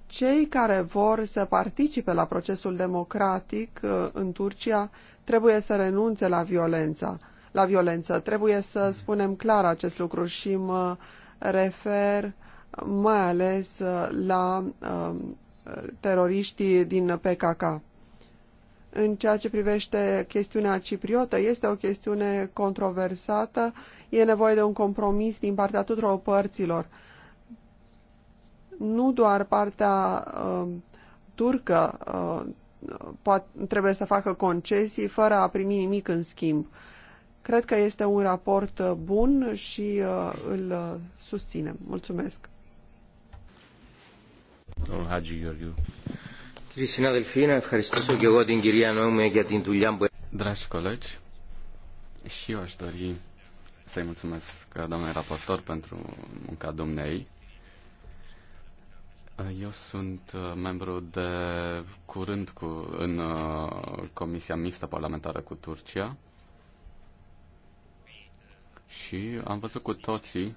cei care vor să participe la procesul democratic uh, în Turcia trebuie să renunțe la violența la violență. Trebuie să spunem clar acest lucru și mă refer mai ales uh, la um, teroriștii din PKK. În ceea ce privește chestiunea cipriotă, este o chestiune controversată, e nevoie de un compromis din partea tuturor părților. Nu doar partea uh, turcă uh, poate, trebuie să facă concesii fără a primi nimic în schimb. Uh, Cred că este un raport uh, bun și uh, îl uh, susținem. Mulțumesc. Domnul Hagi Gheorghiu. Cristina Delfina, ευχαριστήσω και εγώ την κυρία Νόμου για Dragi colegi, și eu aș dori să-i mulțumesc domnului raportor pentru munca dumnei. Eu sunt membru de curând cu, în Comisia Mixtă Parlamentară cu Turcia și am văzut cu toții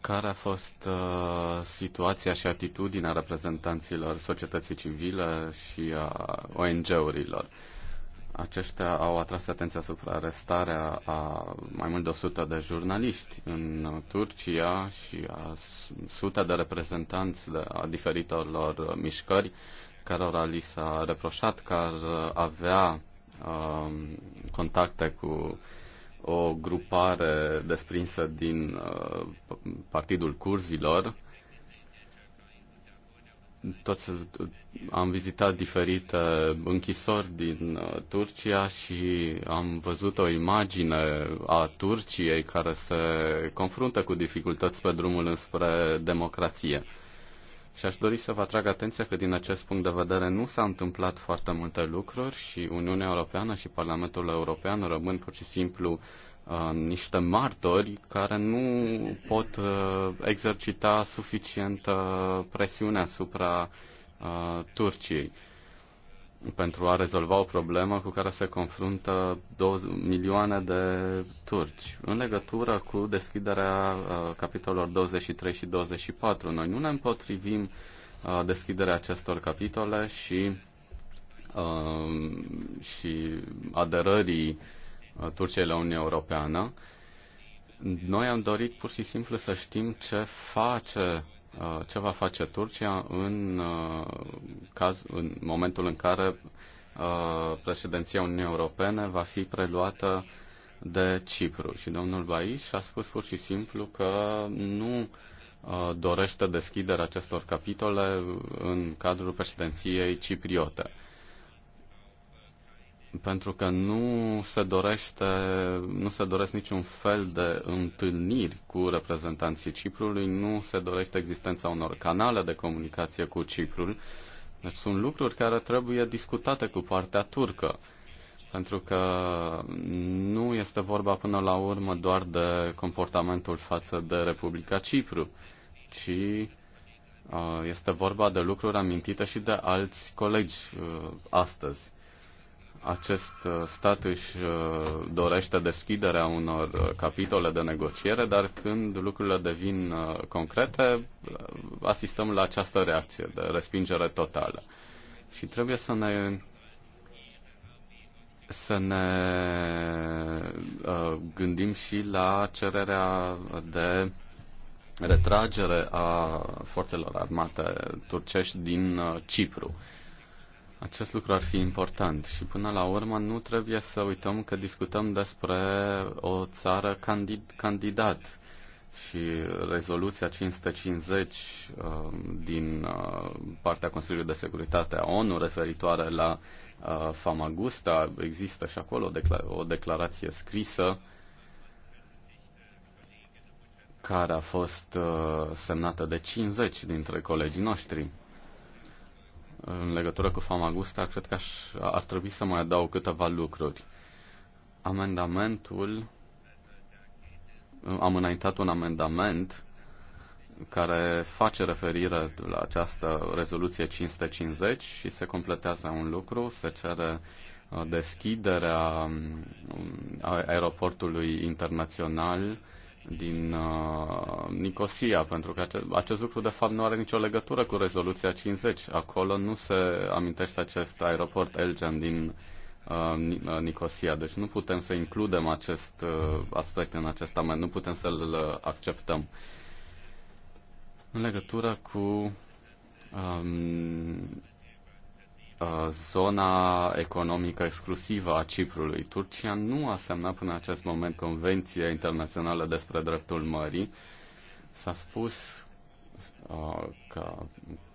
care a fost uh, situația și atitudinea reprezentanților societății civile și a ONG-urilor. Aceștia au atras atenția asupra arestarea a mai mult de 100 de jurnaliști în Turcia și a sute de reprezentanți de, a diferitelor mișcări care li s-a reproșat că ar avea Um, contacte cu o grupare desprinsă din uh, Partidul Curzilor. Toți, am vizitat diferite închisori din uh, Turcia și am văzut o imagine a Turciei care se confruntă cu dificultăți pe drumul înspre democrație și aș dori să vă atrag atenția că din acest punct de vedere nu s-a întâmplat foarte multe lucruri și Uniunea Europeană și Parlamentul European rămân pur și simplu uh, niște martori care nu pot uh, exercita suficientă presiune asupra uh, Turciei. Uh, pentru a rezolva o problemă cu care se confruntă două milioane de turci. În legătură cu deschiderea uh, capitolelor 23 și 24, noi nu ne împotrivim uh, deschiderea acestor capitole și, uh, și aderării uh, Turciei la Uniunea Europeană. Noi am dorit pur și simplu să știm ce face Uh, ce va face Turcia în, uh, caz, în momentul în care uh, președinția Uniunii Europene va fi preluată de Cipru. Și domnul Baiș a spus pur și simplu că nu dorește deschiderea acestor capitole în cadrul președinției cipriote pentru că nu se dorește, nu se doresc niciun fel de întâlniri cu reprezentanții Ciprului, nu se dorește existența unor canale de comunicație cu Ciprul. Deci sunt lucruri care trebuie discutate cu partea turcă, pentru că nu este vorba până la urmă doar de comportamentul față de Republica Cipru, ci uh, este vorba de lucruri amintite și de alți colegi uh, astăzi acest uh, stat își uh, dorește deschiderea unor uh, capitole de negociere, dar când lucrurile devin concrete, asistăm la această reacție de respingere totală. Și trebuie să ne să ne gândim și la cererea de retragere a forțelor armate turcești din Cipru acest lucru ar fi important și până la urmă nu trebuie să uităm că discutăm despre o țară candid, candidat și rezoluția 550 uh, din uh, partea Consiliului de Securitate a ONU referitoare la uh, Famagusta, există și acolo o, decla- o declarație scrisă care a fost uh, semnată de 50 dintre colegii noștri în legătură cu Famagusta, cred că aș, ar trebui să mai adaug câteva lucruri. Amendamentul, am înaintat un amendament care face referire la această rezoluție 550 și se completează un lucru, se cere uh, deschiderea um, aeroportului internațional din uh, Nicosia, pentru că acest, acest lucru de fapt nu are nicio legătură cu rezoluția 50. Acolo nu se amintește acest aeroport Elgin din uh, uh, Nicosia, deci nu putem să includem acest uh, aspect în acest amen, nu putem să-l uh, acceptăm. În legătură cu um, Uh, zona economică exclusivă a Ciprului. Turcia nu a semnat până acest moment Convenția Internațională despre Dreptul Mării. S-a spus uh, că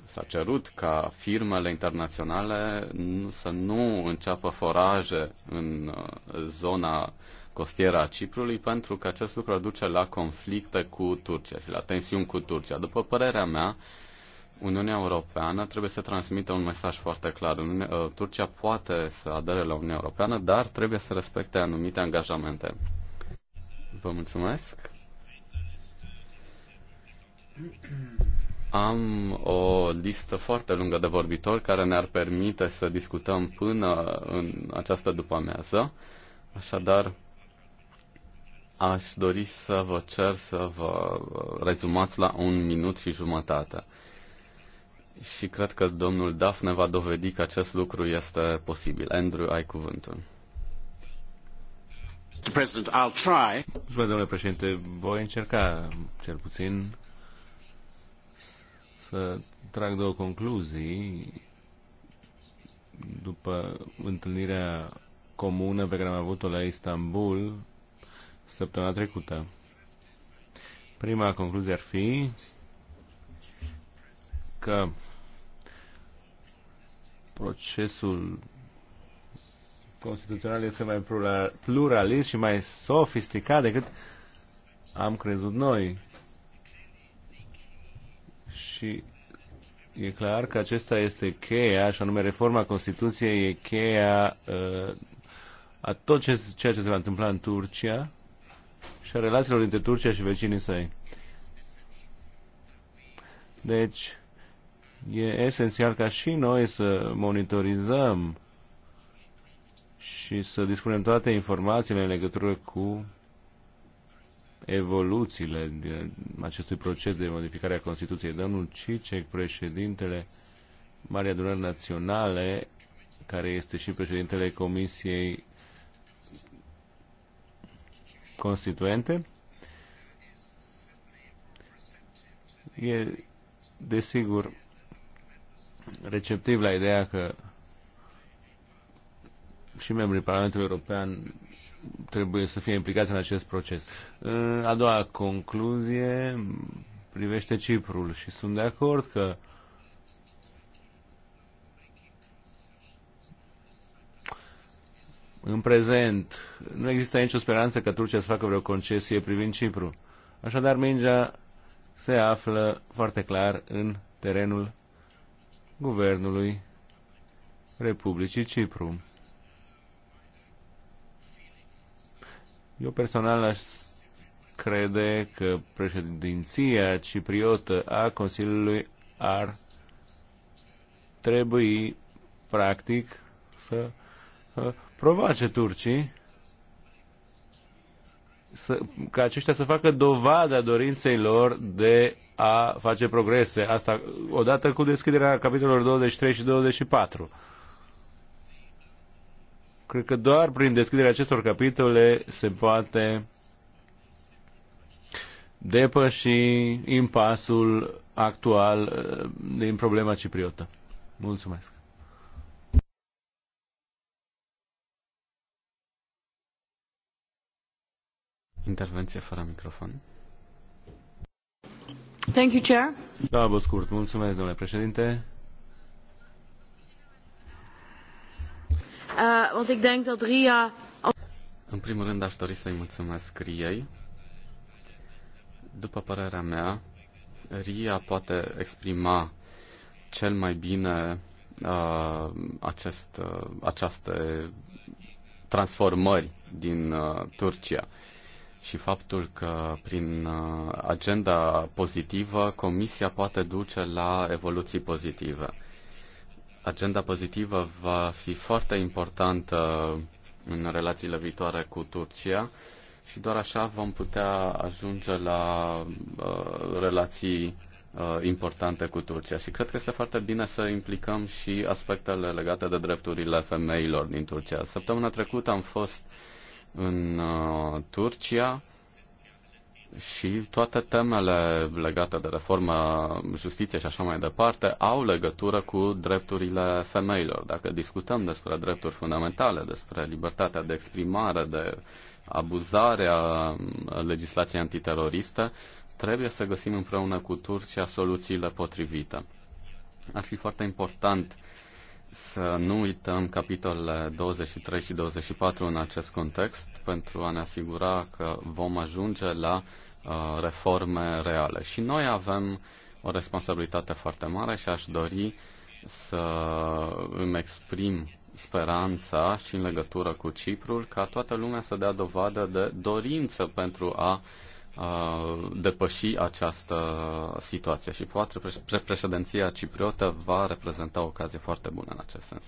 s-a cerut ca firmele internaționale nu, să nu înceapă foraje în uh, zona costieră a Ciprului pentru că acest lucru duce la conflicte cu Turcia și la tensiuni cu Turcia. După părerea mea, uh, Uniunea Europeană trebuie să transmită un mesaj foarte clar. Uh, Turcia poate să adere la Uniunea Europeană, dar trebuie să respecte anumite angajamente. Vă mulțumesc. Am o listă foarte lungă de vorbitori care ne-ar permite să discutăm până în această după-amiază. Așadar, aș dori să vă cer să vă rezumați la un minut și jumătate și cred că domnul Dafne va dovedi că acest lucru este posibil. Andrew, ai cuvântul. Mulțumesc, domnule președinte. Voi încerca, cel puțin, să trag două concluzii după întâlnirea comună pe care am avut-o la Istanbul săptămâna trecută. Prima concluzie ar fi că procesul constituțional este mai pluralist și mai sofisticat decât am crezut noi. Și e clar că acesta este cheia, și anume reforma Constituției e cheia uh, a tot ce, ceea ce se va întâmpla în Turcia și a relațiilor dintre Turcia și vecinii săi. Deci, e esențial ca și noi să monitorizăm și să dispunem toate informațiile în legătură cu evoluțiile acestui proces de modificare a Constituției. Domnul Cicec, președintele Marii Adunări Naționale, care este și președintele Comisiei Constituente, e desigur receptiv la ideea că și membrii Parlamentului European trebuie să fie implicați în acest proces. A doua concluzie privește Ciprul și sunt de acord că în prezent nu există nicio speranță că Turcia să facă vreo concesie privind Cipru. Așadar, mingea se află foarte clar în terenul Guvernului Republicii Cipru. Eu personal aș crede că președinția cipriotă a Consiliului ar trebui, practic, să uh, provoace turcii să, ca aceștia să facă dovada dorinței lor de a face progrese. Asta odată cu deschiderea capitolelor 23 și 24. Cred că doar prin deschiderea acestor capitole se poate depăși impasul actual eh, din problema cipriotă. Mulțumesc! Intervenție fără microfon. Da, mulțumesc, președinte. Eh, În primul rând aș dori să-i mulțumesc Riei. După părerea mea, Ria poate exprima cel mai bine uh, acest, uh, eh, aceste transformări din uh, Turcia. Uh, și faptul că prin uh, agenda pozitivă Comisia poate duce la evoluții pozitive. Agenda pozitivă va fi foarte importantă în relațiile viitoare cu Turcia și doar așa vom putea ajunge la uh, relații uh, importante cu Turcia. Și cred că este foarte bine să implicăm și aspectele legate de drepturile femeilor din Turcia. Săptămâna trecută am fost uh, în uh, Turcia și toate temele legate de reforma justiției și așa mai departe au legătură cu drepturile femeilor. Dacă discutăm despre drepturi fundamentale, despre libertatea de exprimare, de abuzarea legislației antiteroriste, trebuie să găsim împreună cu Turcia soluțiile potrivite. Ar fi foarte important uh, să nu uităm capitolele 23 și 24 în acest context pentru a ne asigura că vom ajunge la uh, reforme reale. Și noi avem o responsabilitate foarte mare și aș dori să îmi exprim speranța și în legătură cu Ciprul ca toată lumea să dea dovadă de dorință pentru a uh, Uh, depăși această situație și poate președinția cipriotă va reprezenta o ocazie foarte bună în acest sens.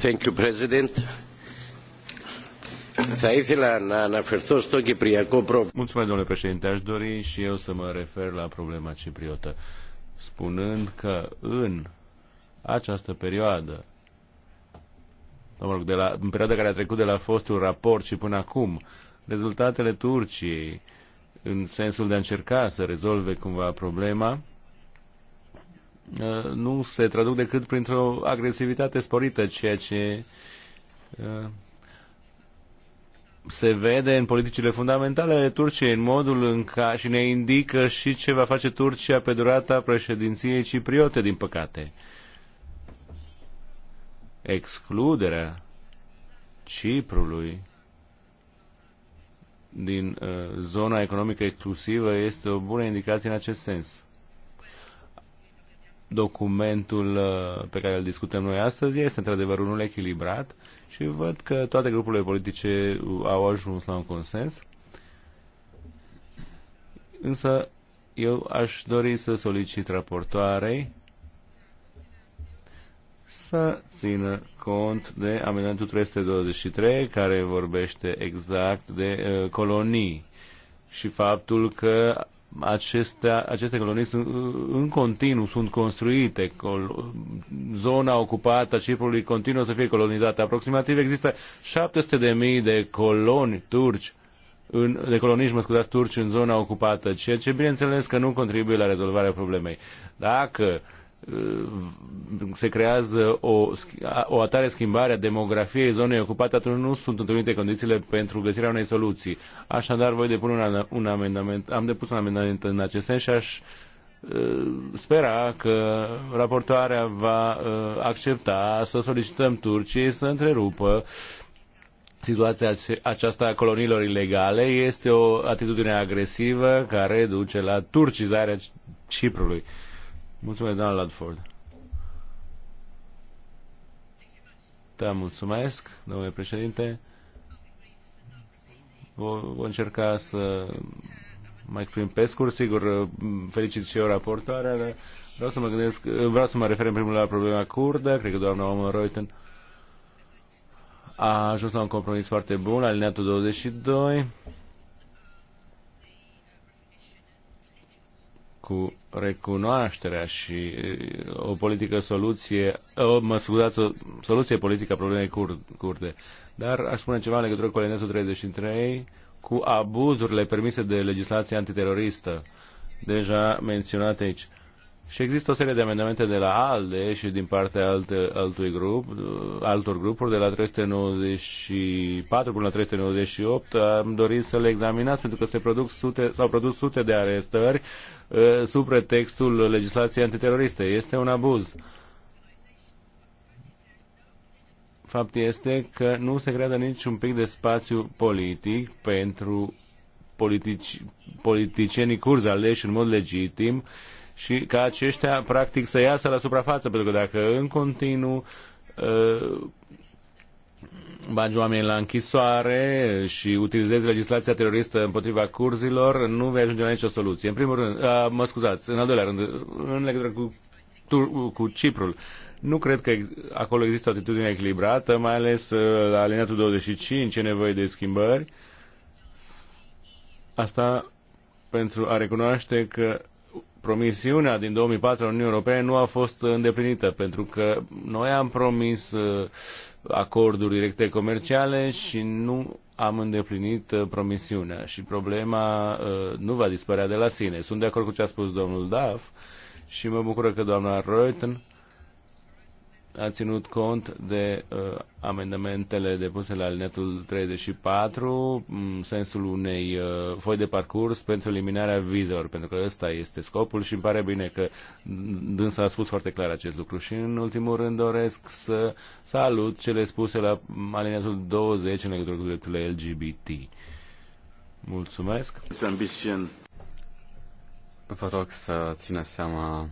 Thank you, President. Θα ήθελα να αναφερθώ στο κυπριακό πρόβλημα. Mulțumesc, domnule președinte. Aș dori și eu să mă refer la problema cipriotă, spunând că în această perioadă mă rog, de la, în perioada care a trecut de la fostul raport și până acum, rezultatele Turciei în sensul de a încerca să rezolve cumva problema, uh, nu se traduc decât printr-o agresivitate sporită, ceea ce uh, se vede în politicile fundamentale ale Turciei, în modul în care și ne indică și ce va face Turcia pe durata președinției cipriote, din păcate excluderea Ciprului din uh, zona economică exclusivă este o bună indicație în acest sens. Documentul uh, pe care îl discutăm noi astăzi este într-adevăr unul echilibrat și văd că toate grupurile politice au ajuns la un consens. Însă eu aș dori să solicit raportoarei să țină cont de amendamentul 323 care vorbește exact de uh, colonii și faptul că acestea, aceste colonii sunt, uh, în continuu sunt construite, col, zona ocupată a Ciprului continuă să fie colonizată. Aproximativ există 700.000 de coloni turci în, de colonism, scuzați, turci în zona ocupată, ceea ce bineînțeles că nu contribuie la rezolvarea problemei. Dacă Uh, se creează o, o atare schimbare a demografiei zonei ocupate, atunci nu sunt întâlnite condițiile pentru găsirea unei soluții. Așadar, voi depune un, un amendament, am depus un amendament în acest sens și aș uh, spera că raportoarea va uh, accepta să solicităm Turciei să întrerupă situația aceasta a coloniilor ilegale. Este o atitudine agresivă care duce la turcizarea Ciprului. Mulțumesc, Dan Ladford. Da, mulțumesc, domnule președinte. Voi încerca să mai exprim pe scurt, sigur, felicit și eu raportoarea, dar vreau să mă gândesc, vreau să mă refer în primul la problema curdă, cred că doamna Omer Reuten a ajuns la un compromis foarte bun, alineatul 22, cu recunoașterea și o politică soluție, o, mă scuzați, o soluție politică a problemei curde. Dar aș spune ceva în legătură cu alineatul 33, cu abuzurile permise de legislație antiteroristă, deja menționate aici. Uh, și există o serie de amendamente de la ALDE și din partea alte, altui grup, altor grupuri, de la 394 până la 398. Am dorit să le examinați pentru că se produc sute, s-au produs sute de arestări ă, sub pretextul legislației antiteroriste. Este un abuz. Fapt este că nu se creează niciun pic de spațiu politic pentru politici, politicienii curzi aleși în mod legitim uh, și ca aceștia practic să iasă la suprafață, pentru că dacă în continuu uh, bagi oamenii la închisoare și utilizezi legislația teroristă împotriva curzilor, nu vei ajunge la nicio soluție. În primul rând, uh, mă scuzați, în al doilea rând, în legătură cu, cu Ciprul, nu cred că acolo există o atitudine echilibrată, mai ales uh, la alineatul 25 e nevoie de schimbări. Asta pentru a recunoaște că promisiunea din 2004 a Uniunii Europene nu a fost îndeplinită, pentru că noi am promis uh, acorduri directe comerciale și nu am îndeplinit uh, promisiunea și problema uh, nu va dispărea de la sine. Sunt de acord cu ce a spus domnul Daf și mă bucură că doamna Reuten a ținut cont de uh, amendamentele depuse la alinetul 34, în sensul unei uh, foi de parcurs pentru eliminarea vizelor, pentru că ăsta este scopul și îmi pare bine că dânsa a spus foarte clar acest lucru. Și în ultimul rând doresc să salut cele spuse la alinetul 20 în legătură cu drepturile LGBT. Mulțumesc! Vă rog să țineți seama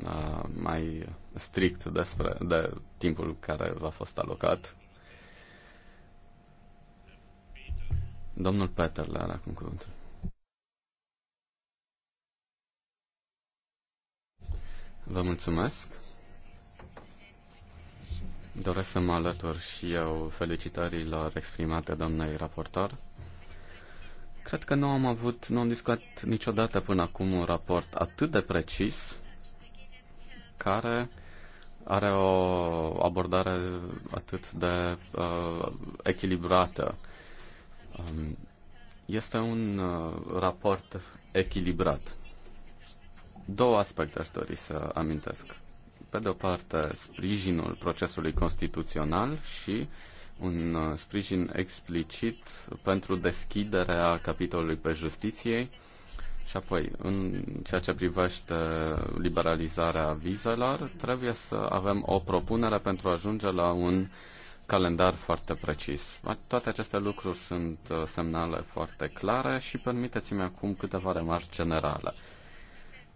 Uh, mai strict despre de timpul care v-a fost alocat. Domnul Peter le are acum cuvântul. Vă mulțumesc. Doresc să mă alătur și eu felicitărilor exprimate doamnei raportor. Cred că nu am avut, nu am discutat niciodată până acum un raport atât de precis care are o abordare atât de uh, echilibrată. Um, este un uh, raport echilibrat. Două aspecte aș dori să amintesc. Pe de o parte, sprijinul procesului constituțional și un uh, sprijin explicit pentru deschiderea capitolului pe justiție. Și apoi, în ceea ce privește liberalizarea vizelor, trebuie să avem o propunere pentru a ajunge la un calendar foarte precis. Toate aceste lucruri sunt uh, semnale foarte clare și permiteți-mi acum câteva remarci generale.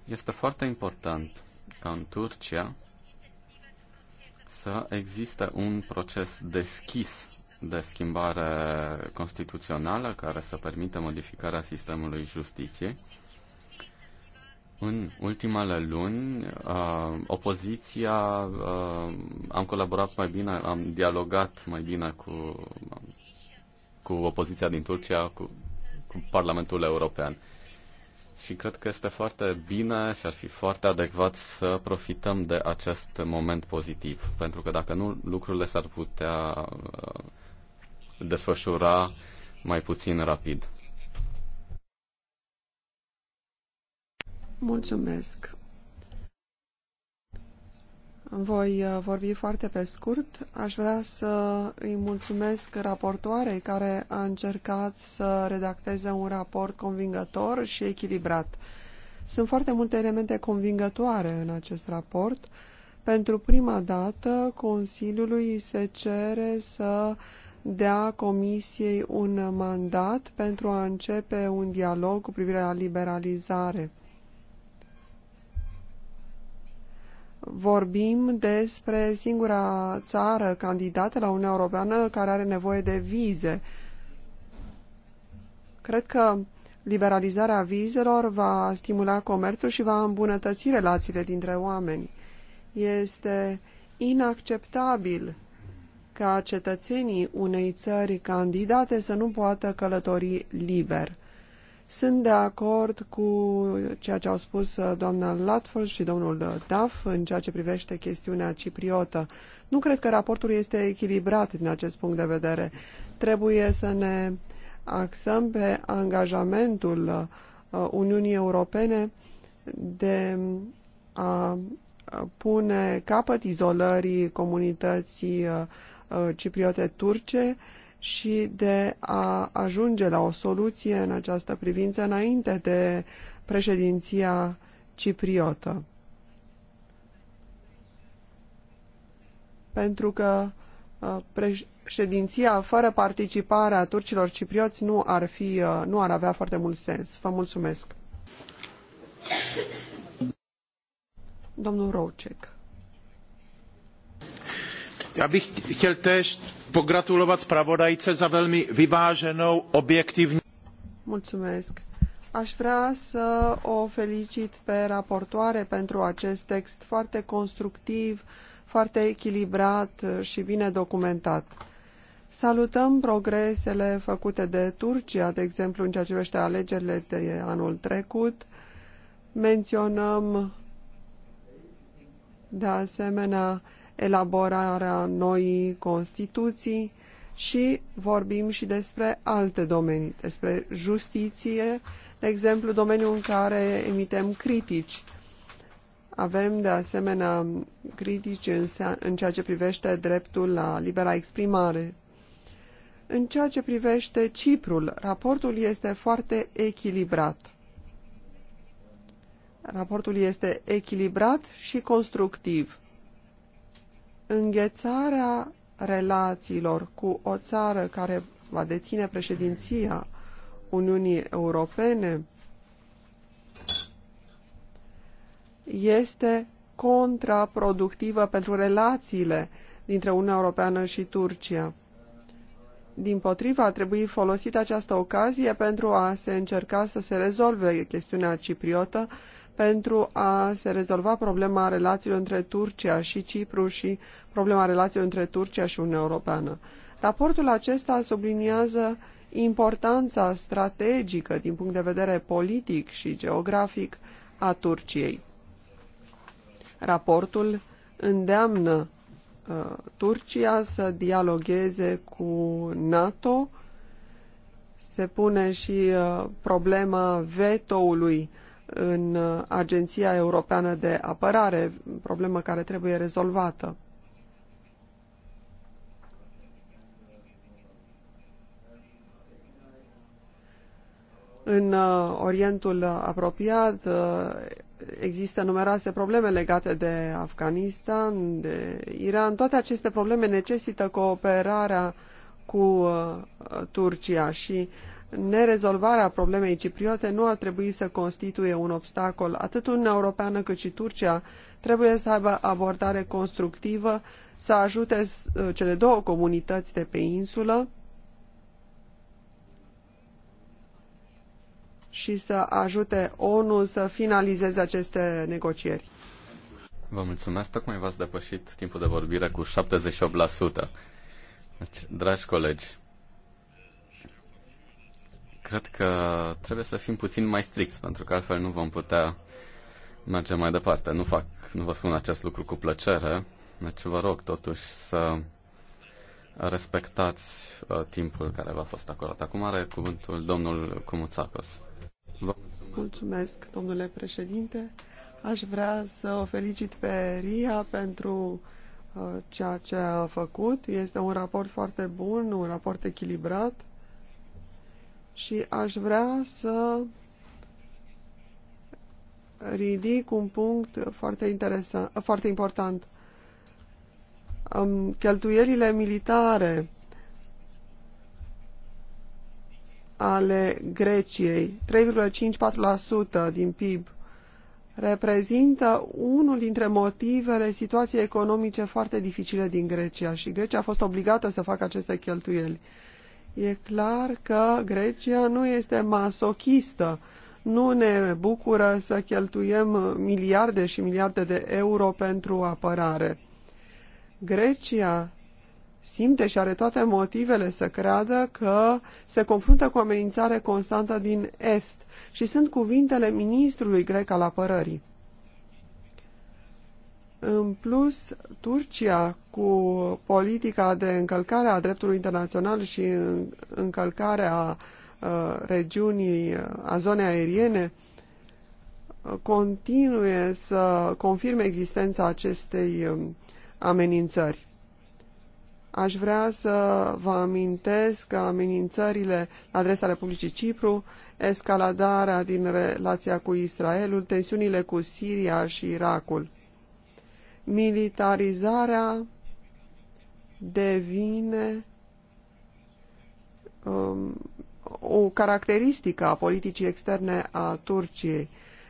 Este foarte important ca în Turcia să existe un proces deschis de schimbare constituțională care să permită modificarea sistemului justiției în ultimele luni, uh, opoziția, uh, am colaborat mai bine, am dialogat mai bine cu, cu opoziția din Turcia, cu, cu Parlamentul European. Și cred că este foarte bine și ar fi foarte adecvat să profităm de acest moment pozitiv, pentru că dacă nu, lucrurile s-ar putea uh, desfășura mai puțin rapid. Mulțumesc. Voi uh, vorbi foarte pe scurt. Aș vrea să îi mulțumesc raportoarei care a încercat să redacteze un raport convingător și echilibrat. Sunt foarte multe elemente convingătoare în acest raport. Pentru prima dată, Consiliului se cere să dea Comisiei un mandat pentru a începe un dialog cu privire la liberalizare. vorbim despre singura țară candidată la Uniunea Europeană care are nevoie de vize. Cred că liberalizarea vizelor va stimula comerțul și va îmbunătăți relațiile dintre oameni. Este inacceptabil ca cetățenii unei țări candidate să nu poată călători liber. Sunt de acord cu ceea ce au spus uh, doamna Latford și domnul uh, Duff în ceea ce privește chestiunea cipriotă. Nu cred că raportul este echilibrat din acest punct de vedere. Trebuie să ne axăm pe angajamentul uh, Uniunii Europene de a pune capăt izolării comunității cipriote turce și de a ajunge la o soluție în această privință înainte de președinția cipriotă. Pentru că uh, președinția fără participarea turcilor ciprioți nu ar, fi, uh, nu ar avea foarte mult sens. Vă mulțumesc. Domnul Roucek. Ja bych chtěl též pogratulovat zpravodajce za velmi vyváženou, objektivní. Mulțumesc. Aș vrea să o felicit pe raportoare pentru acest text foarte constructiv, foarte echilibrat și bine documentat. Salutăm progresele făcute de Turcia, de exemplu, în ceea ce privește alegerile de anul trecut. Menționăm, de asemenea, elaborarea noii Constituții și vorbim și despre alte domenii, despre justiție, de exemplu, domeniul în care emitem critici. Avem, de asemenea, critici în, în ceea ce privește dreptul la libera exprimare. În ceea ce privește Ciprul, raportul este foarte echilibrat. Raportul este echilibrat și constructiv înghețarea relațiilor cu o țară care va deține președinția Uniunii Europene este contraproductivă pentru relațiile dintre Uniunea Europeană și Turcia. Din potriva, a trebuit folosită această ocazie pentru a se încerca să se rezolve chestiunea cipriotă, pentru a se rezolva problema relațiilor între Turcia și Cipru și problema relațiilor între Turcia și Uniunea Europeană. Raportul acesta subliniază importanța strategică din punct de vedere politic și geografic a Turciei. Raportul îndeamnă uh, Turcia să dialogueze cu NATO, se pune și uh, problema vetoului uh, în uh, Agenția Europeană de Apărare, problemă care trebuie rezolvată. În uh, Orientul apropiat uh, există numeroase probleme legate de Afganistan, de Iran. Toate aceste probleme necesită cooperarea cu Turcia și uh, nerezolvarea problemei cipriote nu ar trebui să constituie un obstacol. Atât Uniunea Europeană cât și Turcia trebuie să aibă abordare constructivă, să ajute uh, cele două comunități de pe insulă și să ajute ONU să finalizeze aceste negocieri. Vă mulțumesc, tocmai v-ați depășit timpul de vorbire cu 78%. Deci, dragi colegi, cred că trebuie să fim puțin mai stricți, pentru că altfel nu vom putea merge mai departe. Nu fac, nu vă spun acest lucru cu plăcere, deci vă rog totuși să respectați uh, timpul care v-a fost acordat. Acum are cuvântul domnul Cumuțacos. Vă mulțumesc. mulțumesc, domnule președinte. Aș vrea să o felicit pe Ria pentru uh, ceea ce a făcut. Este un raport foarte bun, un raport echilibrat și aș vrea să ridic un punct foarte, interesant, foarte important. Cheltuielile militare ale Greciei, 3,54% din PIB, reprezintă unul dintre motivele situației economice foarte dificile din Grecia și Grecia a fost obligată să facă aceste cheltuieli. E clar că Grecia nu este masochistă. Nu ne bucură să cheltuiem miliarde și miliarde de euro pentru apărare. Grecia simte și are toate motivele să creadă că se confruntă cu o amenințare constantă din Est și sunt cuvintele ministrului grec al apărării. În plus, Turcia, cu politica de încălcare a dreptului internațional și încălcarea a uh, regiunii, uh, a zonei aeriene, uh, continue să confirme existența acestei um, amenințări. Aș vrea să vă amintesc că amenințările la adresa Republicii Cipru, escaladarea din relația cu Israelul, tensiunile cu Siria și Irakul militarizarea devine um, o caracteristică a politicii externe a Turciei.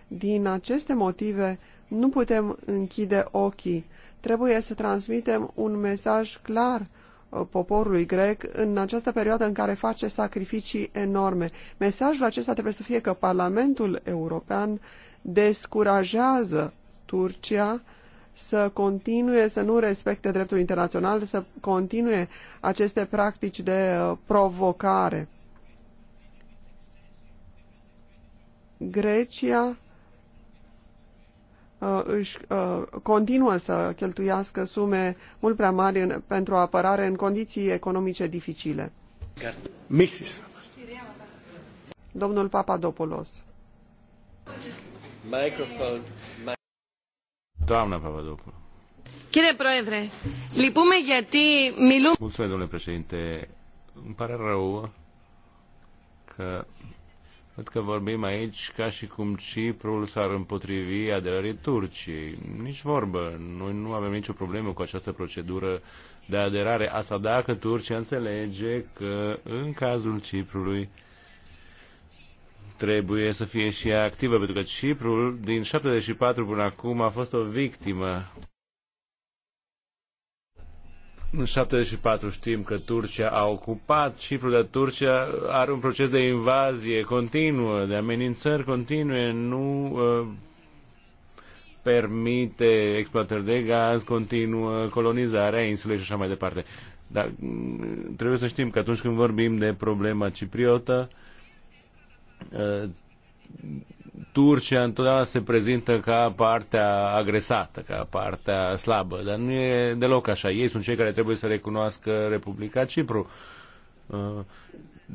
Din aceste motive, nu putem închide ochii. Trebuie să transmitem un mesaj clar uh, poporului grec în această perioadă în care face sacrificii enorme. Mesajul acesta trebuie să fie că Parlamentul European descurajează Turcia să continue să nu respecte dreptul internațional, să continue aceste practici de uh, provocare. Grecia uh, își uh, continuă să cheltuiască sume mult prea mari în, pentru apărare în condiții economice dificile. Mrs. Domnul Papadopoulos. Microphone. Doamna Papadopoulou. Chire proedre, lipume γιατί μιλούμε... Mulțumesc, domnule președinte. Îmi pare rău că Văd că vorbim aici ca și cum Ciprul s-ar împotrivi aderării Turciei. Nici vorbă. Noi nu avem nicio problemă cu această procedură de aderare. Asta dacă Turcia înțelege că în cazul Ciprului trebuie să fie și ea activă, pentru că Ciprul din 74 până acum a fost o victimă. În 74 știm că Turcia a ocupat Ciprul, dar Turcia are un proces de invazie continuă, de amenințări continue, nu uh, permite exploatări de gaz, continuă colonizarea insulei și așa mai departe. Dar mm, trebuie să știm că atunci când vorbim de problema cipriotă, uh, Uh, Turcia întotdeauna se prezintă ca partea agresată, ca partea slabă, dar nu e deloc așa. Ei sunt cei care trebuie să recunoască Republica Cipru. Uh,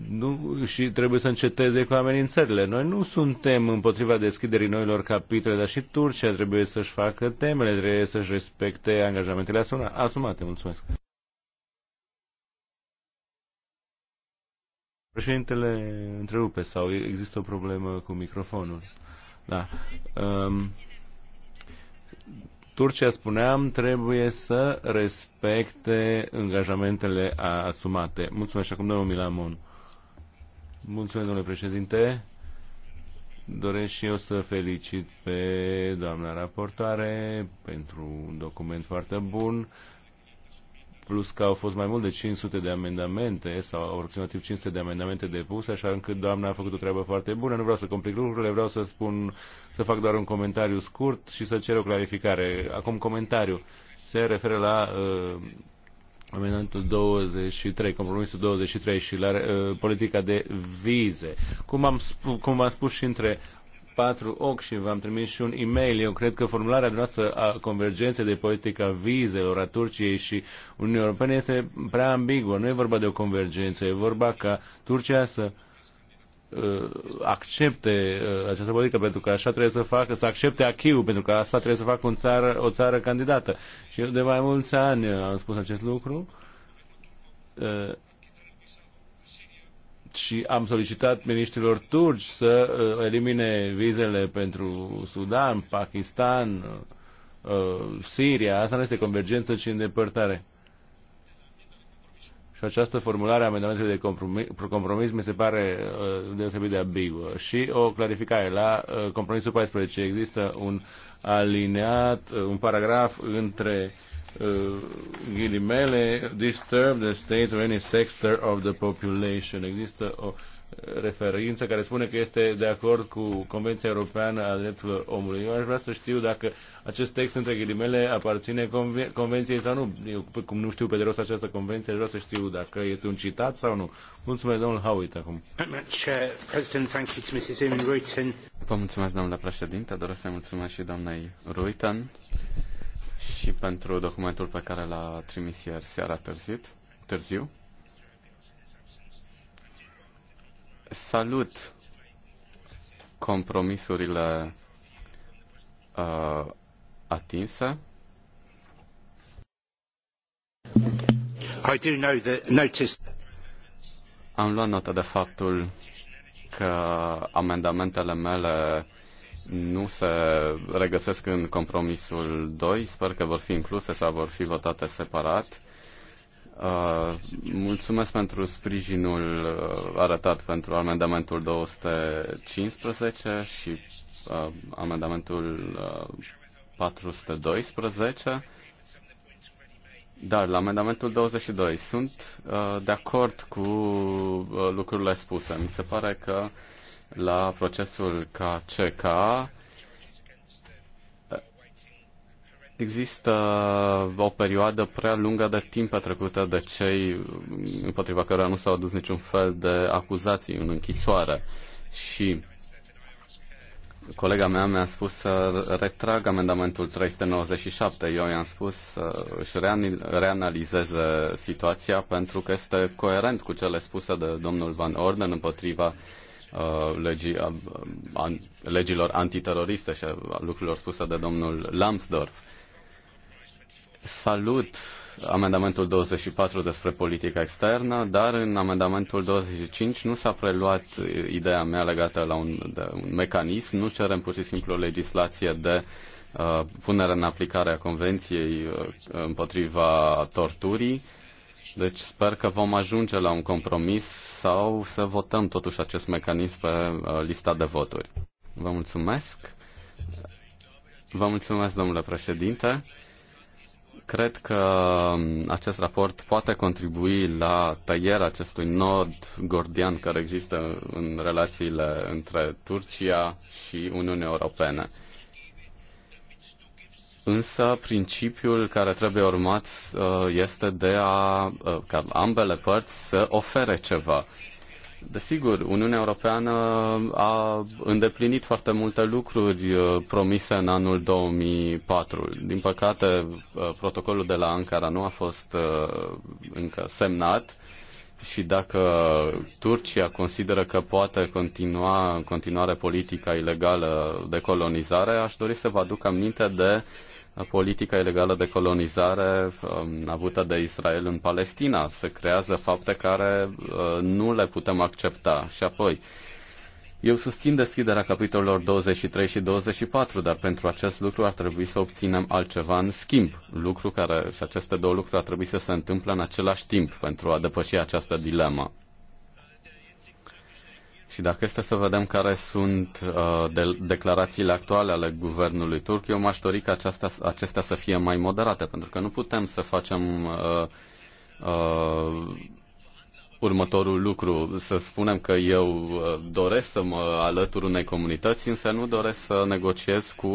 nu, și trebuie să înceteze cu amenințările. Noi nu suntem împotriva deschiderii noilor capitole, dar și Turcia trebuie să-și facă temele, trebuie să-și respecte angajamentele asumate. Mulțumesc! Președintele întrerupe sau există o problemă cu microfonul. Da. Um, Turcia, spuneam, trebuie să respecte angajamentele asumate. Mulțumesc și acum domnul Milamon. Mulțumesc, domnule președinte. Doresc și eu să felicit pe doamna raportoare pentru un document foarte bun plus că au fost mai mult de 500 de amendamente sau aproximativ 500 de amendamente depuse, așa încât doamna a făcut o treabă foarte bună. Nu vreau să complic lucrurile, vreau să spun, să fac doar un comentariu scurt și să cer o clarificare. Acum comentariu se referă la uh, amendamentul 23, compromisul 23 și la uh, politica de vize. Cum am, spus, cum am spus și între Patru ochi și v-am trimis și un e-mail. Eu cred că formularea noastră a convergenței de politică a vizelor a Turciei și Uniunii Europene este prea ambiguă. Nu e vorba de o convergență, e vorba ca Turcia să uh, accepte uh, această politică pentru că așa trebuie să facă, să accepte achiul pentru că asta trebuie să facă un țară, o țară candidată. Și eu de mai mulți ani am spus acest lucru. Uh, și am solicitat ministrilor turci să uh, elimine vizele pentru Sudan, Pakistan, uh, Siria. Asta nu este convergență, ci îndepărtare. Și această formulare a amendamentului de compromis, compromis mi se pare uh, deosebit de ambiguă. Și o clarificare. La uh, compromisul 14 există un alineat, uh, un paragraf între uh, uh, ghilimele, disturb the state or any sector of the population. Există o uh, referință care spune că este de acord cu Convenția Europeană a Drepturilor Omului. Eu aș vrea să știu dacă acest text între ghilimele aparține conven- Convenției sau nu. Eu, cum nu știu pe de rost această convenție, aș vrea să știu dacă este un citat sau nu. Mulțumesc, domnul Howitt, acum. Vă mulțumesc, domnule președinte. Doresc să mulțumesc și doamnei Ruitan și pentru documentul pe care l-a trimis ieri seara târzit, târziu. Salut compromisurile uh, atinse. I do know notice... Am luat notă de faptul că amendamentele mele nu se regăsesc în compromisul 2. Sper că vor fi incluse sau vor fi votate separat. Uh, mulțumesc pentru sprijinul uh, arătat pentru amendamentul 215 și uh, amendamentul uh, 412. Dar la amendamentul 22 sunt uh, de acord cu uh, lucrurile spuse. Mi se pare că uh, la procesul KCK. Există o perioadă prea lungă de timp petrecută de cei împotriva cărora nu s-au adus niciun fel de acuzații în închisoare. Și colega mea mi-a spus să retrag amendamentul 397. Eu i-am spus să își reanalizeze situația pentru că este coerent cu cele spuse de domnul Van Orden împotriva Uh, legii, uh, um, a, legilor antiteroriste și a lucrurilor spuse de domnul Lambsdorff. Salut amendamentul 24 despre politica externă, dar în amendamentul 25 nu s-a preluat ideea mea legată la un, de un mecanism, nu cerem pur și simplu o legislație de uh, punere în aplicare a Convenției uh, împotriva torturii, deci sper că vom ajunge la un compromis sau să votăm totuși acest mecanism pe uh, lista de voturi. Vă mulțumesc. Vă mulțumesc, domnule președinte. Cred că um, acest raport poate contribui la tăierea acestui nod gordian care există în relațiile între Turcia și Uniunea Europeană. Însă principiul care trebuie urmat uh, este de a uh, ca ambele părți să ofere ceva. Desigur, Uniunea Europeană a îndeplinit foarte multe lucruri uh, promise în anul 2004. Din păcate, protocolul de la Ankara nu a fost încă semnat și dacă Turcia consideră că poate continua în continuare politica ilegală de colonizare, aș dori să vă aduc aminte de uh, politica ilegală de colonizare um, avută de Israel în Palestina. Se creează fapte care uh, nu le putem accepta. Și apoi, eu susțin deschiderea capitolelor 23 și 24, dar pentru acest lucru ar trebui să obținem altceva în schimb, lucru care și aceste două lucruri ar trebui să se întâmple în același timp pentru a depăși această dilemă. Și dacă este să vedem care sunt uh, de- declarațiile actuale ale guvernului turc, eu m-aș dori ca aceasta, acestea să fie mai moderate, pentru că nu putem să facem uh, uh, următorul lucru, să spunem că eu uh, doresc să mă alătur unei comunități, însă nu doresc să negociez cu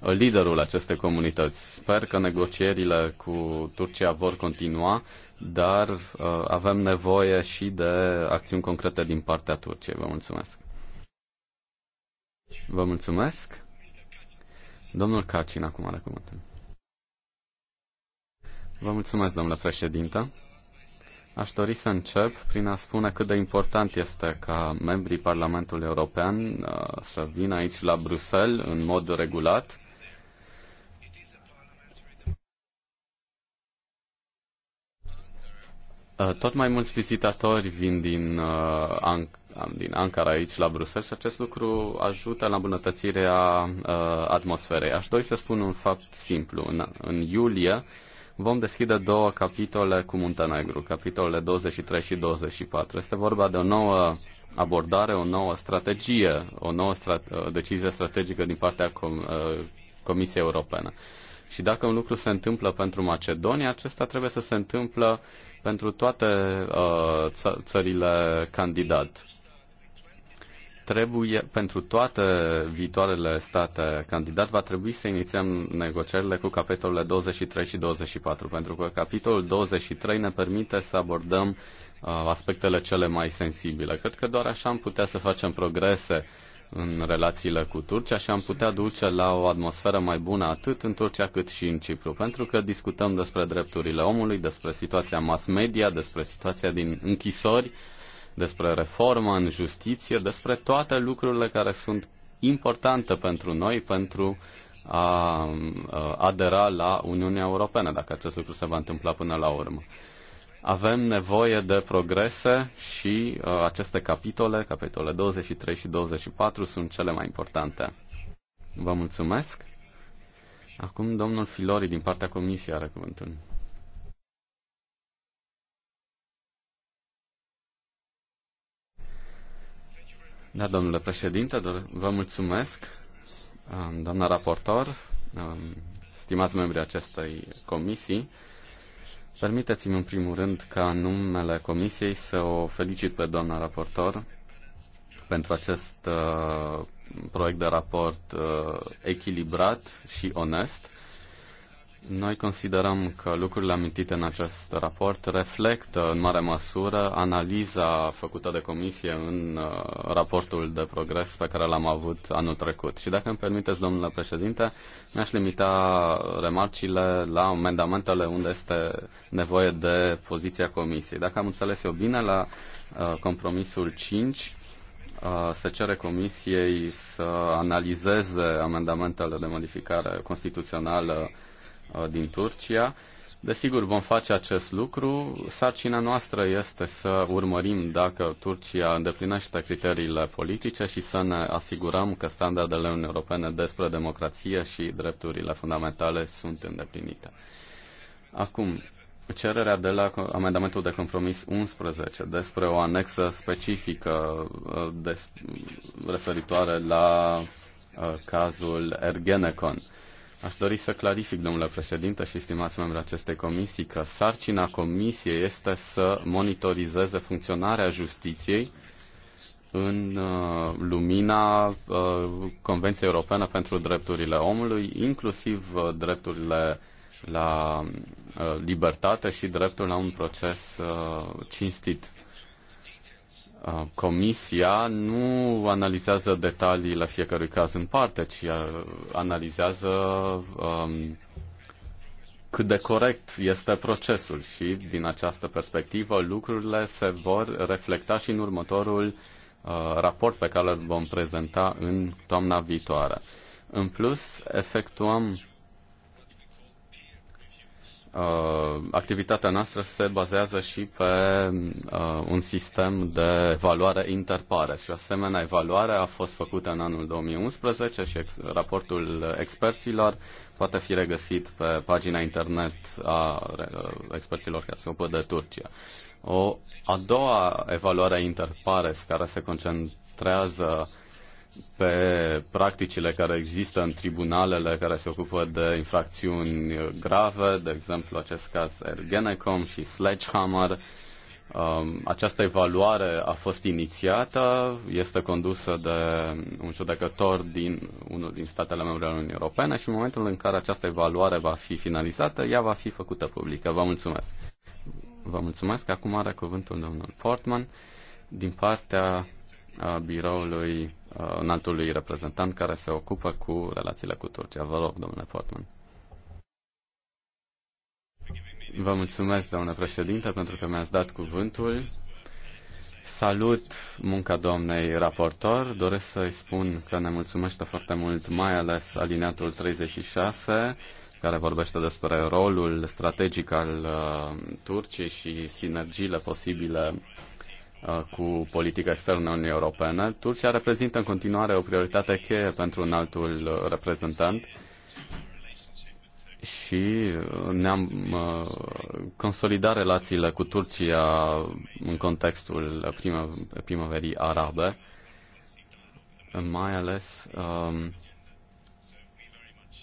liderul acestei comunități. Sper că negocierile cu Turcia vor continua dar uh, avem nevoie și de acțiuni concrete din partea Turciei. Vă mulțumesc. Vă mulțumesc. Domnul Cacin acum are cuvântul. Vă mulțumesc, domnule președinte. Aș dori să încep prin a spune cât de important este ca membrii Parlamentului European uh, să vină aici la Bruxelles în mod regulat Uh, tot mai mulți vizitatori vin din, uh, din Ankara aici la Bruxelles și acest lucru ajută la îmbunătățirea uh, atmosferei. Aș dori să spun un fapt simplu. În, în iulie vom deschide două capitole cu Muntenegru, capitolele 23 și 24. Este vorba de o nouă abordare, o nouă strategie, o nouă strat- decizie strategică din partea Com- Comisiei Europene. Și dacă un lucru se întâmplă pentru Macedonia, acesta trebuie să se întâmplă uh, pentru toate uh, țările candidat. Trebuie, pentru toate viitoarele state candidat, va trebui să inițiem negocierile cu capitolele 23 și 24, pentru că capitolul 23 ne permite să abordăm uh, aspectele cele mai sensibile. Cred că doar așa am putea să facem progrese uh, în relațiile cu Turcia și am putea duce la o atmosferă mai bună atât în Turcia cât și în Cipru, pentru că discutăm despre drepturile omului, despre situația mass media, despre situația din închisori, despre reforma în justiție, despre toate lucrurile care sunt importante pentru noi, pentru a adera la Uniunea Europeană, dacă acest lucru se va întâmpla până la urmă. Avem nevoie de progrese și uh, aceste capitole, capitole 23 și 24, sunt cele mai importante. Vă mulțumesc. Acum domnul Filori din partea comisiei are cuvântul. Da, domnule președinte, vă mulțumesc, um, doamna raportor, um, stimați membrii acestei comisii. Permiteți-mi în primul rând ca în numele Comisiei să o felicit pe doamna raportor pentru acest uh, proiect de raport uh, echilibrat și onest noi considerăm că lucrurile amintite în acest raport reflectă în mare măsură analiza făcută de comisie în uh, raportul de progres pe care l-am avut anul trecut. Și dacă îmi permiteți, domnule președinte, mi-aș limita remarcile la amendamentele unde este nevoie de poziția comisiei. Dacă am înțeles eu bine, la uh, compromisul 5 uh, se cere Comisiei să analizeze amendamentele de modificare constituțională Uh, din Turcia. Desigur, vom face acest lucru. Sarcina noastră este să urmărim dacă Turcia îndeplinește criteriile politice și să ne asigurăm că standardele Uniunii Europene despre democrație și drepturile fundamentale sunt îndeplinite. Acum, cererea de la amendamentul de compromis 11 despre o anexă specifică uh, des, referitoare la uh, cazul Ergenekon. Uh, Aș dori să clarific, domnule președinte și stimați membri acestei comisii, că sarcina comisiei este să monitorizeze funcționarea justiției în uh, lumina uh, Convenției Europene pentru Drepturile Omului, inclusiv uh, drepturile la libertate și dreptul la un proces cinstit. Comisia nu analizează la fiecărui caz în parte, ci analizează um, cât de corect este procesul și din această perspectivă lucrurile se vor reflecta și în următorul uh, raport pe care îl vom prezenta în toamna viitoare. În plus, efectuăm Uh, activitatea noastră se bazează și pe uh, un sistem de evaluare interpare și asemenea evaluare a fost făcută în anul 2011 și ex- raportul experților poate fi regăsit pe pagina internet a uh, experților care se ocupă de Turcia. O a doua evaluare interpares care se concentrează pe practicile care există în tribunalele care se ocupă de infracțiuni grave, de exemplu acest caz Ergenecom și Sledgehammer. Um, această evaluare a fost inițiată, este condusă de un judecător din unul din statele membre ale Uniunii Europene și în momentul în care această evaluare va fi finalizată, ea va fi făcută publică. Vă mulțumesc! Vă mulțumesc! Acum are cuvântul domnul Portman din partea uh, biroului Uh, înaltului reprezentant care se ocupă cu relațiile cu Turcia. Vă rog, domnule Portman. Vă mulțumesc, doamnă președinte, pentru că mi-ați dat cuvântul. Salut munca doamnei raportor. Doresc să-i spun că ne mulțumește foarte mult, mai ales alineatul 36, care vorbește despre rolul strategic al uh, Turciei și sinergiile posibile Uh, cu politica externă a Uniunii Europene. Turcia reprezintă în continuare o prioritate cheie pentru un altul uh, reprezentant și uh, ne-am consolidat relațiile cu Turcia în contextul primăverii arabe, mai ales um,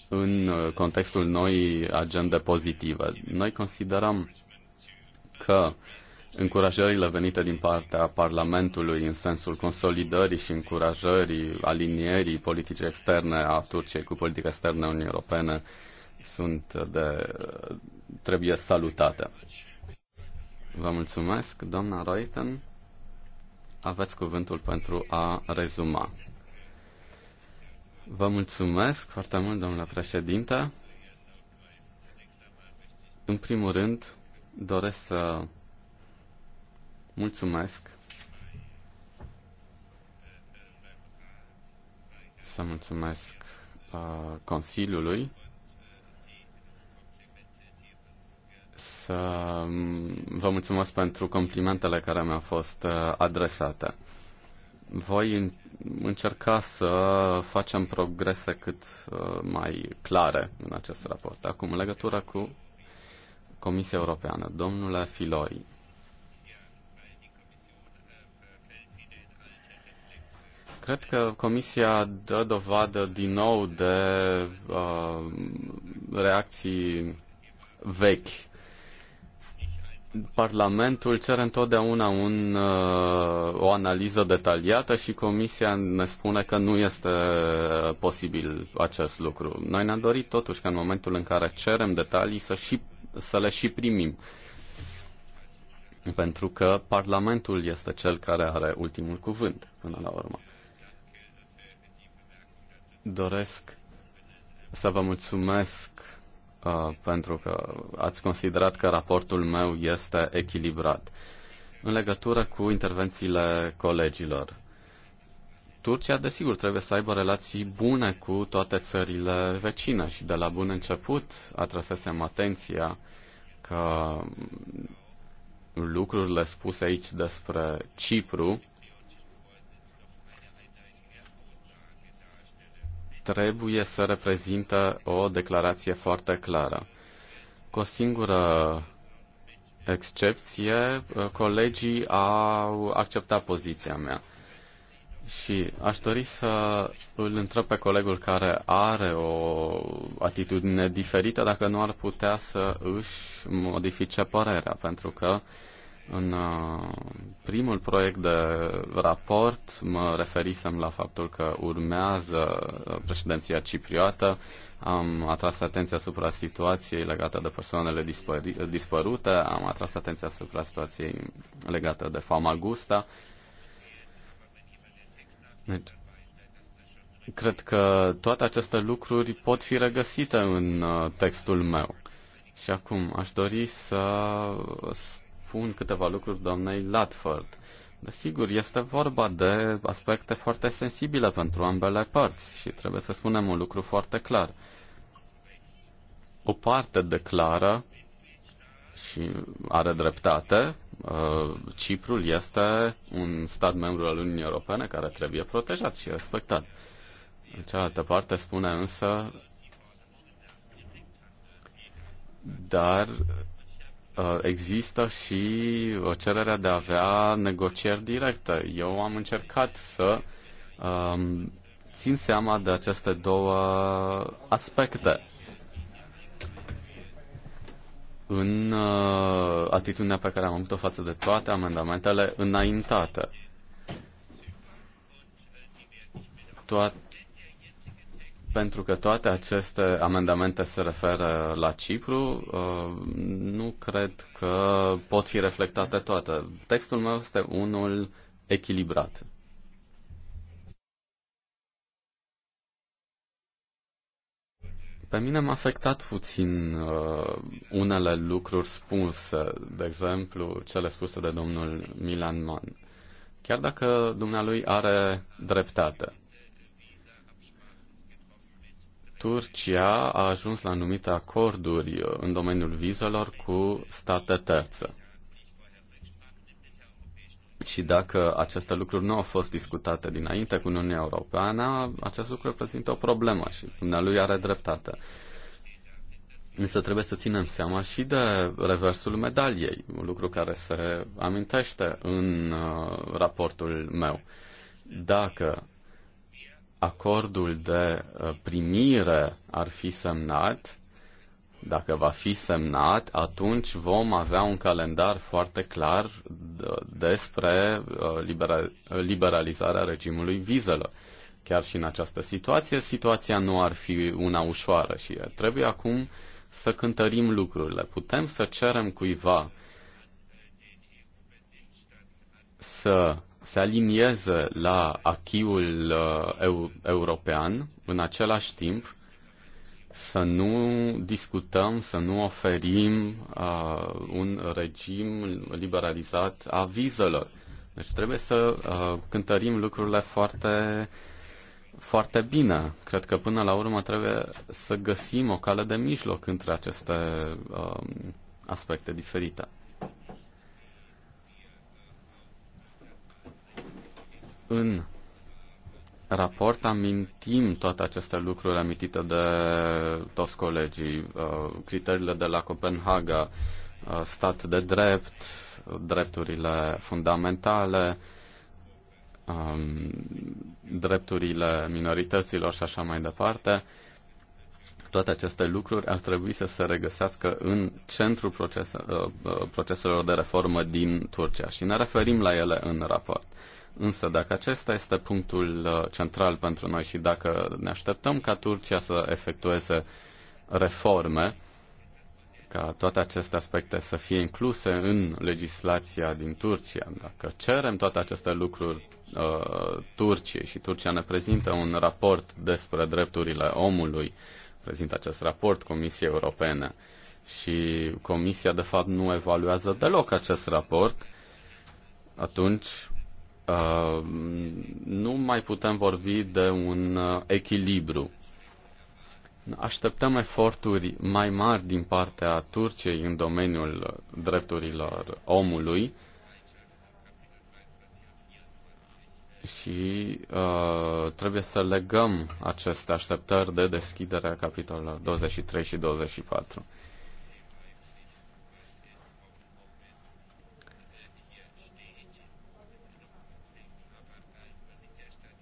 în contextul noii agende pozitive. Noi considerăm că uh, încurajările venite din partea Parlamentului în sensul consolidării și încurajării alinierii politicii externe a Turciei cu politica externă a Uniunii Europene sunt de, trebuie salutate. Vă mulțumesc, doamna Reuten. Aveți cuvântul pentru a rezuma. Vă mulțumesc foarte mult, domnule președinte. În primul rând, doresc să Mulțumesc. Să mulțumesc uh, Consiliului. Să mm, vă mulțumesc pentru complimentele care mi-au fost uh, adresate. Voi încerca să facem progrese cât uh, mai clare în acest raport. Acum, în legătură cu Comisia Europeană, domnule Filoi. Cred că Comisia dă dovadă din nou de uh, reacții vechi. Parlamentul cere întotdeauna un, uh, o analiză detaliată și Comisia ne spune că nu este posibil acest lucru. Noi ne-am dorit totuși că în momentul în care cerem detalii să, și, să le și primim. Pentru că Parlamentul este cel care are ultimul cuvânt până la urmă doresc să vă mulțumesc uh, pentru că ați considerat că raportul meu este echilibrat. În legătură cu intervențiile colegilor, Turcia, desigur, trebuie să aibă relații bune cu toate țările vecine și de la bun început atrasesem atenția că lucrurile spuse aici despre Cipru trebuie să reprezintă o declarație foarte clară. Cu o singură excepție, colegii au acceptat poziția mea. Și aș dori să îl întreb pe colegul care are o atitudine diferită dacă nu ar putea să își modifice părerea, pentru că uh, în uh, primul proiect de raport mă referisem la faptul că urmează uh, președinția cipriotă. Am atras atenția asupra situației legate de persoanele dispări- dispărute, am atras atenția asupra situației legate de Famagusta. Deci, cred că toate aceste lucruri pot fi regăsite în uh, textul meu. Și acum aș dori să spun câteva lucruri doamnei Latford. Desigur, este vorba de aspecte foarte sensibile pentru ambele părți și trebuie să spunem un lucru foarte clar. O parte declară și are dreptate, uh, Ciprul este un stat membru al Uniunii Europene care trebuie protejat și respectat. În cealaltă parte spune însă, dar Uh, există și uh, cererea de a avea negocieri directe. Eu am încercat să um, țin seama de aceste două aspecte. În uh, atitudinea pe care am avut-o față de toate amendamentele înaintate. Toate pentru că toate aceste amendamente se referă la Cipru, uh, nu cred că pot fi reflectate toate. Textul meu este unul echilibrat. Pe mine m-a afectat puțin uh, unele lucruri spuse, de exemplu cele spuse de domnul Milan Mann. Chiar dacă dumnealui are dreptate. Turcia a ajuns la anumite acorduri uh, în domeniul vizelor cu state terță. Și dacă aceste lucruri nu au fost discutate dinainte cu Uniunea Europeană, acest lucru reprezintă o problemă și lui are dreptate. Însă trebuie să ținem seama și de reversul medaliei, un lucru care se amintește în uh, raportul meu. Dacă acordul de uh, primire ar fi semnat, dacă va fi semnat, atunci vom avea un calendar foarte clar despre uh, uh, liberalizarea regimului vizelor. Chiar și în această situație, situația nu ar fi una ușoară și trebuie acum să cântărim lucrurile. Putem să cerem cuiva să se alinieze la achiul uh, eu, european, în același timp să nu discutăm, să nu oferim uh, un regim liberalizat a vizelor. Deci trebuie să uh, cântărim lucrurile foarte, foarte bine. Cred că până la urmă trebuie să găsim o cale de mijloc între aceste uh, aspecte diferite. În raport amintim toate aceste lucruri amintite de toți colegii, uh, criteriile de la Copenhaga, uh, stat de drept, drepturile fundamentale, um, drepturile minorităților și așa mai departe. Toate aceste lucruri ar trebui să se regăsească în centrul proces, uh, proceselor de reformă din Turcia și ne referim la ele în raport. Însă dacă acesta este punctul uh, central pentru noi și dacă ne așteptăm ca Turcia să efectueze reforme, ca toate aceste aspecte să fie incluse în legislația din Turcia, dacă cerem toate aceste lucruri uh, Turciei și Turcia ne prezintă un raport despre drepturile omului, prezintă acest raport Comisiei Europene și Comisia de fapt nu evaluează deloc acest raport, atunci Uh, nu mai putem vorbi de un uh, echilibru. Așteptăm eforturi mai mari din partea Turciei în domeniul uh, drepturilor omului și uh, trebuie să legăm aceste așteptări de deschiderea capitolelor 23 și 24.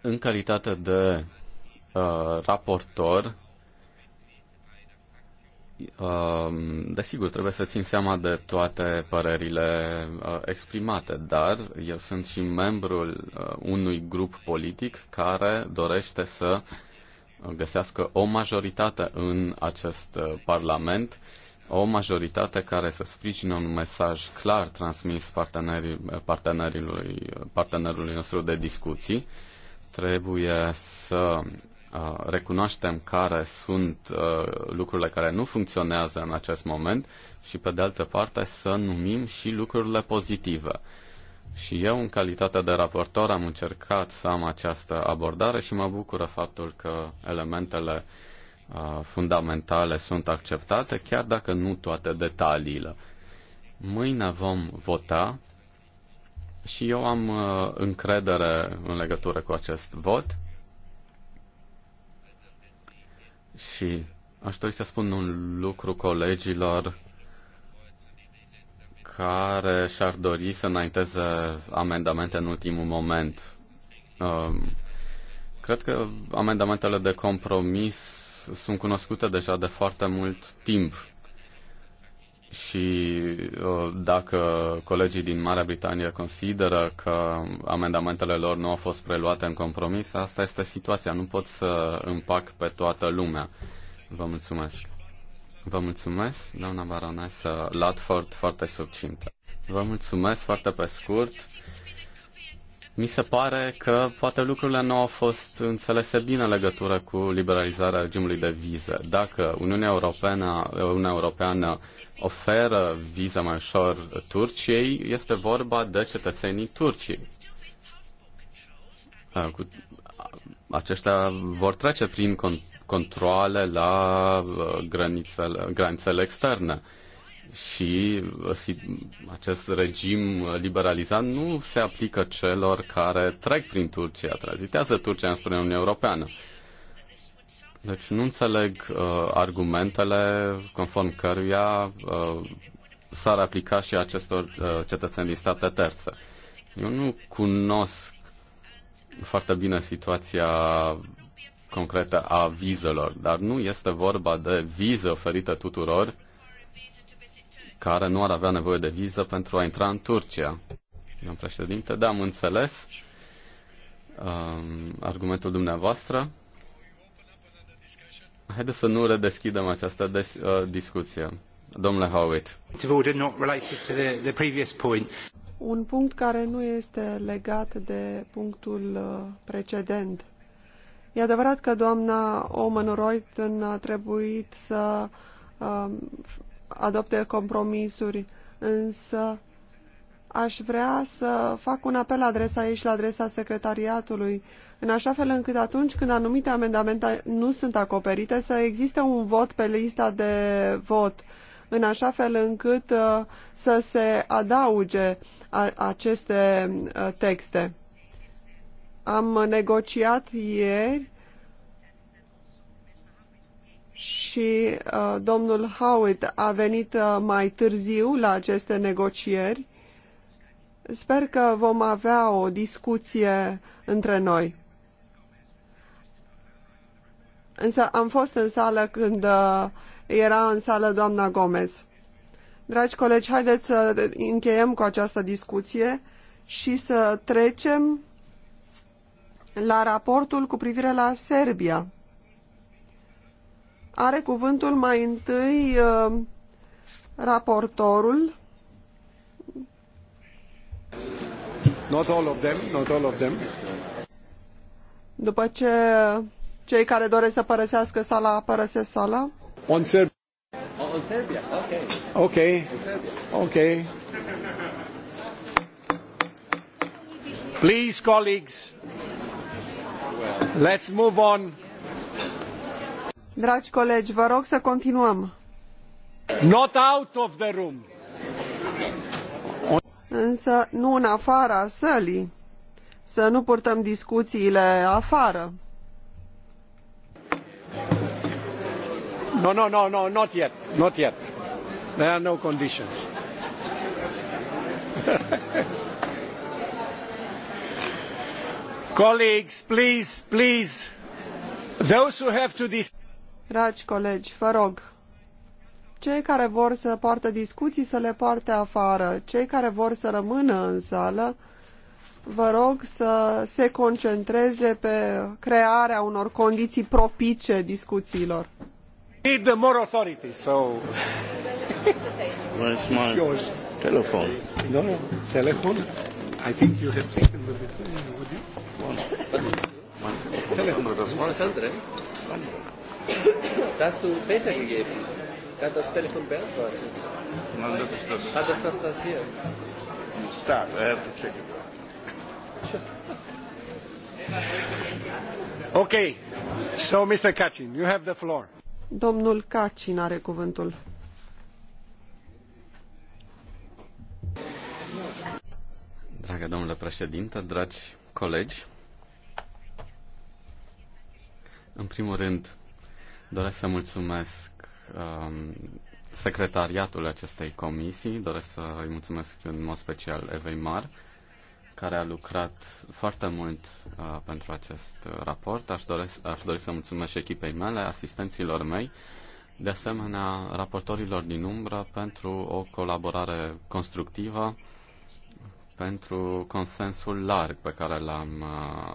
În calitate de uh, raportor, um, Desigur, trebuie să țin seama de toate părerile uh, exprimate, dar eu sunt și membrul uh, unui grup politic care dorește să găsească o majoritate în acest uh, Parlament, o majoritate care să sprijine un mesaj clar transmis partenerii, partenerului, partenerului nostru de discuții Trebuie să uh, recunoaștem care sunt uh, lucrurile care nu funcționează în acest moment și, pe de altă parte, să numim și lucrurile pozitive. Și eu, în calitate de raportor, am încercat să am această abordare și mă bucură faptul că elementele uh, fundamentale sunt acceptate, chiar dacă nu toate detaliile. Mâine vom vota și eu am uh, încredere în legătură cu acest vot și aș dori să spun un lucru colegilor care și-ar dori să înainteze amendamente în ultimul moment. Um, cred că amendamentele de compromis sunt cunoscute deja de foarte mult timp și ă, dacă colegii din Marea Britanie consideră că amendamentele lor nu au fost preluate în compromis, asta este situația. Nu pot să împac pe toată lumea. Vă mulțumesc. Vă mulțumesc, doamna baronesă Latford, foarte subcintă. Vă mulțumesc foarte pe scurt. Mi se pare că poate lucrurile nu au fost înțelese bine în legătură cu liberalizarea regimului de vize. Dacă Uniunea Europeană, Uniunea Europeană oferă vize mai ușor Turciei, este vorba de cetățenii Turciei. Aceștia vor trece prin controle la uh, granițele, granițele externe și acest regim liberalizat nu se aplică celor care trec prin Turcia, tranzitează Turcia înspre Uniunea Europeană. Deci nu înțeleg uh, argumentele conform căruia uh, s-ar aplica și acestor uh, cetățeni din state terțe. Eu nu cunosc foarte bine situația concretă a vizelor, dar nu este vorba de vize oferite tuturor care nu ar avea nevoie de viză pentru a intra în Turcia. Domnul președinte, da, am înțeles um, argumentul dumneavoastră. Haideți să nu redeschidem această des, uh, discuție. Domnule Howitt. Un punct care nu este legat de punctul uh, precedent. E adevărat că doamna Omen Reuten a trebuit să uh, adopte compromisuri, însă aș vrea să fac un apel la adresa ei și la adresa secretariatului, în așa fel încât atunci când anumite amendamente nu sunt acoperite, să existe un vot pe lista de vot, în așa fel încât uh, să se adauge aceste uh, texte. Am negociat ieri și uh, domnul Howitt a venit uh, mai târziu la aceste negocieri. Sper că vom avea o discuție între noi. Însă am fost în sală când uh, era în sală doamna Gomez. Dragi colegi, haideți să încheiem cu această discuție și să trecem la raportul cu privire la Serbia. Are cuvântul mai întâi uh, raportorul. Not all of them, not all of them. După ce cei care doresc să părăsească sala părăsesc sala. On Serbia. Oh, on Serbia. Okay. Okay. Okay. Please colleagues. Let's move on. Dragi colegi, vă rog să continuăm. Not out of the room. Însă nu în afara sălii. Să nu purtăm discuțiile afară. No, no, no, no, not yet, not yet. There are no conditions. Colleagues, please, please, those who have to decide. Dragi colegi, vă rog, cei care vor să poartă discuții să le poarte afară, cei care vor să rămână în sală, vă rog să se concentreze pe crearea unor condiții propice discuțiilor. Need the more authority, so... Where's my It's yours. telephone? No, no, telephone. I think you have taken the telephone, would you? One. One. Telephone. One. One One. Da hast du Peter gegeben. Er hat das Telefon beantwortet. Nein, das ist das. Hat das das das hier? Start. I have to check it. Okay. So, Mr. Kacin, you have the floor. Domnul Kacin are cuvântul. Dragă domnule președinte, dragi colegi, în primul rând, Doresc să mulțumesc um, secretariatul acestei comisii, doresc să îi mulțumesc în mod special Evei Mar, care a lucrat foarte mult uh, pentru acest raport. Aș, doresc, aș dori să mulțumesc și echipei mele, asistenților mei, de asemenea raportorilor din umbră pentru o colaborare constructivă, pentru consensul larg pe care l-am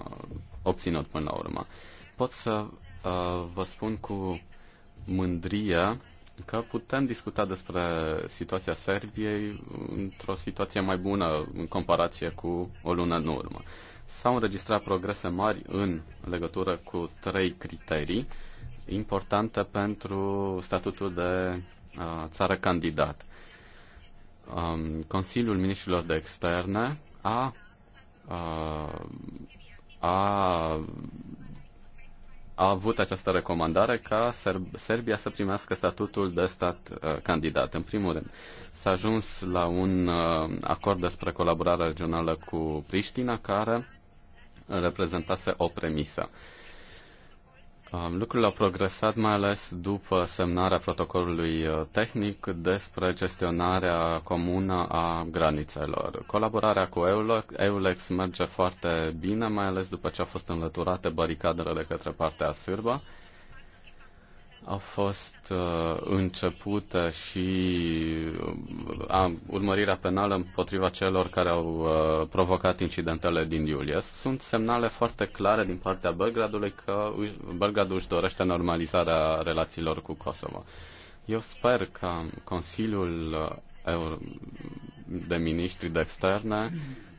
uh, obținut până la urmă. Pot să Uh, vă spun cu mândrie că putem discuta despre situația Serbiei într-o situație mai bună în comparație cu o lună în urmă. S-au înregistrat progrese mari în legătură cu trei criterii importante pentru statutul de uh, țară candidat. Um, Consiliul Ministrilor de Externe a, uh, a, a a avut această recomandare ca Serbia să primească statutul de stat uh, candidat. În primul rând, s-a ajuns la un uh, acord despre colaborare regională cu Priștina, care reprezentase o premisă. Um, lucrurile au progresat mai ales după semnarea protocolului uh, tehnic despre gestionarea comună a granițelor. Colaborarea cu EULEX merge foarte bine, mai ales după ce au fost înlăturate baricadele de către partea sârbă a fost uh, începută și uh, urmărirea penală împotriva celor care au uh, provocat incidentele din iulie. Sunt semnale foarte clare din partea Belgradului că Belgradul își dorește normalizarea relațiilor cu Kosovo. Eu sper că Consiliul uh, de Ministri de Externe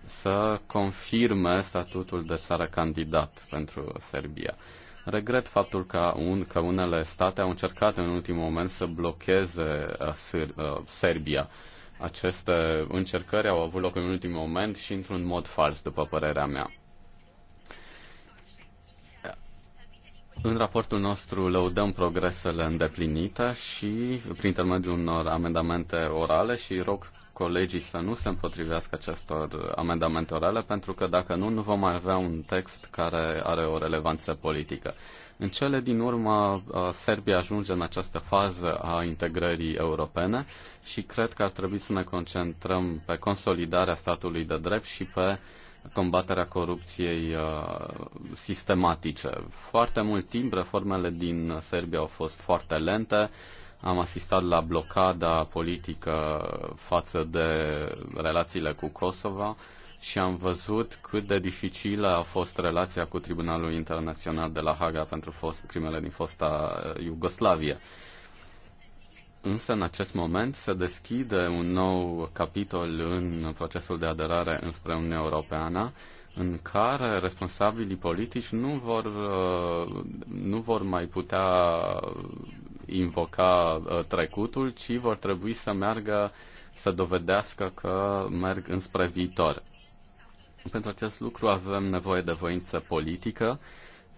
să confirme statutul de țară candidat pentru Serbia. Uh, Regret faptul că, un, că unele state au încercat în ultimul moment să blocheze uh, uh, Serbia. Aceste încercări au avut loc în ultimul moment și într-un mod fals, după părerea mea. În raportul nostru lăudăm progresele îndeplinite și prin intermediul unor amendamente orale și rog colegii să nu se împotrivească acestor amendamente orale, pentru că dacă nu, nu vom mai avea un text care are o relevanță politică. În cele din urmă, uh, Serbia ajunge în această fază a integrării europene și cred că ar trebui să ne concentrăm pe consolidarea statului de drept și pe combaterea corupției uh, sistematice. Foarte mult timp reformele din Serbia au fost foarte lente, am asistat la blocada politică față de relațiile cu Kosovo și am văzut cât de dificilă a fost relația cu Tribunalul Internațional de la Haga pentru fost, crimele din fosta uh, Iugoslavie. Însă, în acest moment, se deschide un nou capitol în procesul de aderare înspre Uniunea Europeană, în care responsabilii politici nu vor, uh, nu vor mai putea invoca uh, trecutul, ci vor trebui să meargă, să dovedească că merg înspre viitor. Pentru acest lucru avem nevoie de voință politică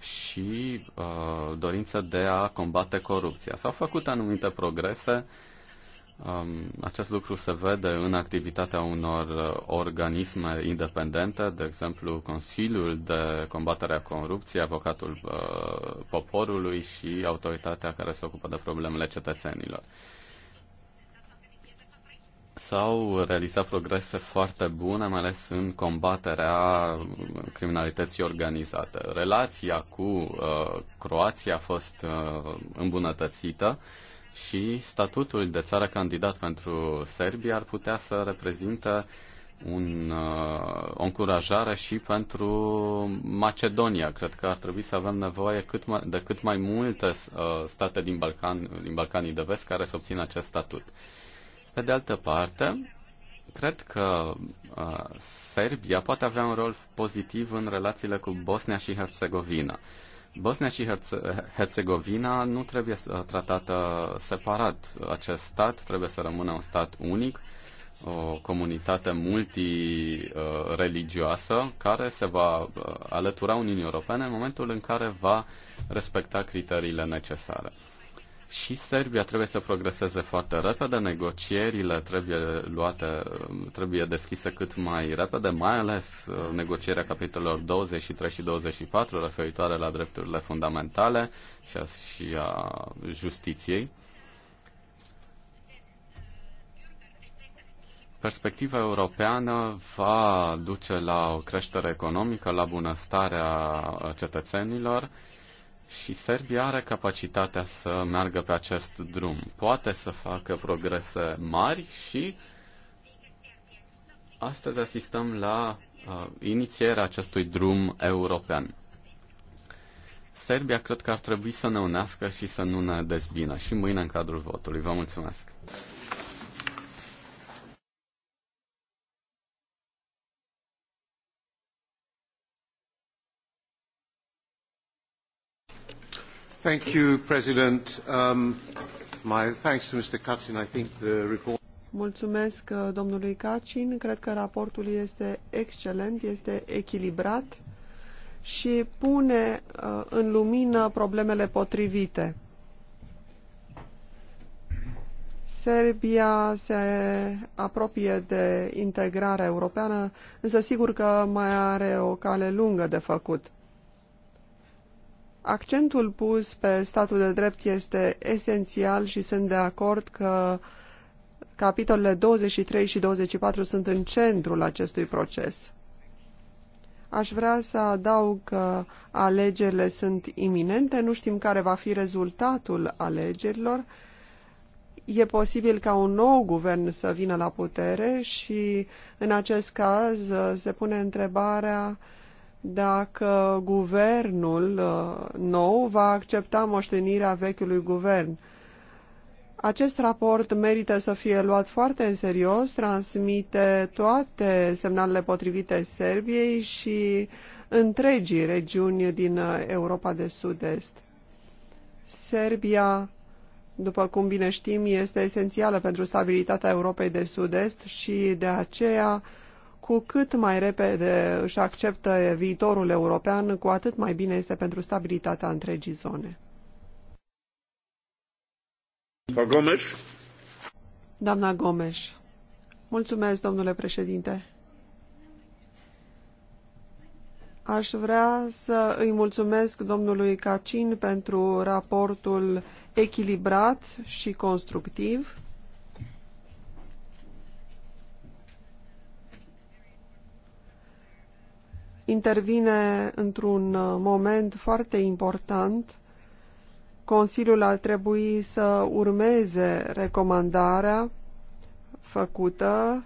și uh, dorință de a combate corupția. S-au făcut anumite progrese uh, Um, acest lucru se vede în activitatea unor uh, organisme independente, de exemplu Consiliul de Combatere a Corupției, Avocatul uh, Poporului și autoritatea care se ocupă de problemele cetățenilor. S-au realizat progrese foarte bune, mai ales în combaterea criminalității organizate. Relația cu uh, Croația a fost uh, îmbunătățită. Uh, și statutul de țară candidat pentru Serbia ar putea să reprezintă un, uh, o încurajare și pentru Macedonia. Cred că ar trebui să avem nevoie cât mai, de cât mai multe uh, state din, Balcan, din Balcanii de Vest care să obțină acest statut. Pe de altă parte, cred că uh, Serbia poate avea un rol pozitiv în relațiile cu Bosnia și Herțegovina. Uh, Bosnia și Herțegovina nu trebuie tratată separat. Acest stat trebuie să rămână un stat unic, o comunitate multireligioasă care se va uh, alătura Uniunii Europene în momentul în care va respecta criteriile necesare și Serbia trebuie să progreseze foarte repede, negocierile trebuie luate, trebuie deschise cât mai repede, mai ales uh, negocierea capitolelor 23 și 24 referitoare la drepturile fundamentale și a, și a justiției. Perspectiva europeană va duce la o creștere economică, la bunăstarea cetățenilor, și Serbia are capacitatea să meargă pe acest drum. Poate să facă progrese mari și astăzi asistăm la uh, inițierea acestui drum european. Serbia cred că ar trebui să ne unească și să nu ne dezbină și mâine în cadrul votului. Vă mulțumesc! Thank you, President. Um, my thanks to Mr. I think the report... Mulțumesc uh, domnului Cacin. Cred că raportul este excelent, este echilibrat și pune uh, în lumină problemele potrivite. Serbia se apropie de integrarea europeană, însă sigur că mai are o cale lungă de făcut. Accentul pus pe statul de drept este esențial și sunt de acord că capitolele 23 și 24 sunt în centrul acestui proces. Aș vrea să adaug că alegerile sunt iminente, nu știm care va fi rezultatul alegerilor. E posibil ca un nou guvern să vină la putere și în acest caz se pune întrebarea uh, dacă guvernul uh, nou va accepta moștenirea vechiului guvern. Acest raport merită să fie luat foarte în serios, transmite toate semnalele potrivite Serbiei și întregii regiuni din uh, Europa de Sud-Est. Serbia, după cum bine știm, este esențială pentru stabilitatea Europei de Sud-Est și de aceea cu cât mai repede își acceptă viitorul european, cu atât mai bine este pentru stabilitatea întregii zone. Gomes. Doamna Gomes. Mulțumesc, domnule președinte. Aș vrea să îi mulțumesc domnului Cacin pentru raportul echilibrat și constructiv. intervine într-un uh, moment foarte important. Consiliul ar trebui să urmeze recomandarea făcută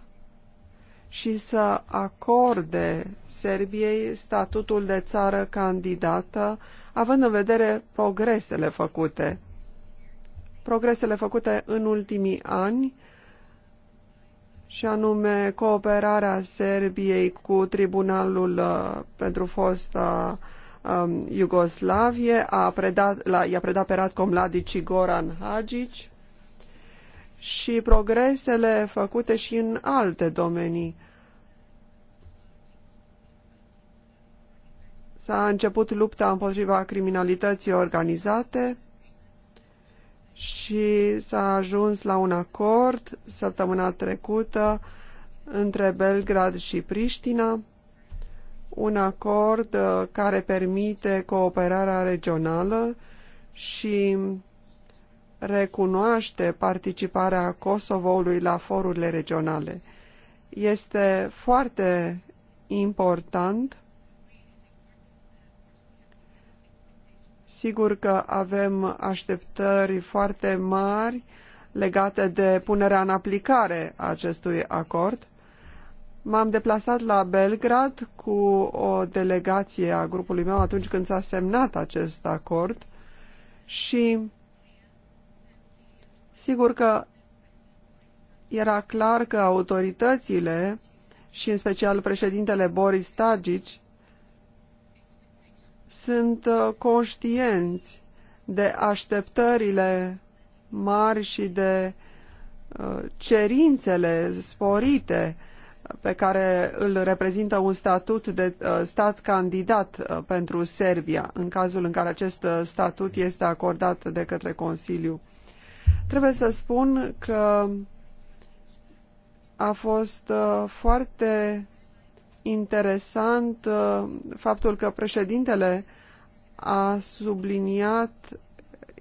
și să acorde Serbiei statutul de țară candidată, având în vedere progresele făcute. Progresele făcute în ultimii ani și anume cooperarea Serbiei cu Tribunalul uh, pentru fosta um, Iugoslavie, a predat, la, i-a predat pe Ratko Mladic Goran Hagic și progresele făcute și în alte domenii. S-a început lupta împotriva criminalității organizate, și s-a ajuns la un acord săptămâna trecută între Belgrad și Priștina, un acord uh, care permite cooperarea regională și recunoaște participarea Kosovoului la forurile regionale. Este foarte important Sigur că avem așteptări foarte mari legate de punerea în aplicare a acestui acord. M-am deplasat la Belgrad cu o delegație a grupului meu atunci când s-a semnat acest acord și sigur că era clar că autoritățile și în special președintele Boris Tagici sunt uh, conștienți de așteptările mari și de uh, cerințele sporite pe care îl reprezintă un statut de uh, stat candidat pentru Serbia, în cazul în care acest statut este acordat de către Consiliu. Trebuie să spun că a fost foarte interesant uh, faptul că președintele a subliniat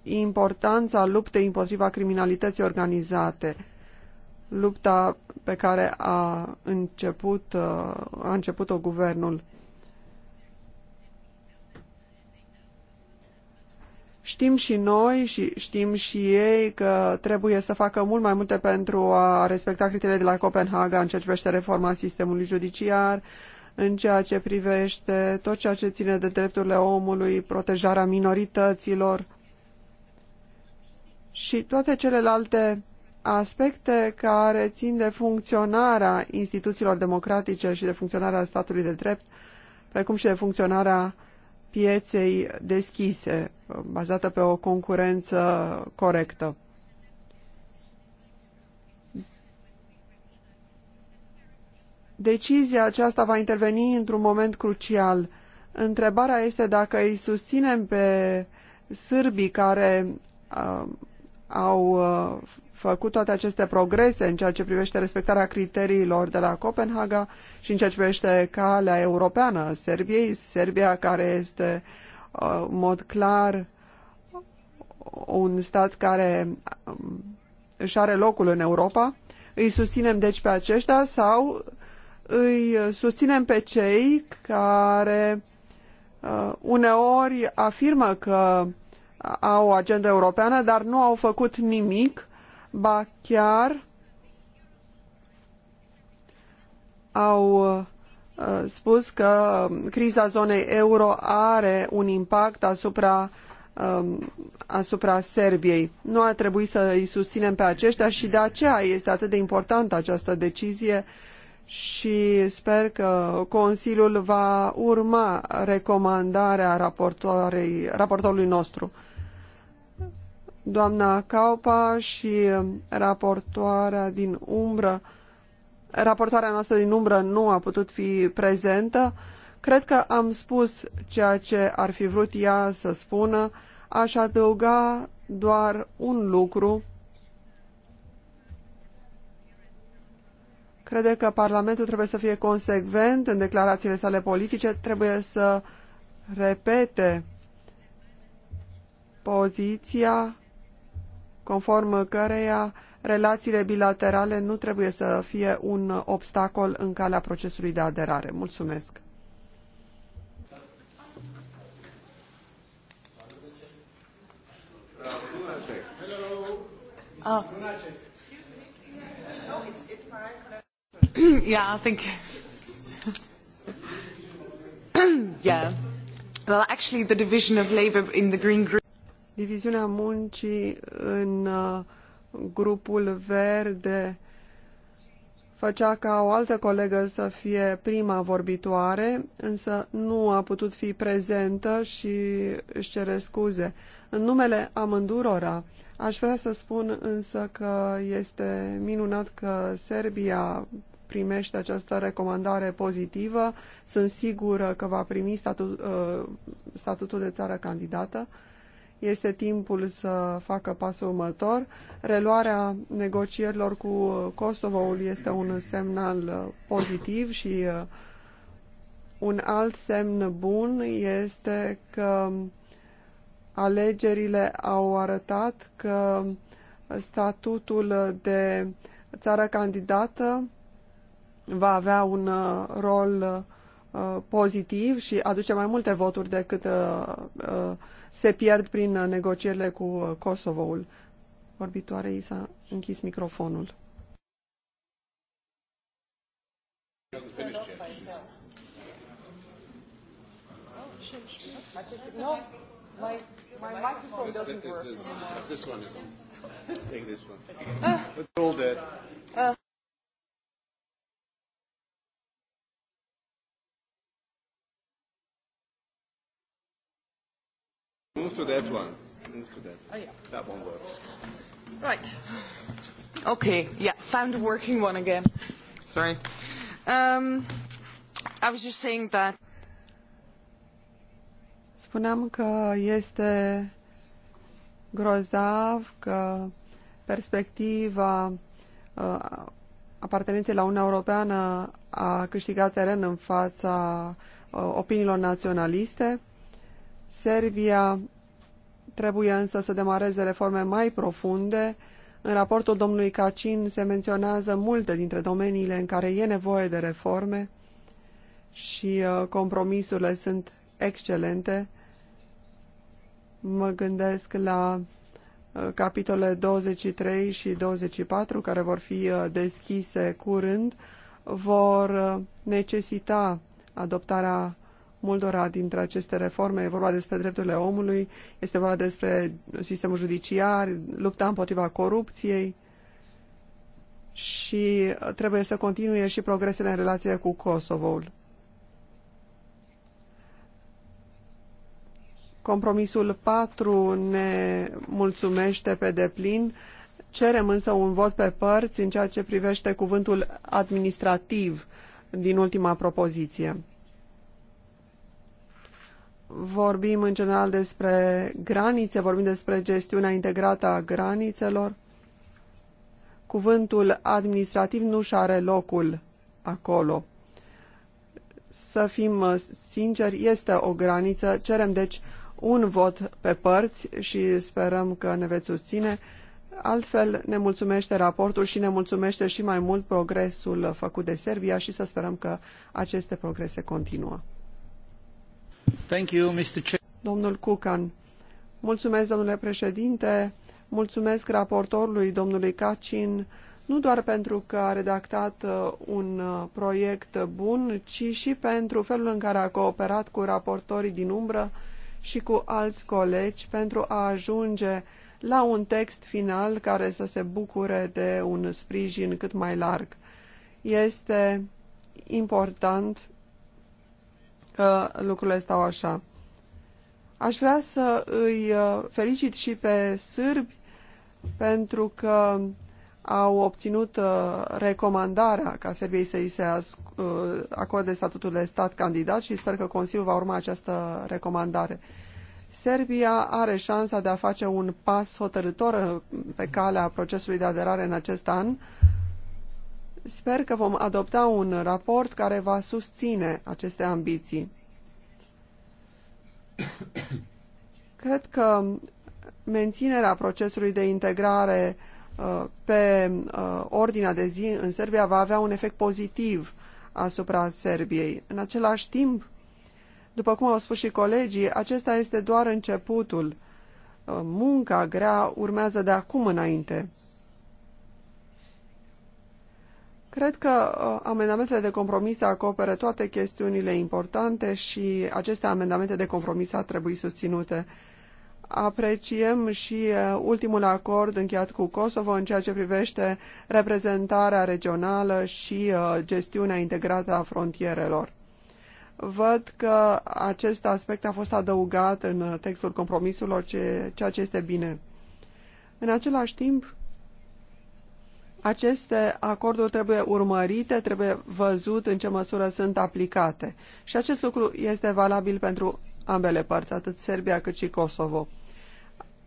importanța luptei împotriva criminalității organizate, lupta pe care a uh, început-o a început guvernul. Știm și noi și știm și ei că trebuie să facă mult mai multe pentru a respecta criteriile de la Copenhaga în ceea ce privește reforma sistemului judiciar, în ceea ce privește tot ceea ce ține de drepturile omului, protejarea minorităților și toate celelalte aspecte care țin de funcționarea instituțiilor democratice și de funcționarea statului de drept, precum și de funcționarea pieței deschise, bazată pe o concurență corectă. Decizia aceasta va interveni într-un moment crucial. Întrebarea este dacă îi susținem pe sârbii care uh, au uh, făcut toate aceste progrese în ceea ce privește respectarea criteriilor de la Copenhaga și în ceea ce privește calea europeană a Serbiei, Serbia care este uh, în mod clar un stat care um, își are locul în Europa. Îi susținem deci pe aceștia sau îi susținem pe cei care uh, uneori afirmă că au o agendă europeană, dar nu au făcut nimic ba chiar au uh, spus că criza zonei euro are un impact asupra um, asupra Serbiei. Nu ar trebui să îi susținem pe aceștia și de aceea este atât de importantă această decizie și sper că Consiliul va urma recomandarea raportorului nostru. Doamna Caupa și raportoarea din umbră, raportoarea noastră din umbră nu a putut fi prezentă. Cred că am spus ceea ce ar fi vrut ea să spună. Aș adăuga doar un lucru. crede că Parlamentul trebuie să fie consecvent în declarațiile sale politice, trebuie să repete poziția conform căreia relațiile bilaterale nu trebuie să fie un obstacol în calea procesului de aderare. Mulțumesc! Oh. yeah, I think. yeah. Well, actually, the division of labour in the Green Group diviziunea muncii în uh, grupul verde făcea ca o altă colegă să fie prima vorbitoare, însă nu a putut fi prezentă și își cere scuze. În numele amândurora, aș vrea să spun însă că este minunat că Serbia primește această recomandare pozitivă. Sunt sigură că va primi statut, uh, statutul de țară candidată este timpul să facă pasul următor. Reluarea negocierilor cu kosovo este un semnal uh, pozitiv și uh, un alt semn bun este că alegerile au arătat că statutul de țară candidată va avea un uh, rol pozitiv și aduce mai multe voturi decât se pierd prin uh, negocierile cu uh, Kosovoul. Vorbitoarei s-a închis microfonul. No, This one Take this one. We're all dead. Move to that one. Move to that. Oh, yeah. That one works. Right. Okay. Yeah. Found a working one again. Sorry. Um, I was just saying that. Spuneam că este grozav că perspectiva uh, apartenenței la Uniunea Europeană a câștigat teren în fața uh, opiniilor naționaliste. Serbia trebuie însă să demareze reforme mai profunde. În raportul domnului Cacin se menționează multe dintre domeniile în care e nevoie de reforme și uh, compromisurile sunt excelente. Mă gândesc la uh, capitolele 23 și 24 care vor fi uh, deschise curând vor necesita adoptarea multora dintre aceste reforme. E vorba despre drepturile omului, este vorba despre sistemul judiciar, lupta împotriva corupției și trebuie să continue și progresele în relație cu Kosovoul. Compromisul 4 ne mulțumește pe deplin. Cerem însă un vot pe părți în ceea ce privește cuvântul administrativ din ultima propoziție vorbim în general despre granițe, vorbim despre gestiunea integrată a granițelor. Cuvântul administrativ nu și are locul acolo. Să fim sinceri, este o graniță. Cerem deci un vot pe părți și sperăm că ne veți susține. Altfel ne mulțumește raportul și ne mulțumește și mai mult progresul făcut de Serbia și să sperăm că aceste progrese continuă. Thank Domnul Cucan. Mulțumesc, domnule președinte. Mulțumesc raportorului, domnului Cacin, nu doar pentru că a redactat uh, un uh, proiect bun, ci și pentru felul în care a cooperat cu raportorii din umbră și cu alți colegi pentru a ajunge la un text final care să se bucure de un sprijin cât mai larg. Este important că lucrurile stau așa. Aș vrea să îi uh, felicit și pe sârbi pentru că au obținut uh, recomandarea ca Serbiei să îi se uh, acorde statutul de stat candidat și sper că Consiliul va urma această recomandare. Serbia are șansa de a face un pas hotărător pe calea procesului de aderare în acest an, Sper că vom adopta un raport care va susține aceste ambiții. Cred că menținerea procesului de integrare uh, pe uh, ordinea de zi în Serbia va avea un efect pozitiv asupra Serbiei. În același timp, după cum au spus și colegii, acesta este doar începutul. Uh, munca grea urmează de acum înainte. Cred că uh, amendamentele de compromis acopere toate chestiunile importante și aceste amendamente de compromis ar trebui susținute. Apreciem și uh, ultimul acord încheiat cu Kosovo în ceea ce privește reprezentarea regională și uh, gestiunea integrată a frontierelor. Văd că acest aspect a fost adăugat în textul compromisurilor, ceea ce este bine. În același timp, aceste acorduri trebuie urmărite, trebuie văzut în ce măsură sunt aplicate. Și acest lucru este valabil pentru ambele părți, atât Serbia cât și Kosovo.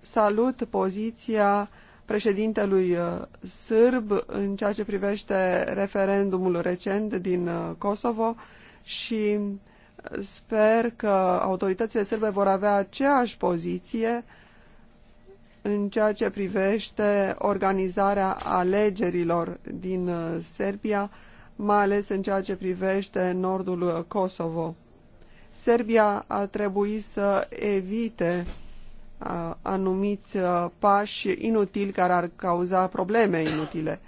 Salut poziția președintelui uh, sârb în ceea ce privește referendumul recent din uh, Kosovo și sper că autoritățile sârbe vor avea aceeași poziție în ceea ce privește organizarea alegerilor din uh, Serbia, mai ales în ceea ce privește nordul Kosovo. Serbia ar trebui să evite uh, anumiți uh, pași inutili care ar cauza probleme inutile.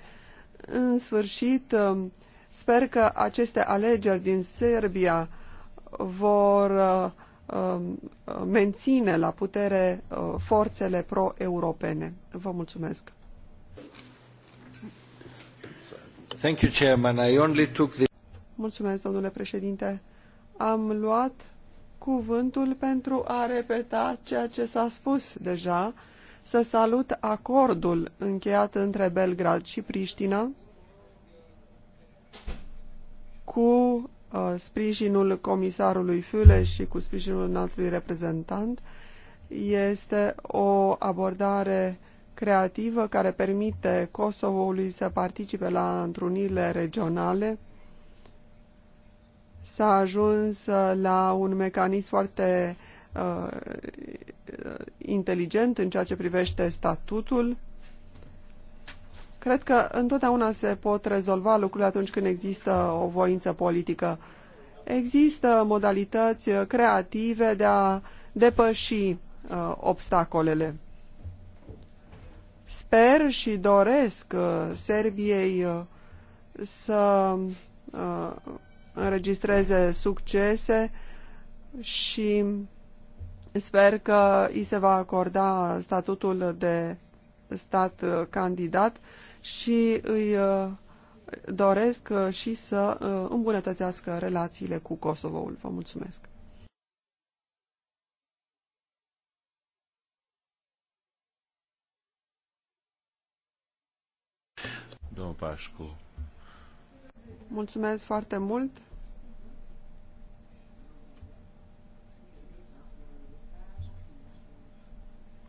În sfârșit, um, sper că aceste alegeri din Serbia vor Um, menține la putere uh, forțele pro-europene. Vă mulțumesc. Thank you, Chairman. I only took the... Mulțumesc, domnule președinte. Am luat cuvântul pentru a repeta ceea ce s-a spus deja, să salut acordul încheiat între Belgrad și Priștina cu Uh, sprijinul comisarului Füle și cu sprijinul înaltului reprezentant este o abordare creativă care permite Kosovoului să participe la întrunirile regionale. S-a ajuns la un mecanism foarte uh, uh inteligent în ceea ce privește statutul Cred că întotdeauna se pot rezolva lucrurile atunci când există o voință politică. Există modalități creative de a depăși uh, obstacolele. Sper și doresc uh, Serbiei uh, să uh, înregistreze succese și sper că îi se va acorda statutul de stat uh, candidat și îi uh, doresc uh, și să uh, îmbunătățească relațiile cu Kosovoul. Vă mulțumesc! Domnul Pașcu. Mulțumesc foarte mult!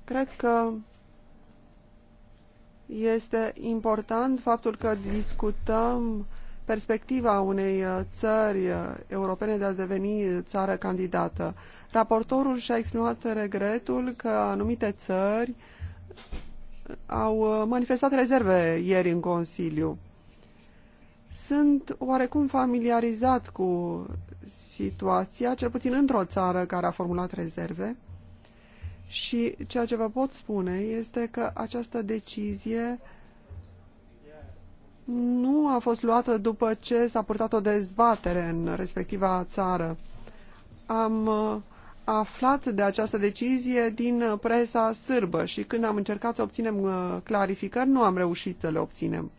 Cred că este important faptul că discutăm perspectiva unei uh, țări uh, europene de a deveni țară candidată. Raportorul și-a exprimat regretul că anumite țări au uh, manifestat rezerve ieri în Consiliu. Sunt oarecum familiarizat cu situația, cel puțin într-o țară care a formulat rezerve. Și ceea ce vă pot spune este că această decizie nu a fost luată după ce s-a purtat o dezbatere în respectiva țară. Am uh, aflat de această decizie din presa sârbă și când am încercat să obținem uh, clarificări, nu am reușit să le obținem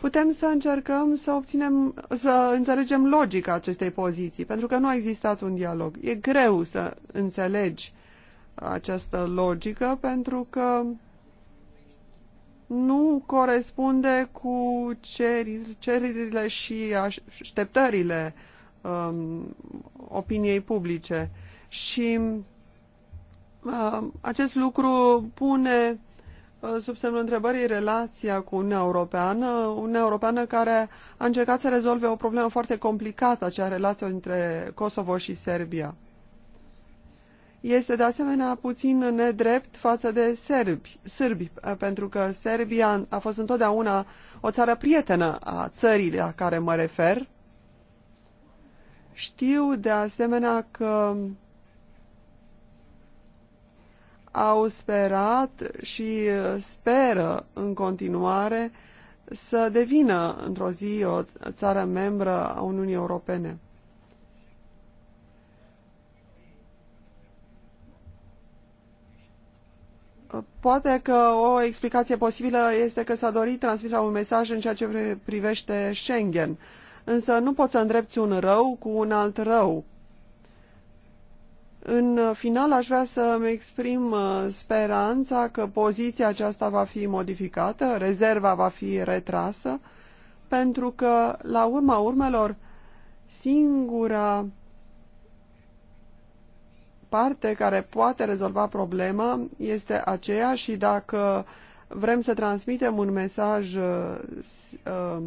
putem să încercăm să obținem, să înțelegem logica acestei poziții, pentru că nu a existat un dialog. E greu să înțelegi această logică pentru că nu corespunde cu cererile și așteptările um, opiniei publice. Și um, acest lucru pune Uh, sub semnul întrebării relația cu Uniunea Europeană, Uniunea Europeană care a încercat să rezolve o problemă foarte complicată, acea relație între Kosovo și Serbia. Este de asemenea puțin nedrept față de serbi, sârbi, uh, pentru că Serbia a fost întotdeauna o țară prietenă a țării la care mă refer. Știu de asemenea că au sperat și speră în continuare să devină într-o zi o țară membră a Uniunii Europene. Poate că o explicație posibilă este că s-a dorit transmiterea un mesaj în ceea ce privește Schengen, însă nu poți să îndrepți un rău cu un alt rău. În final, aș vrea să-mi exprim uh, speranța că poziția aceasta va fi modificată, rezerva va fi retrasă, pentru că, la urma urmelor, singura parte care poate rezolva problema este aceea și dacă vrem să transmitem un mesaj uh, uh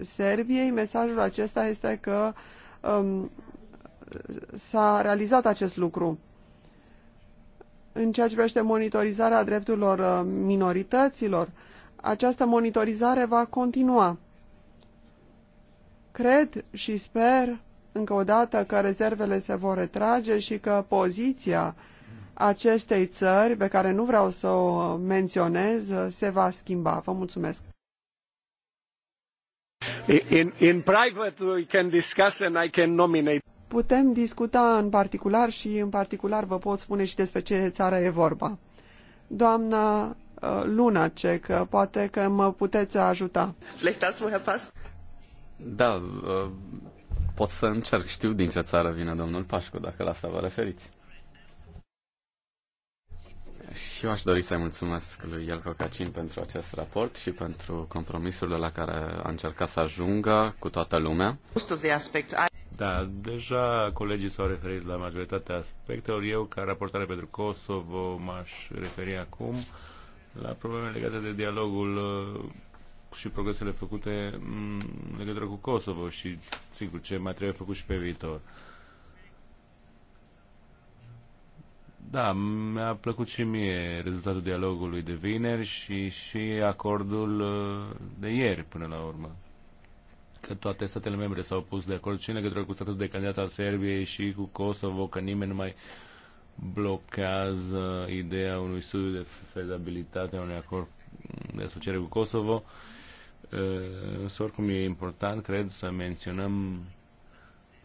Serbiei, mesajul acesta este că um, s-a realizat acest lucru. În ceea ce privește monitorizarea drepturilor uh, minorităților, această monitorizare va continua. Cred și sper încă o dată că rezervele se vor retrage și că poziția acestei țări, pe care nu vreau să o menționez, uh, se va schimba. Vă mulțumesc. In, in private we can discuss and I can nominate putem discuta în particular și în particular vă pot spune și despre ce țară e vorba. Doamna uh, Lunacek, poate că mă puteți ajuta. Da, uh, pot să încerc. Știu din ce țară vine domnul Pașcu, dacă la asta vă referiți. Și eu aș dori să-i mulțumesc lui Elco Cacin pentru acest raport și pentru compromisurile la care a încercat să ajungă cu toată lumea. Da, deja colegii s-au referit la majoritatea aspectelor. Eu, ca raportare pentru Kosovo, m-aș referi acum la probleme legate de dialogul uh, și progresele făcute mm, în legătură cu Kosovo și, sigur, ce mai trebuie făcut și pe viitor. Da, mi-a plăcut și mie rezultatul dialogului de vineri și și acordul uh, de ieri până la urmă că toate statele membre s-au pus de acord și în legătură cu statutul de candidat al Serbiei și cu Kosovo, că nimeni nu mai blochează ideea unui studiu de fezabilitate a unui acord de asociere cu Kosovo. Uh, însă oricum e important, cred, să menționăm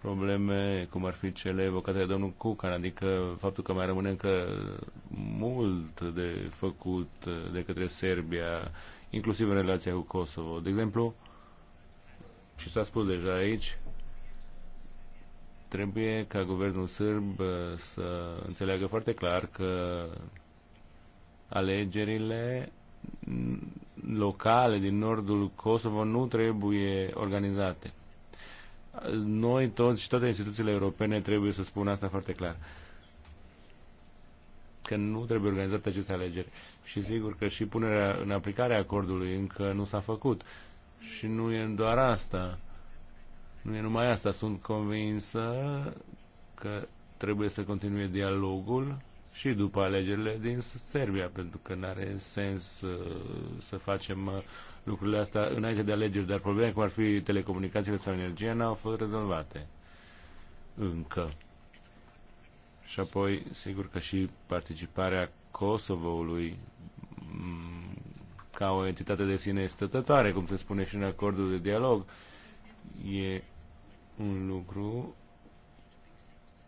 probleme cum ar fi cele evocate de domnul Cucan, adică faptul că mai rămâne încă mult de făcut de către Serbia, inclusiv în relația cu Kosovo. De exemplu, uh, și s-a spus deja aici, trebuie ca guvernul sârb uh, să înțeleagă foarte clar că alegerile locale din nordul Kosovo nu trebuie organizate. Noi toți și toate instituțiile europene trebuie să spună asta foarte clar. Că nu trebuie organizate aceste alegeri. Și sigur că și punerea în aplicare a acordului încă nu s-a făcut. Și nu e doar asta. Nu e numai asta. Sunt convinsă că trebuie să continue dialogul și după alegerile din Serbia, pentru că nu are sens uh, să facem uh, lucrurile astea înainte de alegeri, dar probleme cum ar fi telecomunicațiile sau energia n-au fost rezolvate încă. Și apoi, sigur că și participarea Kosovoului ca o entitate de sine stătătoare, cum se spune și în acordul de dialog. E un lucru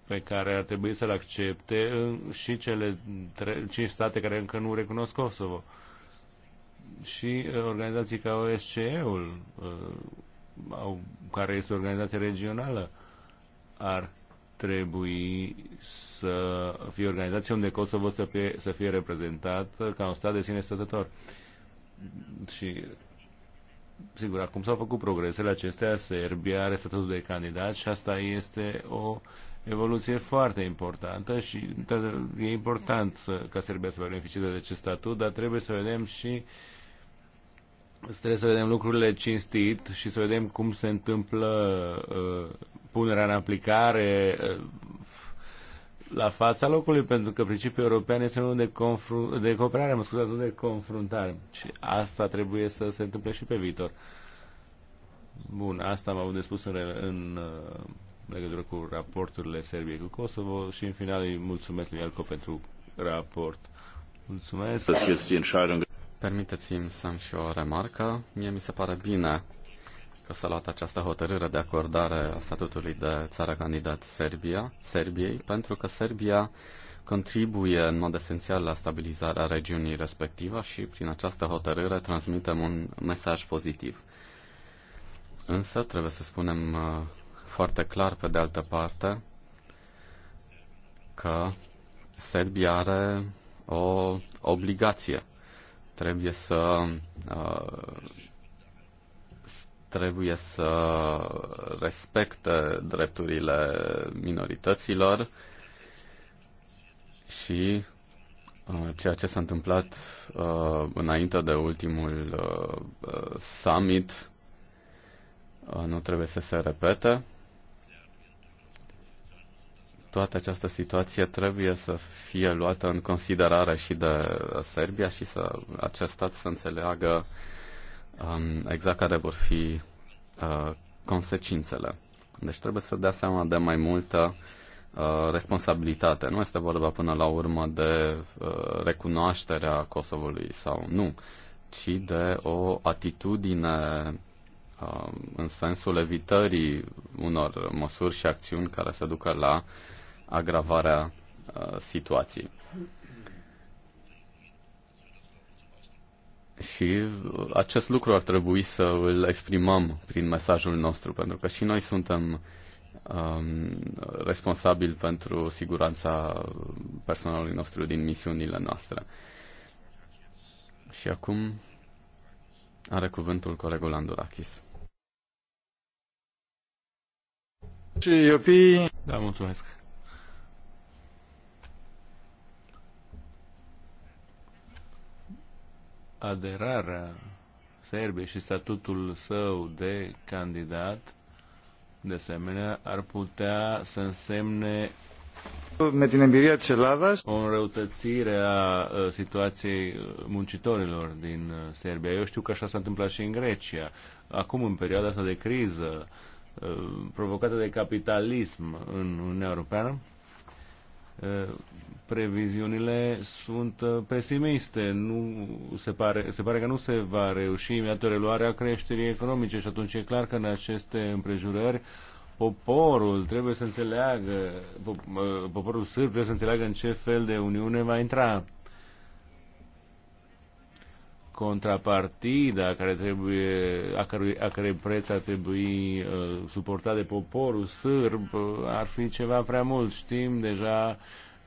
pe care ar trebui să-l accepte și cele cinci state care încă nu recunosc Kosovo. Și uh, organizații ca OSCE-ul, uh, care este o organizație regională, ar trebui să fie organizație unde Kosovo să fie, să fie reprezentat ca un stat de sine stătător. Uh, și sigur, acum s-au făcut progresele acestea, Serbia are statutul de candidat și asta este o evoluție foarte importantă și e important să, ca Serbia să beneficieze de acest statut, dar trebuie să vedem și trebuie să vedem lucrurile cinstit și să vedem cum se întâmplă uh, punerea în aplicare uh, la fața locului, pentru că principiul european este unul de, confru- de cooperare, mă scuzați, de confruntare. Și asta trebuie să se întâmple și pe viitor. Bun, asta am avut de spus în, în uh, legătură cu raporturile Serbiei cu Kosovo și în final îi mulțumesc lui Elco pentru raport. Mulțumesc. Permiteți-mi să am și o remarcă. Mie mi se pare bine că s-a luat această hotărâre de acordare a statutului de țară candidat Serbia, Serbiei, pentru că Serbia contribuie în mod esențial la stabilizarea regiunii respectivă și prin această hotărâre transmitem un mesaj pozitiv. Însă, trebuie să spunem uh, foarte clar, pe de altă parte, că Serbia are o obligație. Trebuie să uh, trebuie să respecte drepturile minorităților și uh, ceea ce s-a întâmplat uh, înainte de ultimul uh, summit nu trebuie să se repete. Toată această situație trebuie să fie luată în considerare și de Serbia și să acest stat să înțeleagă uh, um, exact care vor fi uh, consecințele. Deci trebuie să dea seama de mai multă uh, responsabilitate. Nu este vorba până la urmă de uh, recunoașterea Kosovului sau nu, ci de o atitudine um, în sensul evitării unor măsuri și acțiuni care să ducă la agravarea uh, situației. Și uh, acest lucru ar trebui să îl exprimăm prin mesajul nostru, pentru că și noi suntem um, responsabili pentru siguranța personalului nostru din misiunile noastre. Și acum are cuvântul colegul Andurakis. Da, mulțumesc. aderarea Serbiei și statutul său de candidat, de asemenea, ar putea să însemne o înrăutățire a situației muncitorilor din Serbia. Eu știu că așa s-a întâmplat și în Grecia. Acum, în perioada asta de criză provocată de capitalism în Uniunea Europeană, previziunile sunt pesimiste. Nu se pare, se pare că nu se va reuși imediat a creșterii economice și atunci e clar că în aceste împrejurări poporul trebuie să înțeleagă, poporul sârb trebuie să înțeleagă în ce fel de Uniune va intra contrapartida care trebuie, a, cărui, a cărei preț ar trebui uh, suportat de poporul sârb uh, ar fi ceva prea mult. Știm deja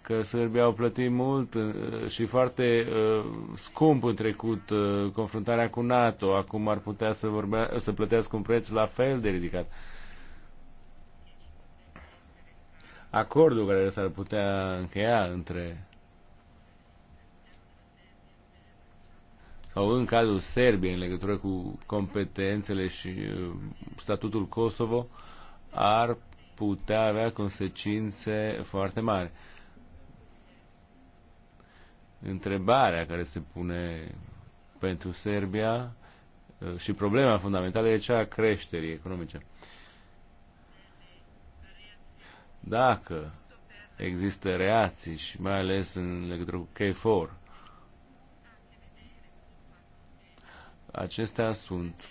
că sârbii au plătit mult uh, și foarte uh, scump în trecut uh, confruntarea cu NATO. Acum ar putea să, vorbea, să plătească un preț la fel de ridicat. Acordul care s-ar putea încheia între sau în cazul Serbiei în legătură cu competențele și uh, statutul Kosovo ar putea avea consecințe foarte mari. Întrebarea care se pune pentru Serbia uh, și problema fundamentală e cea a creșterii economice. Dacă există reacții și mai ales în legătură cu K4, acestea sunt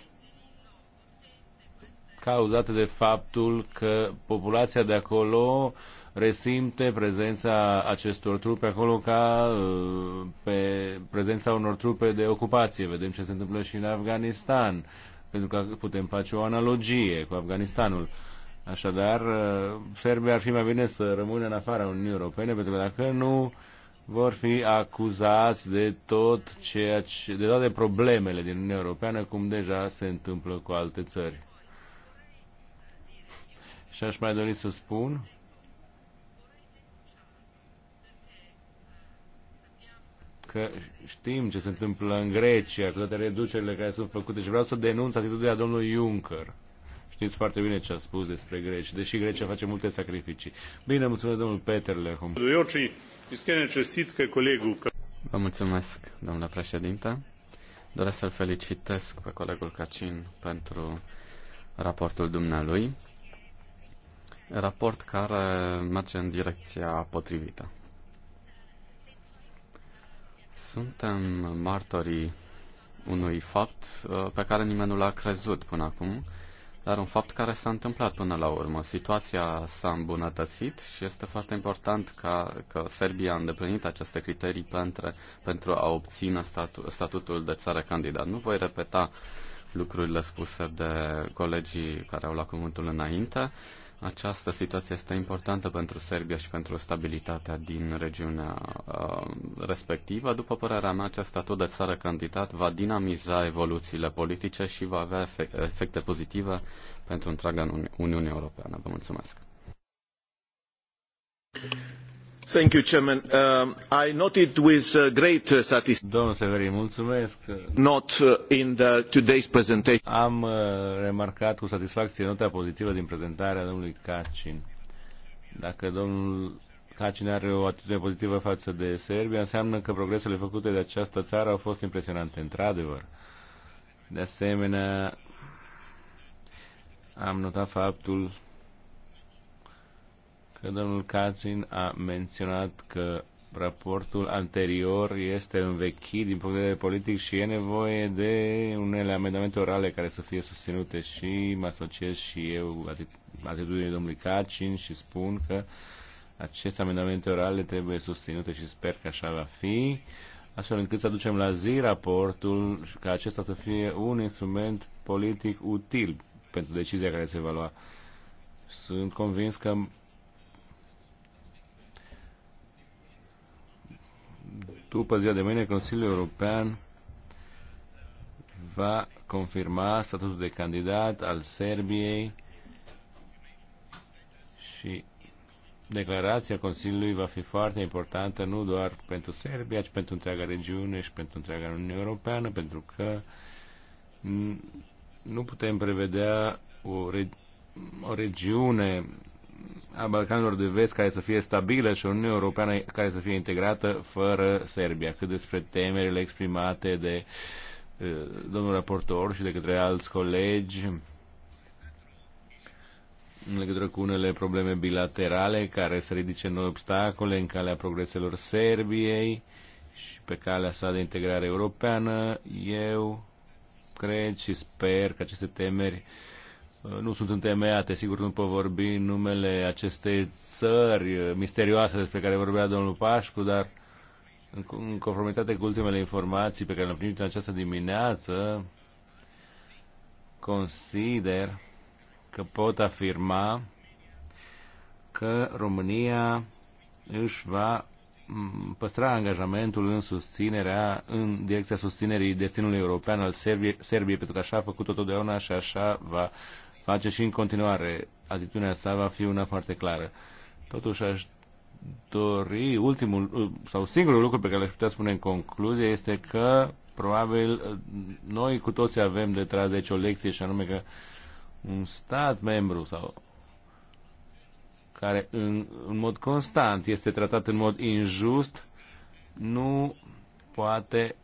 cauzate de faptul că populația de acolo resimte prezența acestor trupe acolo ca uh, pe prezența unor trupe de ocupație. Vedem ce se întâmplă și în Afganistan, pentru că putem face o analogie cu Afganistanul. Așadar, uh, Serbia ar fi mai bine să rămână în afara Uniunii Europene, pentru că dacă nu, vor fi acuzați de tot ceea ce, de toate problemele din Uniunea Europeană, cum deja se întâmplă cu alte țări. Și aș mai dori să spun că știm ce se întâmplă în Grecia, cu toate reducerile care sunt făcute și vreau să denunț atitudinea domnului Juncker știți foarte bine ce a spus despre Grecia, deși Grecia face multe sacrificii. Bine, mulțumesc domnul Peterle Lehum. Vă mulțumesc, domnule președinte. Doresc să-l felicitesc pe colegul Cacin pentru raportul dumnealui, raport care merge în direcția potrivită. Suntem martorii unui fapt uh, pe care nimeni nu l-a crezut până acum, dar un fapt care s-a întâmplat până la urmă. Situația s-a îmbunătățit și este foarte important ca, că Serbia a îndeplinit aceste criterii pentru, pentru a obține statu, statutul de țară candidat. Nu voi repeta lucrurile spuse de colegii care au luat cuvântul înainte. Această situație este importantă pentru Serbia și pentru stabilitatea din regiunea uh, respectivă. După părerea mea, acest statut de țară candidat va dinamiza evoluțiile politice și va avea efecte pozitive pentru întreaga Uni- Uniune Europeană. Vă mulțumesc! Uh, I noted with uh, great uh, satisfaction. mulțumesc. Not today's presentation. Am remarcat cu satisfacție nota pozitivă din prezentarea domnului Cacin. Dacă domnul Cacin are o atitudine pozitivă față de Serbia, înseamnă că progresele făcute de această țară au fost impresionante, într-adevăr. De asemenea, am notat faptul că domnul Cacin a menționat că raportul anterior este învechit din punct de vedere politic și e nevoie de unele amendamente orale care să fie susținute și mă asociez și eu atitudinii domnului Cacin și spun că aceste amendamente orale trebuie susținute și sper că așa va fi, astfel încât să aducem la zi raportul ca acesta să fie un instrument politic util pentru decizia care se va lua. Sunt convins că după ziua de mâine, Consiliul European va confirma statutul de candidat al Serbiei și declarația Consiliului va fi foarte importantă nu doar pentru Serbia, ci pentru întreaga regiune și pentru întreaga Uniune Europeană, pentru că nu putem prevedea o, re- o regiune a Balcanilor de Vest care să fie stabilă și o Uniune Europeană care să fie integrată fără Serbia. Cât despre temerile exprimate de domnul raportor și de către alți colegi în legătură cu unele probleme bilaterale care să ridice noi obstacole în calea progreselor Serbiei și pe calea sa de integrare europeană, eu cred și sper că aceste temeri uh, nu sunt întemeiate, sigur nu pot vorbi numele acestei țări misterioase despre care vorbea domnul Pașcu, dar în conformitate cu ultimele informații pe care le-am primit în această dimineață, consider că pot afirma că România își va păstra angajamentul în susținerea, în direcția susținerii destinului european al Serbiei, Serbiei pentru că așa a făcut-o totdeauna și așa va face și în continuare. Atitudinea sa va fi una foarte clară. Totuși aș dori, ultimul uh, sau singurul lucru pe care l-aș putea spune în concluzie este că probabil uh, noi cu toții avem de tras deci o lecție și anume că un stat membru sau care în, în mod constant este tratat în mod injust nu poate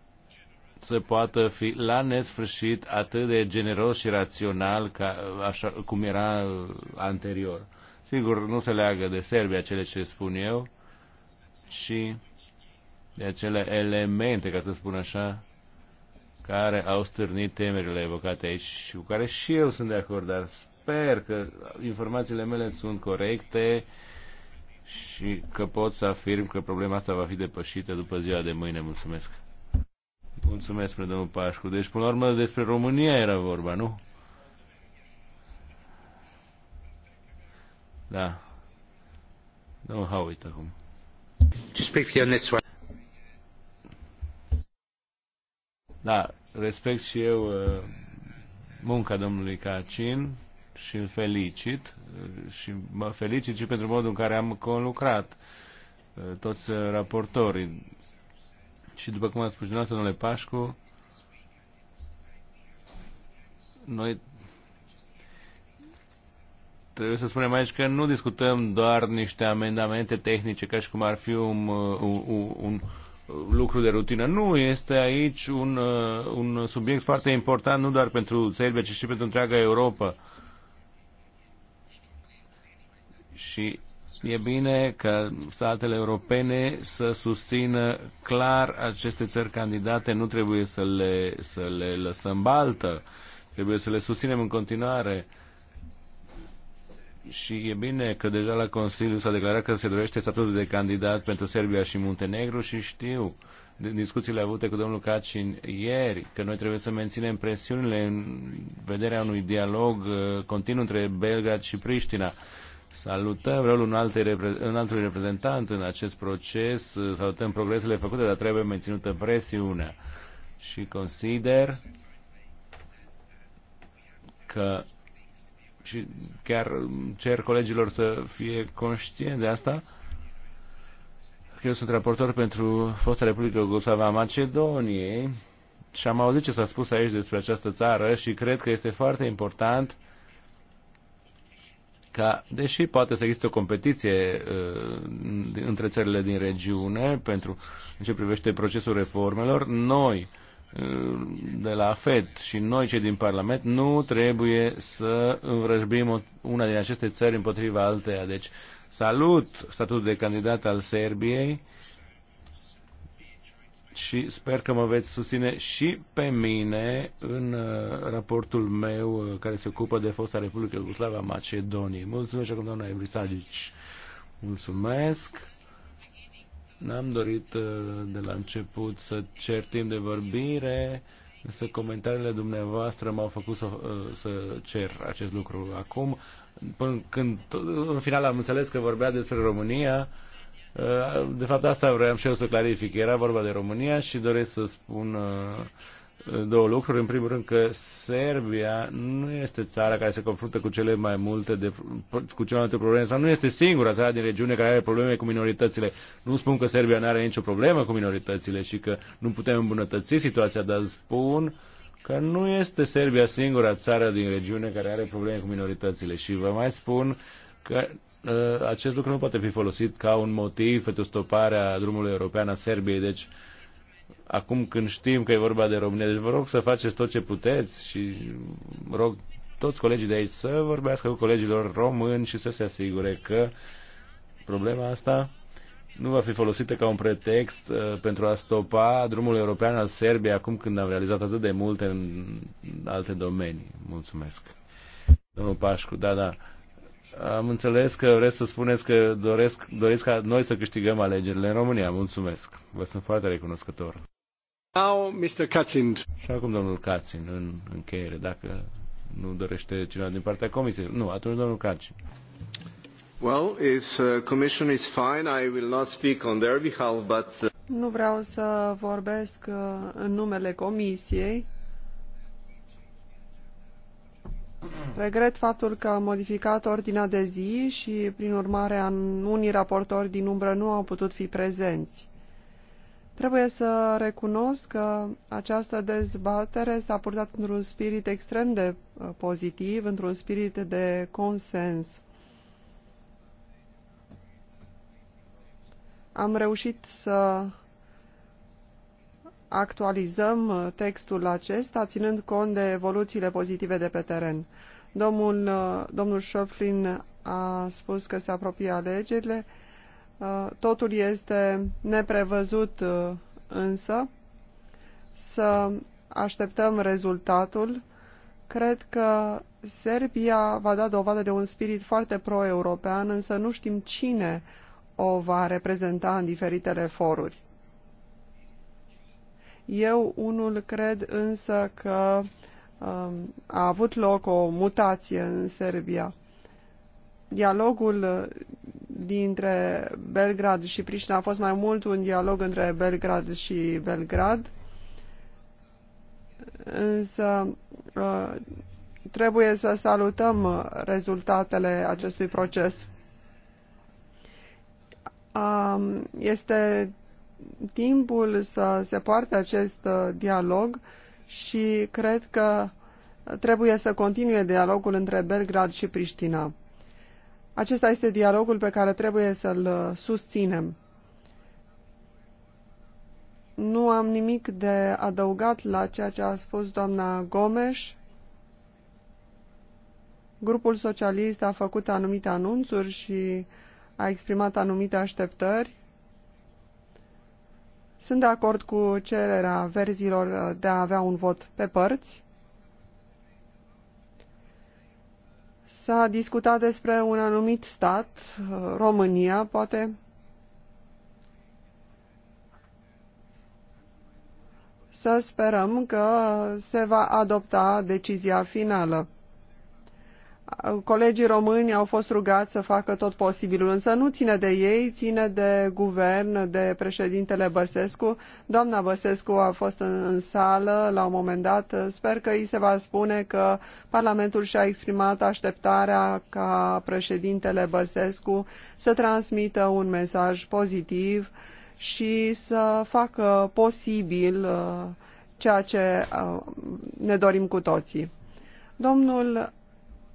să poată fi la nesfârșit atât de generos și rațional ca, așa, cum era uh, anterior. Sigur, nu se leagă de Serbia cele ce spun eu, ci de acele elemente, ca să spun așa, care au stârnit temerile evocate aici și cu care și eu sunt de acord, dar sper că informațiile mele sunt corecte și că pot să afirm că problema asta va fi depășită după ziua de mâine. Mulțumesc! Mulțumesc, spre domnul Pașcu. Deci, până la urmă, despre România era vorba, nu? Da. Domnul Howitt acum. Da, respect și eu uh, munca domnului Cacin și îl felicit uh, și mă felicit și pentru modul în care am conlucrat uh, toți raportorii și după cum a spus dumneavoastră, domnule Pașcu, noi trebuie să spunem aici că nu discutăm doar niște amendamente tehnice ca și cum ar fi un, un, uh, un lucru de rutină. Nu, este aici un, uh, un subiect foarte important, nu doar pentru Serbia, ci și pentru întreaga Europa. Și e bine ca statele europene să susțină clar aceste țări candidate, nu trebuie să le, să le lăsăm baltă, trebuie să le susținem în continuare. Și e bine că deja la Consiliu s-a declarat că se dorește statutul de candidat pentru Serbia și Muntenegru și știu din discuțiile avute cu domnul Cacin ieri că noi trebuie să menținem presiunile în vederea unui dialog uh, continuu între Belgrad și Priștina Salutăm rolul un alt reprezentant în acest proces, salutăm progresele făcute, dar trebuie menținută presiunea. Și consider că și chiar cer colegilor să fie conștienți de asta, că eu sunt raportor pentru fosta Republică Iugoslava Macedoniei și am auzit ce s-a spus aici despre această țară și cred că este foarte important ca, deși poate să existe o competiție uh, între țările din regiune pentru în ce privește procesul reformelor, noi uh, de la FED și noi cei din Parlament nu trebuie să învrăjbim una din aceste țări împotriva alteia. Deci salut statutul de candidat al Serbiei și sper că mă veți susține și pe mine în uh, raportul meu uh, care se ocupă de fosta Republică Iugoslava Macedoniei. Mulțumesc acum doamna Evrisagici. Mulțumesc. N-am dorit uh, de la început să cer timp de vorbire, însă comentariile dumneavoastră m-au făcut să, să cer acest lucru acum. Până când, în final, am înțeles că vorbea despre România, Uh, de fapt, asta vreau și eu să clarific. Era vorba de România și doresc să spun uh, două lucruri. În primul rând că Serbia nu este țara care se confruntă cu cele mai multe de, cu cele mai multe probleme sau nu este singura țară din regiune care are probleme cu minoritățile. Nu spun că Serbia nu are nicio problemă cu minoritățile și că nu putem îmbunătăți situația, dar spun că nu este Serbia singura țară din regiune care are probleme cu minoritățile și vă mai spun că Uh, acest lucru nu poate fi folosit ca un motiv pentru stoparea drumului european a Serbiei. Deci, acum când știm că e vorba de România, deci vă rog să faceți tot ce puteți și rog toți colegii de aici să vorbească cu colegilor români și să se asigure că problema asta nu va fi folosită ca un pretext uh, pentru a stopa drumul european al Serbiei acum când am realizat atât de multe în alte domenii. Mulțumesc. Domnul Pașcu, da, da. Am înțeles că vreți să spuneți că doresc, doresc ca noi să câștigăm alegerile în România. Mulțumesc. Vă sunt foarte recunoscător. Now, Mr. Katzin. Și acum domnul Katzin, în încheiere, dacă nu dorește cineva din partea comisiei. Nu, atunci domnul Katzin. Well, if uh, commission is fine, I will not speak on their behalf, but... Uh, nu vreau să vorbesc uh, în numele comisiei, Regret faptul că am modificat ordinea de zi și, prin urmare, unii raportori din umbră nu au putut fi prezenți. Trebuie să recunosc că această dezbatere s-a purtat într-un spirit extrem de uh, pozitiv, într-un spirit de consens. Am reușit să actualizăm uh, textul acesta, ținând cont de evoluțiile pozitive de pe teren. Domnul, uh, domnul Șoflin a spus că se apropie alegerile. Uh, totul este neprevăzut însă. Să așteptăm rezultatul. Cred că Serbia va da dovadă de un spirit foarte pro-european, însă nu știm cine o va reprezenta în diferitele foruri. Eu unul cred însă că um, a avut loc o mutație în Serbia. Dialogul uh, dintre Belgrad și Priștina a fost mai mult un dialog între Belgrad și Belgrad, însă uh, trebuie să salutăm uh, rezultatele acestui proces. Um, este timpul să se poarte acest uh, dialog și cred că trebuie să continue dialogul între Belgrad și Priștina. Acesta este dialogul pe care trebuie să-l uh, susținem. Nu am nimic de adăugat la ceea ce a spus doamna Gomes. Grupul socialist a făcut anumite anunțuri și a exprimat anumite așteptări. Sunt de acord cu cererea verzilor uh, de a avea un vot pe părți. S-a discutat despre un anumit stat, uh, România, poate. Să sperăm că se va adopta decizia finală colegii români au fost rugați să facă tot posibilul, însă nu ține de ei, ține de guvern, de președintele Băsescu. Doamna Băsescu a fost în, în sală la un moment dat. Sper că îi se va spune că Parlamentul și-a exprimat așteptarea ca președintele Băsescu să transmită un mesaj pozitiv și să facă posibil uh, ceea ce uh, ne dorim cu toții. Domnul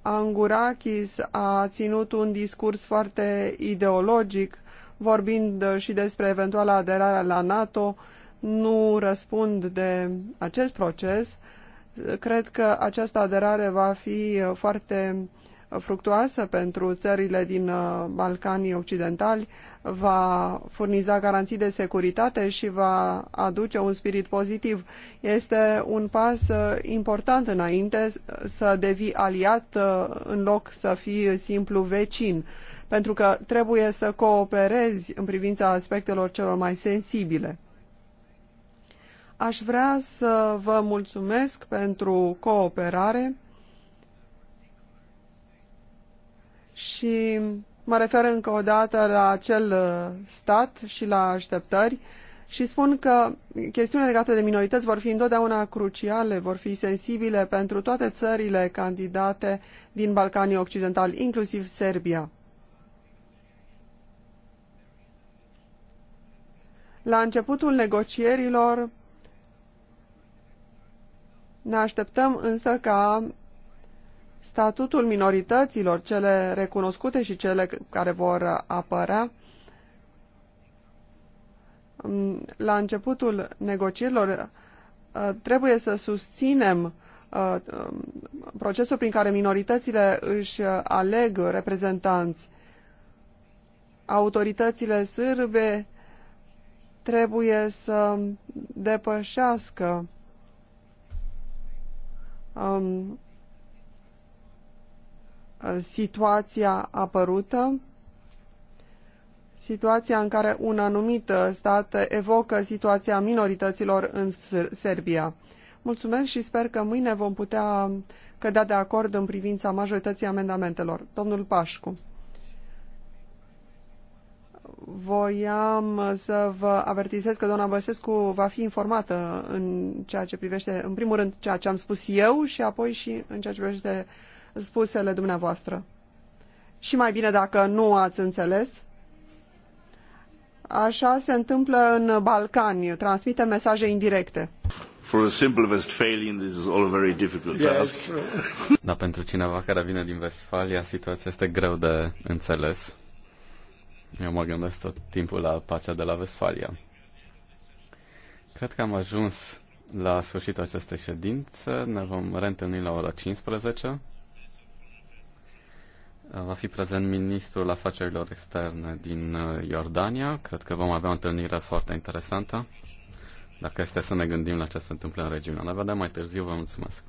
Angurakis a ținut un discurs foarte ideologic, vorbind și despre eventuala aderare la NATO, nu răspund de acest proces. Cred că această aderare va fi foarte fructuoasă pentru țările din uh, Balcanii Occidentali, va furniza garanții de securitate și va aduce un spirit pozitiv. Este un pas uh, important înainte să devii aliat uh, în loc să fii simplu vecin, pentru că trebuie să cooperezi în privința aspectelor celor mai sensibile aș vrea să vă mulțumesc pentru cooperare. și mă refer încă o dată la acel uh, stat și la așteptări și spun că chestiunile legate de minorități vor fi întotdeauna cruciale, vor fi sensibile pentru toate țările candidate din Balcanii Occidentali, inclusiv Serbia. La începutul negocierilor ne așteptăm însă ca statutul minorităților, cele recunoscute și cele care vor apărea. Mm, la începutul negocierilor uh, trebuie să susținem uh, mm, procesul prin care minoritățile își aleg reprezentanți. Autoritățile sârbe trebuie să depășească um, Uh, situația apărută, situația în care un anumit uh, stat evocă situația minorităților în Serbia. Mulțumesc și sper că mâine vom putea cădea de acord în privința majorității amendamentelor. Domnul Pașcu. Voiam uh, să vă avertizez că doamna Băsescu va fi informată în ceea ce privește, în primul rând, ceea ce am spus eu și apoi și în ceea ce privește spusele dumneavoastră. Și mai bine dacă nu ați înțeles. Așa se întâmplă în Balcani, transmite mesaje indirecte. For a simple Westphalian, this is all a very difficult task. Yes. Dar pentru cineva care vine din Westfalia, situația este greu de înțeles. Eu mă gândesc tot timpul la pacea de la Westfalia. Cred că am ajuns la sfârșitul acestei ședințe. Ne vom reîntâlni la ora 15. Va fi prezent ministrul afacerilor externe din uh, Iordania. Cred că vom avea o întâlnire foarte interesantă. Dacă este să ne gândim la ce se întâmplă în regiune. Ne vedem mai târziu. Vă mulțumesc.